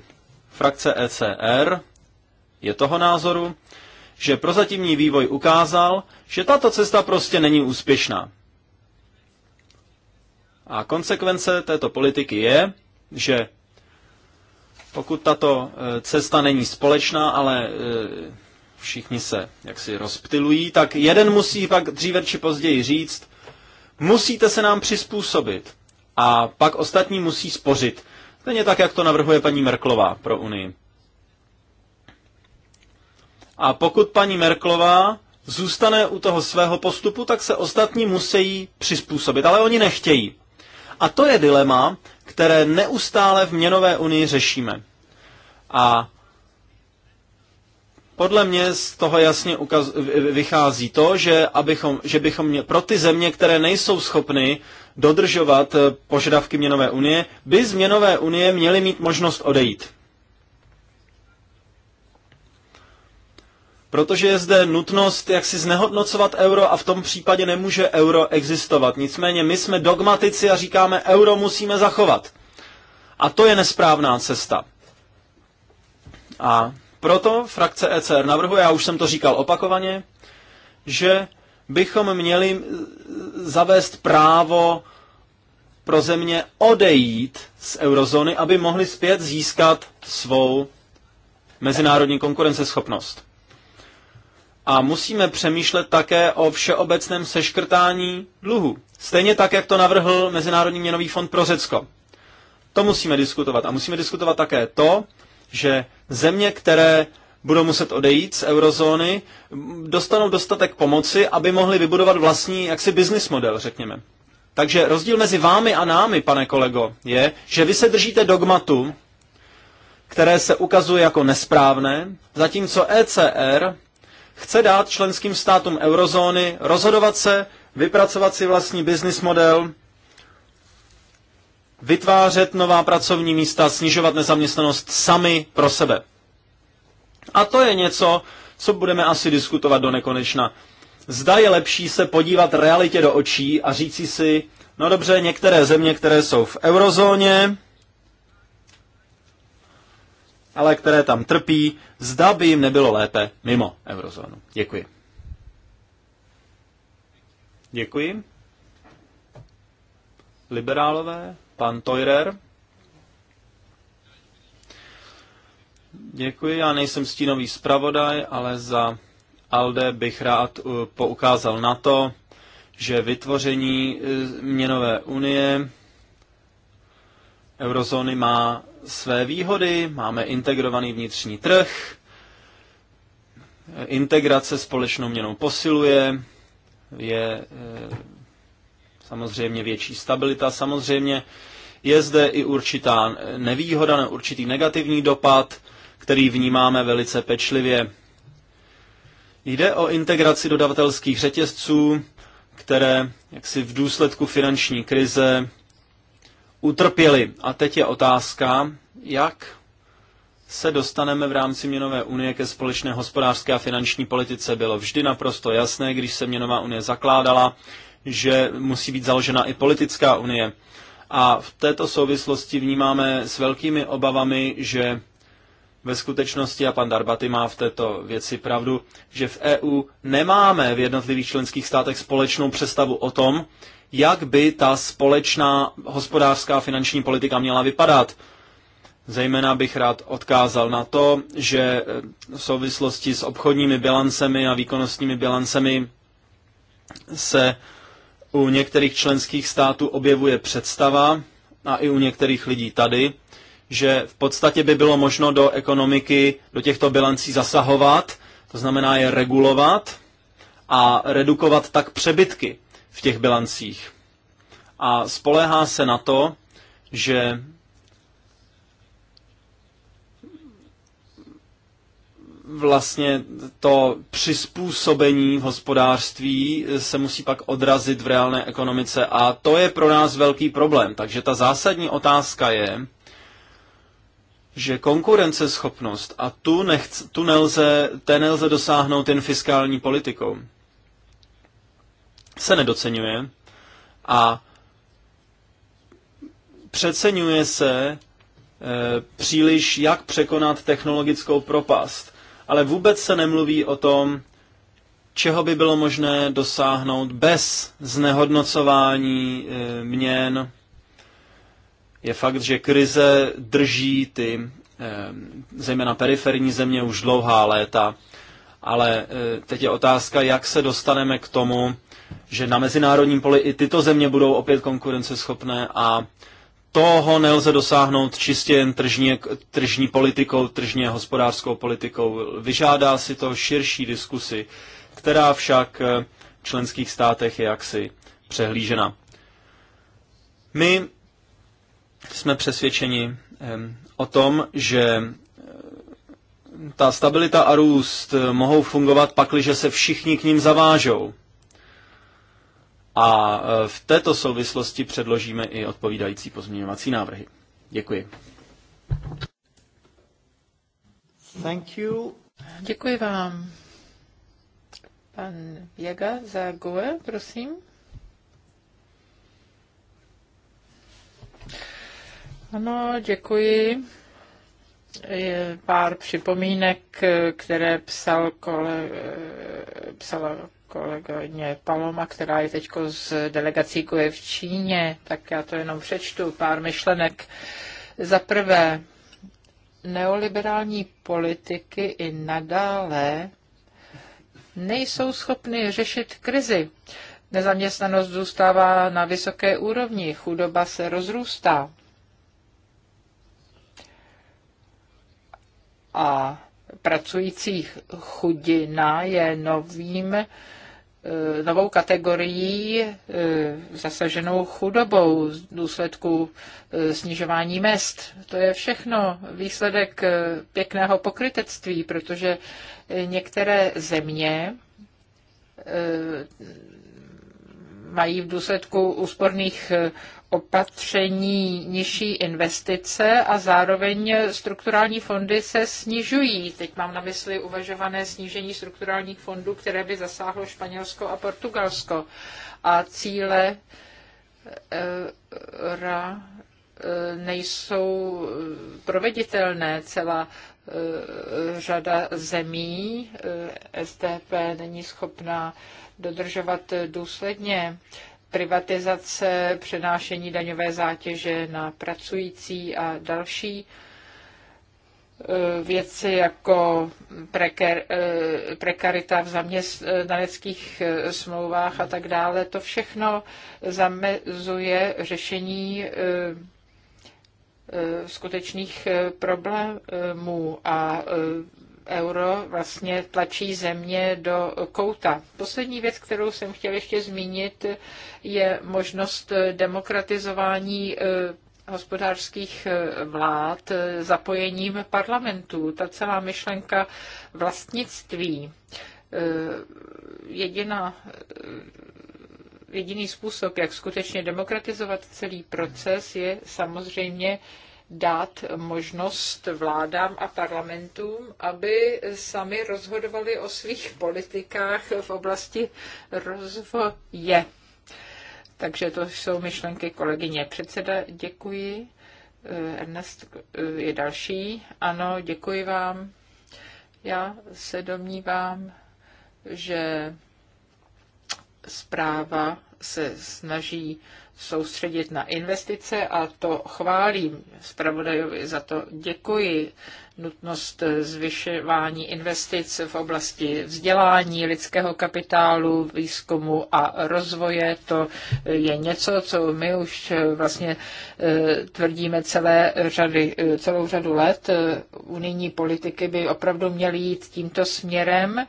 A: Frakce ECR je toho názoru, že prozatímní vývoj ukázal, že tato cesta prostě není úspěšná. A konsekvence této politiky je, že pokud tato e, cesta není společná, ale e, všichni se jaksi rozptilují, tak jeden musí pak dříve či později říct, musíte se nám přizpůsobit. A pak ostatní musí spořit. Stejně tak, jak to navrhuje paní Merklová pro Unii. A pokud paní Merklová zůstane u toho svého postupu, tak se ostatní musí přizpůsobit. Ale oni nechtějí. A to je dilema, které neustále v měnové unii řešíme. A podle mě z toho jasně ukaz, vychází to, že, abychom, že bychom mě, pro ty země, které nejsou schopny dodržovat eh, požadavky měnové unie, by z měnové unie měly mít možnost odejít. protože je zde nutnost jak si znehodnocovat euro a v tom případě nemůže euro existovat. Nicméně my jsme dogmatici a říkáme, euro musíme zachovat. A to je nesprávná cesta. A proto frakce ECR navrhuje, já už jsem to říkal opakovaně, že bychom měli zavést právo pro země odejít z eurozóny, aby mohli zpět získat svou mezinárodní konkurenceschopnost. A musíme přemýšlet také o všeobecném seškrtání dluhu. Stejně tak, jak to navrhl Mezinárodní měnový fond pro Řecko. To musíme diskutovat. A musíme diskutovat také to, že země, které budou muset odejít z eurozóny, dostanou dostatek pomoci, aby mohli vybudovat vlastní jaksi business model, řekněme. Takže rozdíl mezi vámi a námi, pane kolego, je, že vy se držíte dogmatu, které se ukazuje jako nesprávné, zatímco ECR chce dát členským státům eurozóny rozhodovat se, vypracovat si vlastní business model, vytvářet nová pracovní místa, snižovat nezaměstnanost sami pro sebe. A to je něco, co budeme asi diskutovat do nekonečna. Zda je lepší se podívat realitě do očí a říci si, no dobře, některé země, které jsou v eurozóně, ale které tam trpí, zda by jim nebylo lépe mimo eurozónu. Děkuji. Děkuji. Liberálové, pan Teurer. Děkuji, já nejsem stínový zpravodaj, ale za ALDE bych rád uh, poukázal na to, že vytvoření uh, měnové unie eurozóny má své výhody, máme integrovaný vnitřní trh, integrace společnou měnou posiluje, je eh, samozřejmě větší stabilita, samozřejmě je zde i určitá nevýhoda, určitý negativní dopad, který vnímáme velice pečlivě. Jde o integraci dodavatelských řetězců, které jaksi v důsledku finanční krize utrpěli. A teď je otázka, jak se dostaneme v rámci měnové unie ke společné hospodářské a finanční politice. Bylo vždy naprosto jasné, když se měnová unie zakládala, že musí být založena i politická unie. A v této souvislosti vnímáme s velkými obavami, že ve skutečnosti, a pan Darbaty má v této věci pravdu, že v EU nemáme v jednotlivých členských státech společnou představu o tom, jak by ta společná hospodářská a finanční politika měla vypadat. Zejména bych rád odkázal na to, že eh, v souvislosti s obchodními bilancemi a výkonnostními bilancemi se u některých členských států objevuje představa, a i u některých lidí tady, že v podstatě by bylo možno do ekonomiky, do těchto bilancí zasahovat, to znamená je regulovat a redukovat tak přebytky v těch bilancích. A spolehá se na to, že vlastně to přizpůsobení v hospodářství se musí pak odrazit v reálné ekonomice a to je pro nás velký problém. Takže ta zásadní otázka je, že konkurenceschopnost a tu, nechce, tu nelze, té nelze dosáhnout jen fiskální politikou se nedocenuje a přeceňuje se e, příliš, jak překonat technologickou propast. Ale vůbec se nemluví o tom, čeho by bylo možné dosáhnout bez znehodnocování e, měn. Je fakt, že krize drží ty e, zejména periferní země už dlouhá léta, ale teď je otázka, jak se dostaneme k tomu, že na mezinárodním poli i tyto země budou opět konkurenceschopné a toho nelze dosáhnout čistě jen tržní, tržní politikou, tržně hospodářskou politikou. Vyžádá si to širší diskusy, která však v členských státech je jaksi přehlížena. My jsme přesvědčeni o tom, že eh, ta stabilita a růst mohou fungovat pakliže se všichni k ním zavážou. A e, v této souvislosti předložíme i odpovídající pozměňovací návrhy. Děkuji.
C: Thank you. Děkuji vám. Pan Jaga za goe, prosím. Ano, děkuji. Je pár připomínek, které psal kole, e, psala kolegyně Paloma, která je teď z delegací GUE v Číně, tak já to jenom přečtu, pár myšlenek. Za prvé, neoliberální politiky i nadále nejsou schopny řešit krizi. Nezaměstnanost zůstává na vysoké úrovni, chudoba se rozrůstá. A pracujících chudina je novým Eh, novou kategorií eh, zasaženou chudobou z důsledku eh, snižování mest. To je všechno výsledek pěkného pokrytectví, protože některé země mají v důsledku úsporných opatření nižší investice a zároveň strukturální fondy se snižují. Teď mám na mysli uvažované snížení strukturálních fondů, které by zasáhlo Španělsko a Portugalsko. A cíle eh, ra, eh, nejsou proveditelné. Celá eh, řada zemí STP není schopná dodržovat důsledně privatizace, přenášení daňové zátěže na pracující a další e, věci jako prekar, e, prekarita v zaměstnaneckých e, smlouvách a tak dále, to všechno zamezuje řešení skutečných problémů a euro vlastně tlačí země do kouta. Poslední věc, kterou jsem chtěl ještě zmínit, je možnost demokratizování eh, hospodářských eh, vlád eh, zapojením parlamentů. Ta celá myšlenka vlastnictví. Jediná jediný způsob, jak skutečně demokratizovat celý proces, je samozřejmě dát možnost vládám a parlamentům, aby sami rozhodovali o svých politikách v oblasti rozvoje. Takže to jsou myšlenky kolegyně předseda. Děkuji. Eh, Ernest eh, je další. Ano, děkuji vám. Já se domnívám, že zpráva se snaží soustředit na investice a to chválím zpravodajovi, za to děkuji. Nutnost zvyšování investic v oblasti vzdělání, lidského kapitálu, výzkumu a rozvoje, to je něco, co my už eh, vlastně eh, tvrdíme celé řady, eh, celou řadu let. Unijní politiky by opravdu měly jít tímto směrem.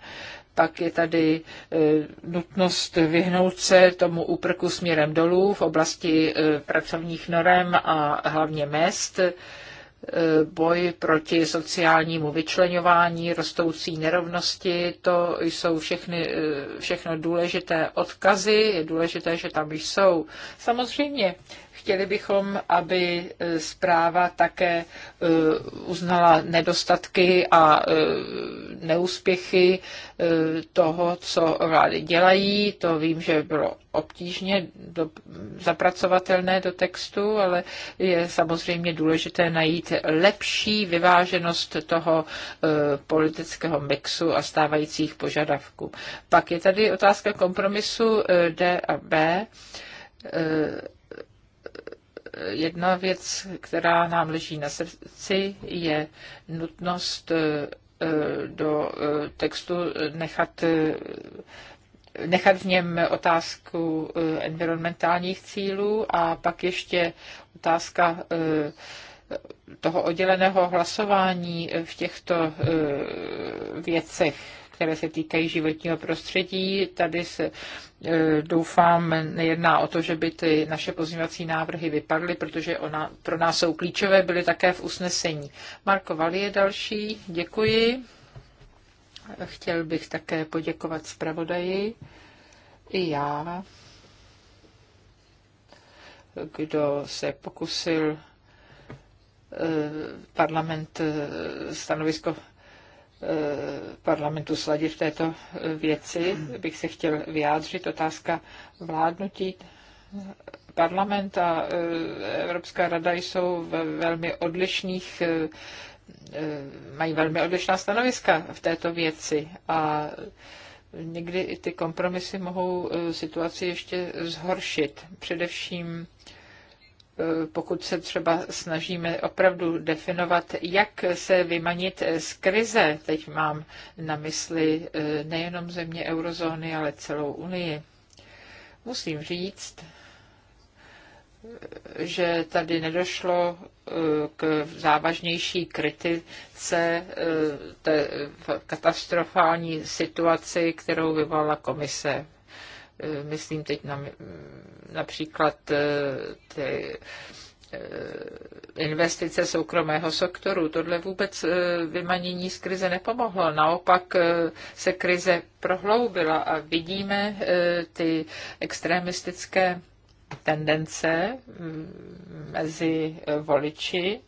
C: Pak je tady e, nutnost vyhnout se tomu úprku směrem dolů v oblasti e, pracovních norem a hlavně mest e, boj proti sociálnímu vyčlenování, rostoucí nerovnosti, to jsou všechny, všechno důležité odkazy, je důležité, že tam jsou. Samozřejmě Chtěli bychom, aby e, zpráva také e, uznala nedostatky a e, neúspěchy toho, co vlády dělají. To vím, že bylo obtížně do, zapracovatelné do textu, ale je samozřejmě důležité najít lepší vyváženost toho e, politického mixu a stávajících požadavků. Pak je tady otázka kompromisu e, D a B. E, Jedna věc, která nám leží na srdci, je nutnost eh, do eh, textu nechat eh, nechat v něm otázku environmentálních cílů a pak ještě otázka toho odděleného hlasování v těchto věcech které se týkají životního prostředí. Tady se e, doufám, nejedná o to, že by ty naše pozměňovací návrhy vypadly, protože ona, pro nás jsou klíčové, byly také v usnesení. Marko Vali je další, děkuji. Chtěl bych také poděkovat zpravodaji i já, kdo se pokusil e, parlament e, stanovisko Eh, parlamentu sladě v této eh, věci, bych se chtěl vyjádřit. Otázka vládnutí parlament a eh, Evropská rada jsou ve velmi odlišných mají velmi odlišná stanoviska v této věci a někdy i ty kompromisy mohou situaci ještě zhoršit. Především Eh, pokud se třeba snažíme opravdu definovat, jak se vymanit z krize, teď mám na mysli eh, nejenom země eurozóny, ale celou Unii, musím říct, eh, že tady nedošlo k závažnější kritice té katastrofální situaci, kterou vyvolala komise Myslím teď na, například eh, ty eh, investice soukromého sektoru. Tohle vůbec eh, vymanění z krize nepomohlo. Naopak se krize prohloubila a vidíme ty extremistické tendence mm, mezi voliči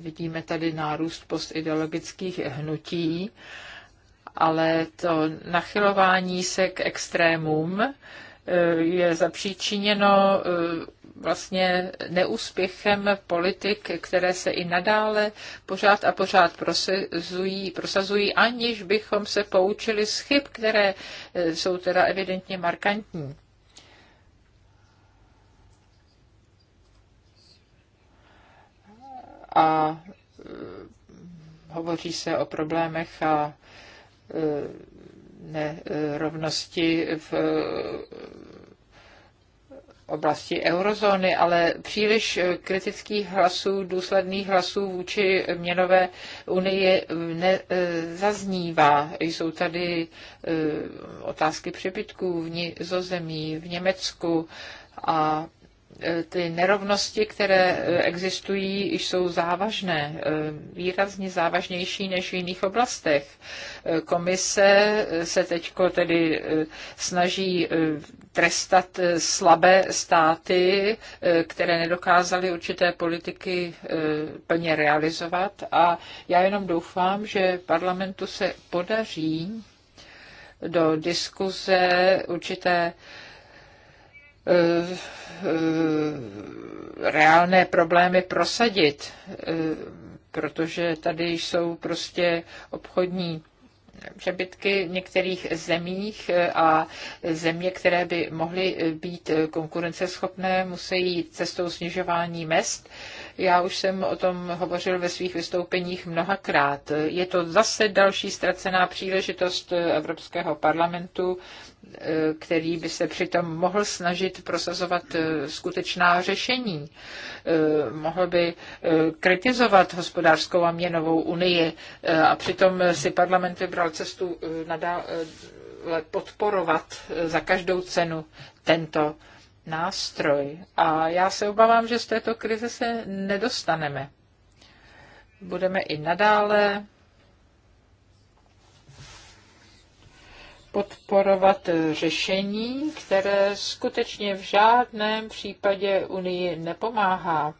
C: Vidíme tady nárůst postideologických hnutí, ale to nachylování se k extrémům eh, je zapříčiněno eh, vlastně neúspěchem politik, které se i nadále pořád a pořád prosazují, prosazují aniž bychom se poučili z chyb, které eh, jsou teda evidentně markantní. a e, hovoří se o problémech a e, nerovnosti v e, oblasti eurozóny, ale příliš kritických hlasů, důsledných hlasů vůči měnové unii nezaznívá. Jsou tady otázky přebytků v Nizozemí, v Německu a E, ty nerovnosti, které e, existují, jsou závažné, e, výrazně závažnější než v jiných oblastech. Komise se teď tedy snaží trestat slabé státy, které nedokázaly určité politiky plně realizovat a já jenom doufám, že parlamentu se podaří do diskuze určité Eh, eh, reálné problémy prosadit, eh, protože tady jsou prostě obchodní přebytky v některých zemích a země, které by mohly být konkurenceschopné, musí jít cestou snižování mest. Já už jsem o tom hovořil ve svých vystoupeních mnohakrát. Je to zase další ztracená příležitost Evropského parlamentu který by se přitom mohl snažit prosazovat eh, skutečná řešení. Eh, mohl by eh, kritizovat hospodářskou a měnovou unii a přitom si parlament vybral cestu nadále podporovat za každou cenu tento nástroj. A já se obávám, že z této krize se nedostaneme. Budeme i nadále podporovat řešení, které skutečně v žádném případě Unii nepomáhá.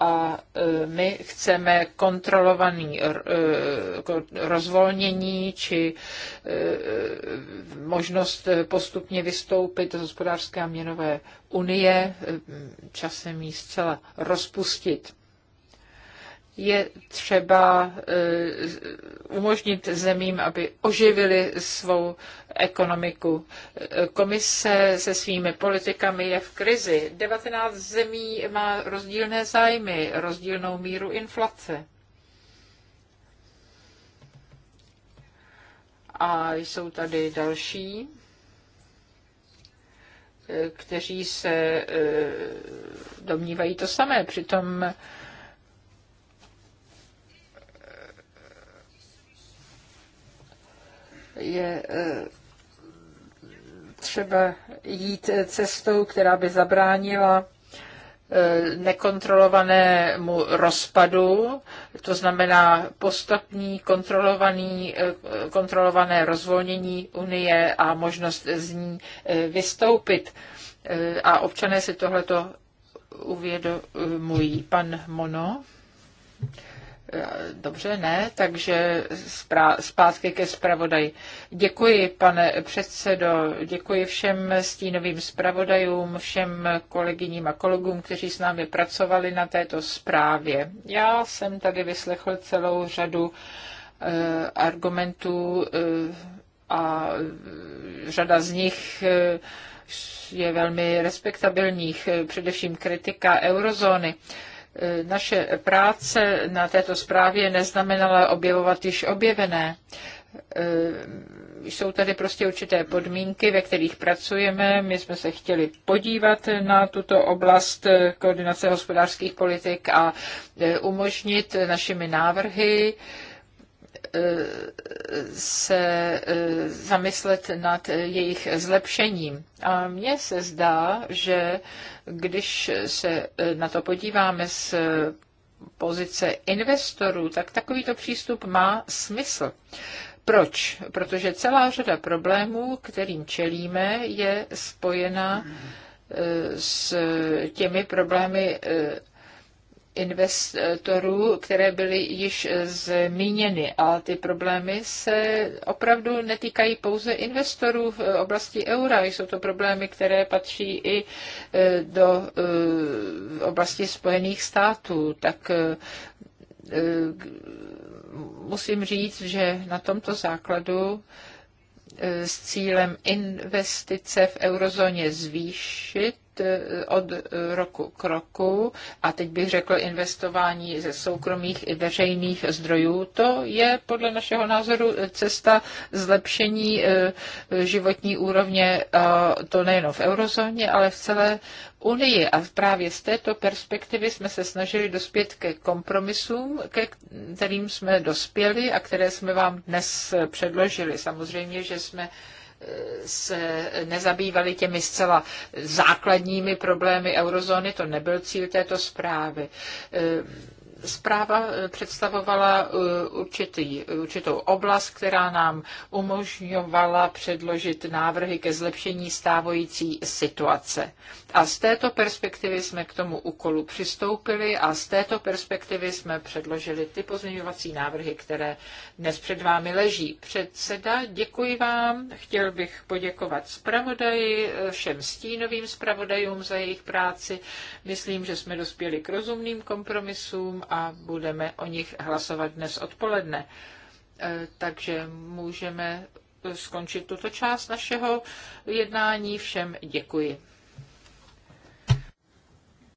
C: A e, my chceme kontrolovaný e, rozvolnění či e, možnost postupně vystoupit z hospodářské a měnové unie, časem ji zcela rozpustit je třeba e, umožnit zemím, aby oživili svou ekonomiku. E, komise se svými politikami je v krizi. 19 zemí má rozdílné zájmy, rozdílnou míru inflace. A jsou tady další, e, kteří se domnívají to samé. Přitom je e, třeba jít cestou, která by zabránila e, nekontrolovanému rozpadu, to znamená postupný kontrolovaný, e, kontrolované rozvolnění Unie a možnost z ní vystoupit. A občané si tohleto uvědomují. Pan Mono. Dobře, ne, takže zpátky ke zpravodaji. Děkuji, pane předsedo, děkuji všem stínovým zpravodajům, všem kolegyním a kolegům, kteří s námi pracovali na této zprávě. Já jsem tady vyslechl celou řadu eh, argumentů eh, a řada z nich eh, je velmi respektabilních, především kritika eurozóny. Eh, naše práce na této zprávě neznamenala objevovat již objevené eh, jsou tady prostě určité podmínky, ve kterých pracujeme. My jsme se chtěli podívat na tuto oblast eh, koordinace hospodářských politik a umožnit našimi návrhy se eh, zamyslet nad jejich zlepšením. A mně se zdá, že když se eh, na to podíváme z pozice investorů, tak takovýto přístup má smysl. Proč? Protože celá řada problémů, kterým čelíme, je spojena eh, s těmi problémy investorů, které byly již zmíněny. A ty problémy se opravdu netýkají pouze investorů v oblasti eura. Jsou to problémy, které patří i e, do e, oblasti Spojených států. Tak e, musím říct, že na tomto základu s cílem investice v eurozóně zvýšit Eh, od eh, roku k roku, a teď bych řekl investování ze soukromých i veřejných zdrojů, to je podle našeho názoru cesta zlepšení eh, životní úrovně, to nejen v eurozóně, ale v celé Unii. A právě z této perspektivy jsme se snažili dospět ke kompromisům, ke kterým jsme dospěli a které jsme vám dnes předložili. Samozřejmě, že jsme se nezabývali těmi zcela základními problémy eurozóny, to nebyl cíl této zprávy. Zpráva eh, představovala eh, určitý, určitou oblast, která nám umožňovala předložit návrhy ke zlepšení stávající situace. A z této perspektivy jsme k tomu úkolu přistoupili a z této perspektivy jsme předložili ty pozměňovací návrhy, které dnes před vámi leží. Předseda, děkuji vám. Chtěl bych poděkovat zpravodaji, eh, všem stínovým zpravodajům za jejich práci. Myslím, že jsme dospěli k rozumným kompromisům a budeme o nich hlasovat dnes odpoledne. E, takže můžeme skončit tuto část našeho jednání. Všem děkuji.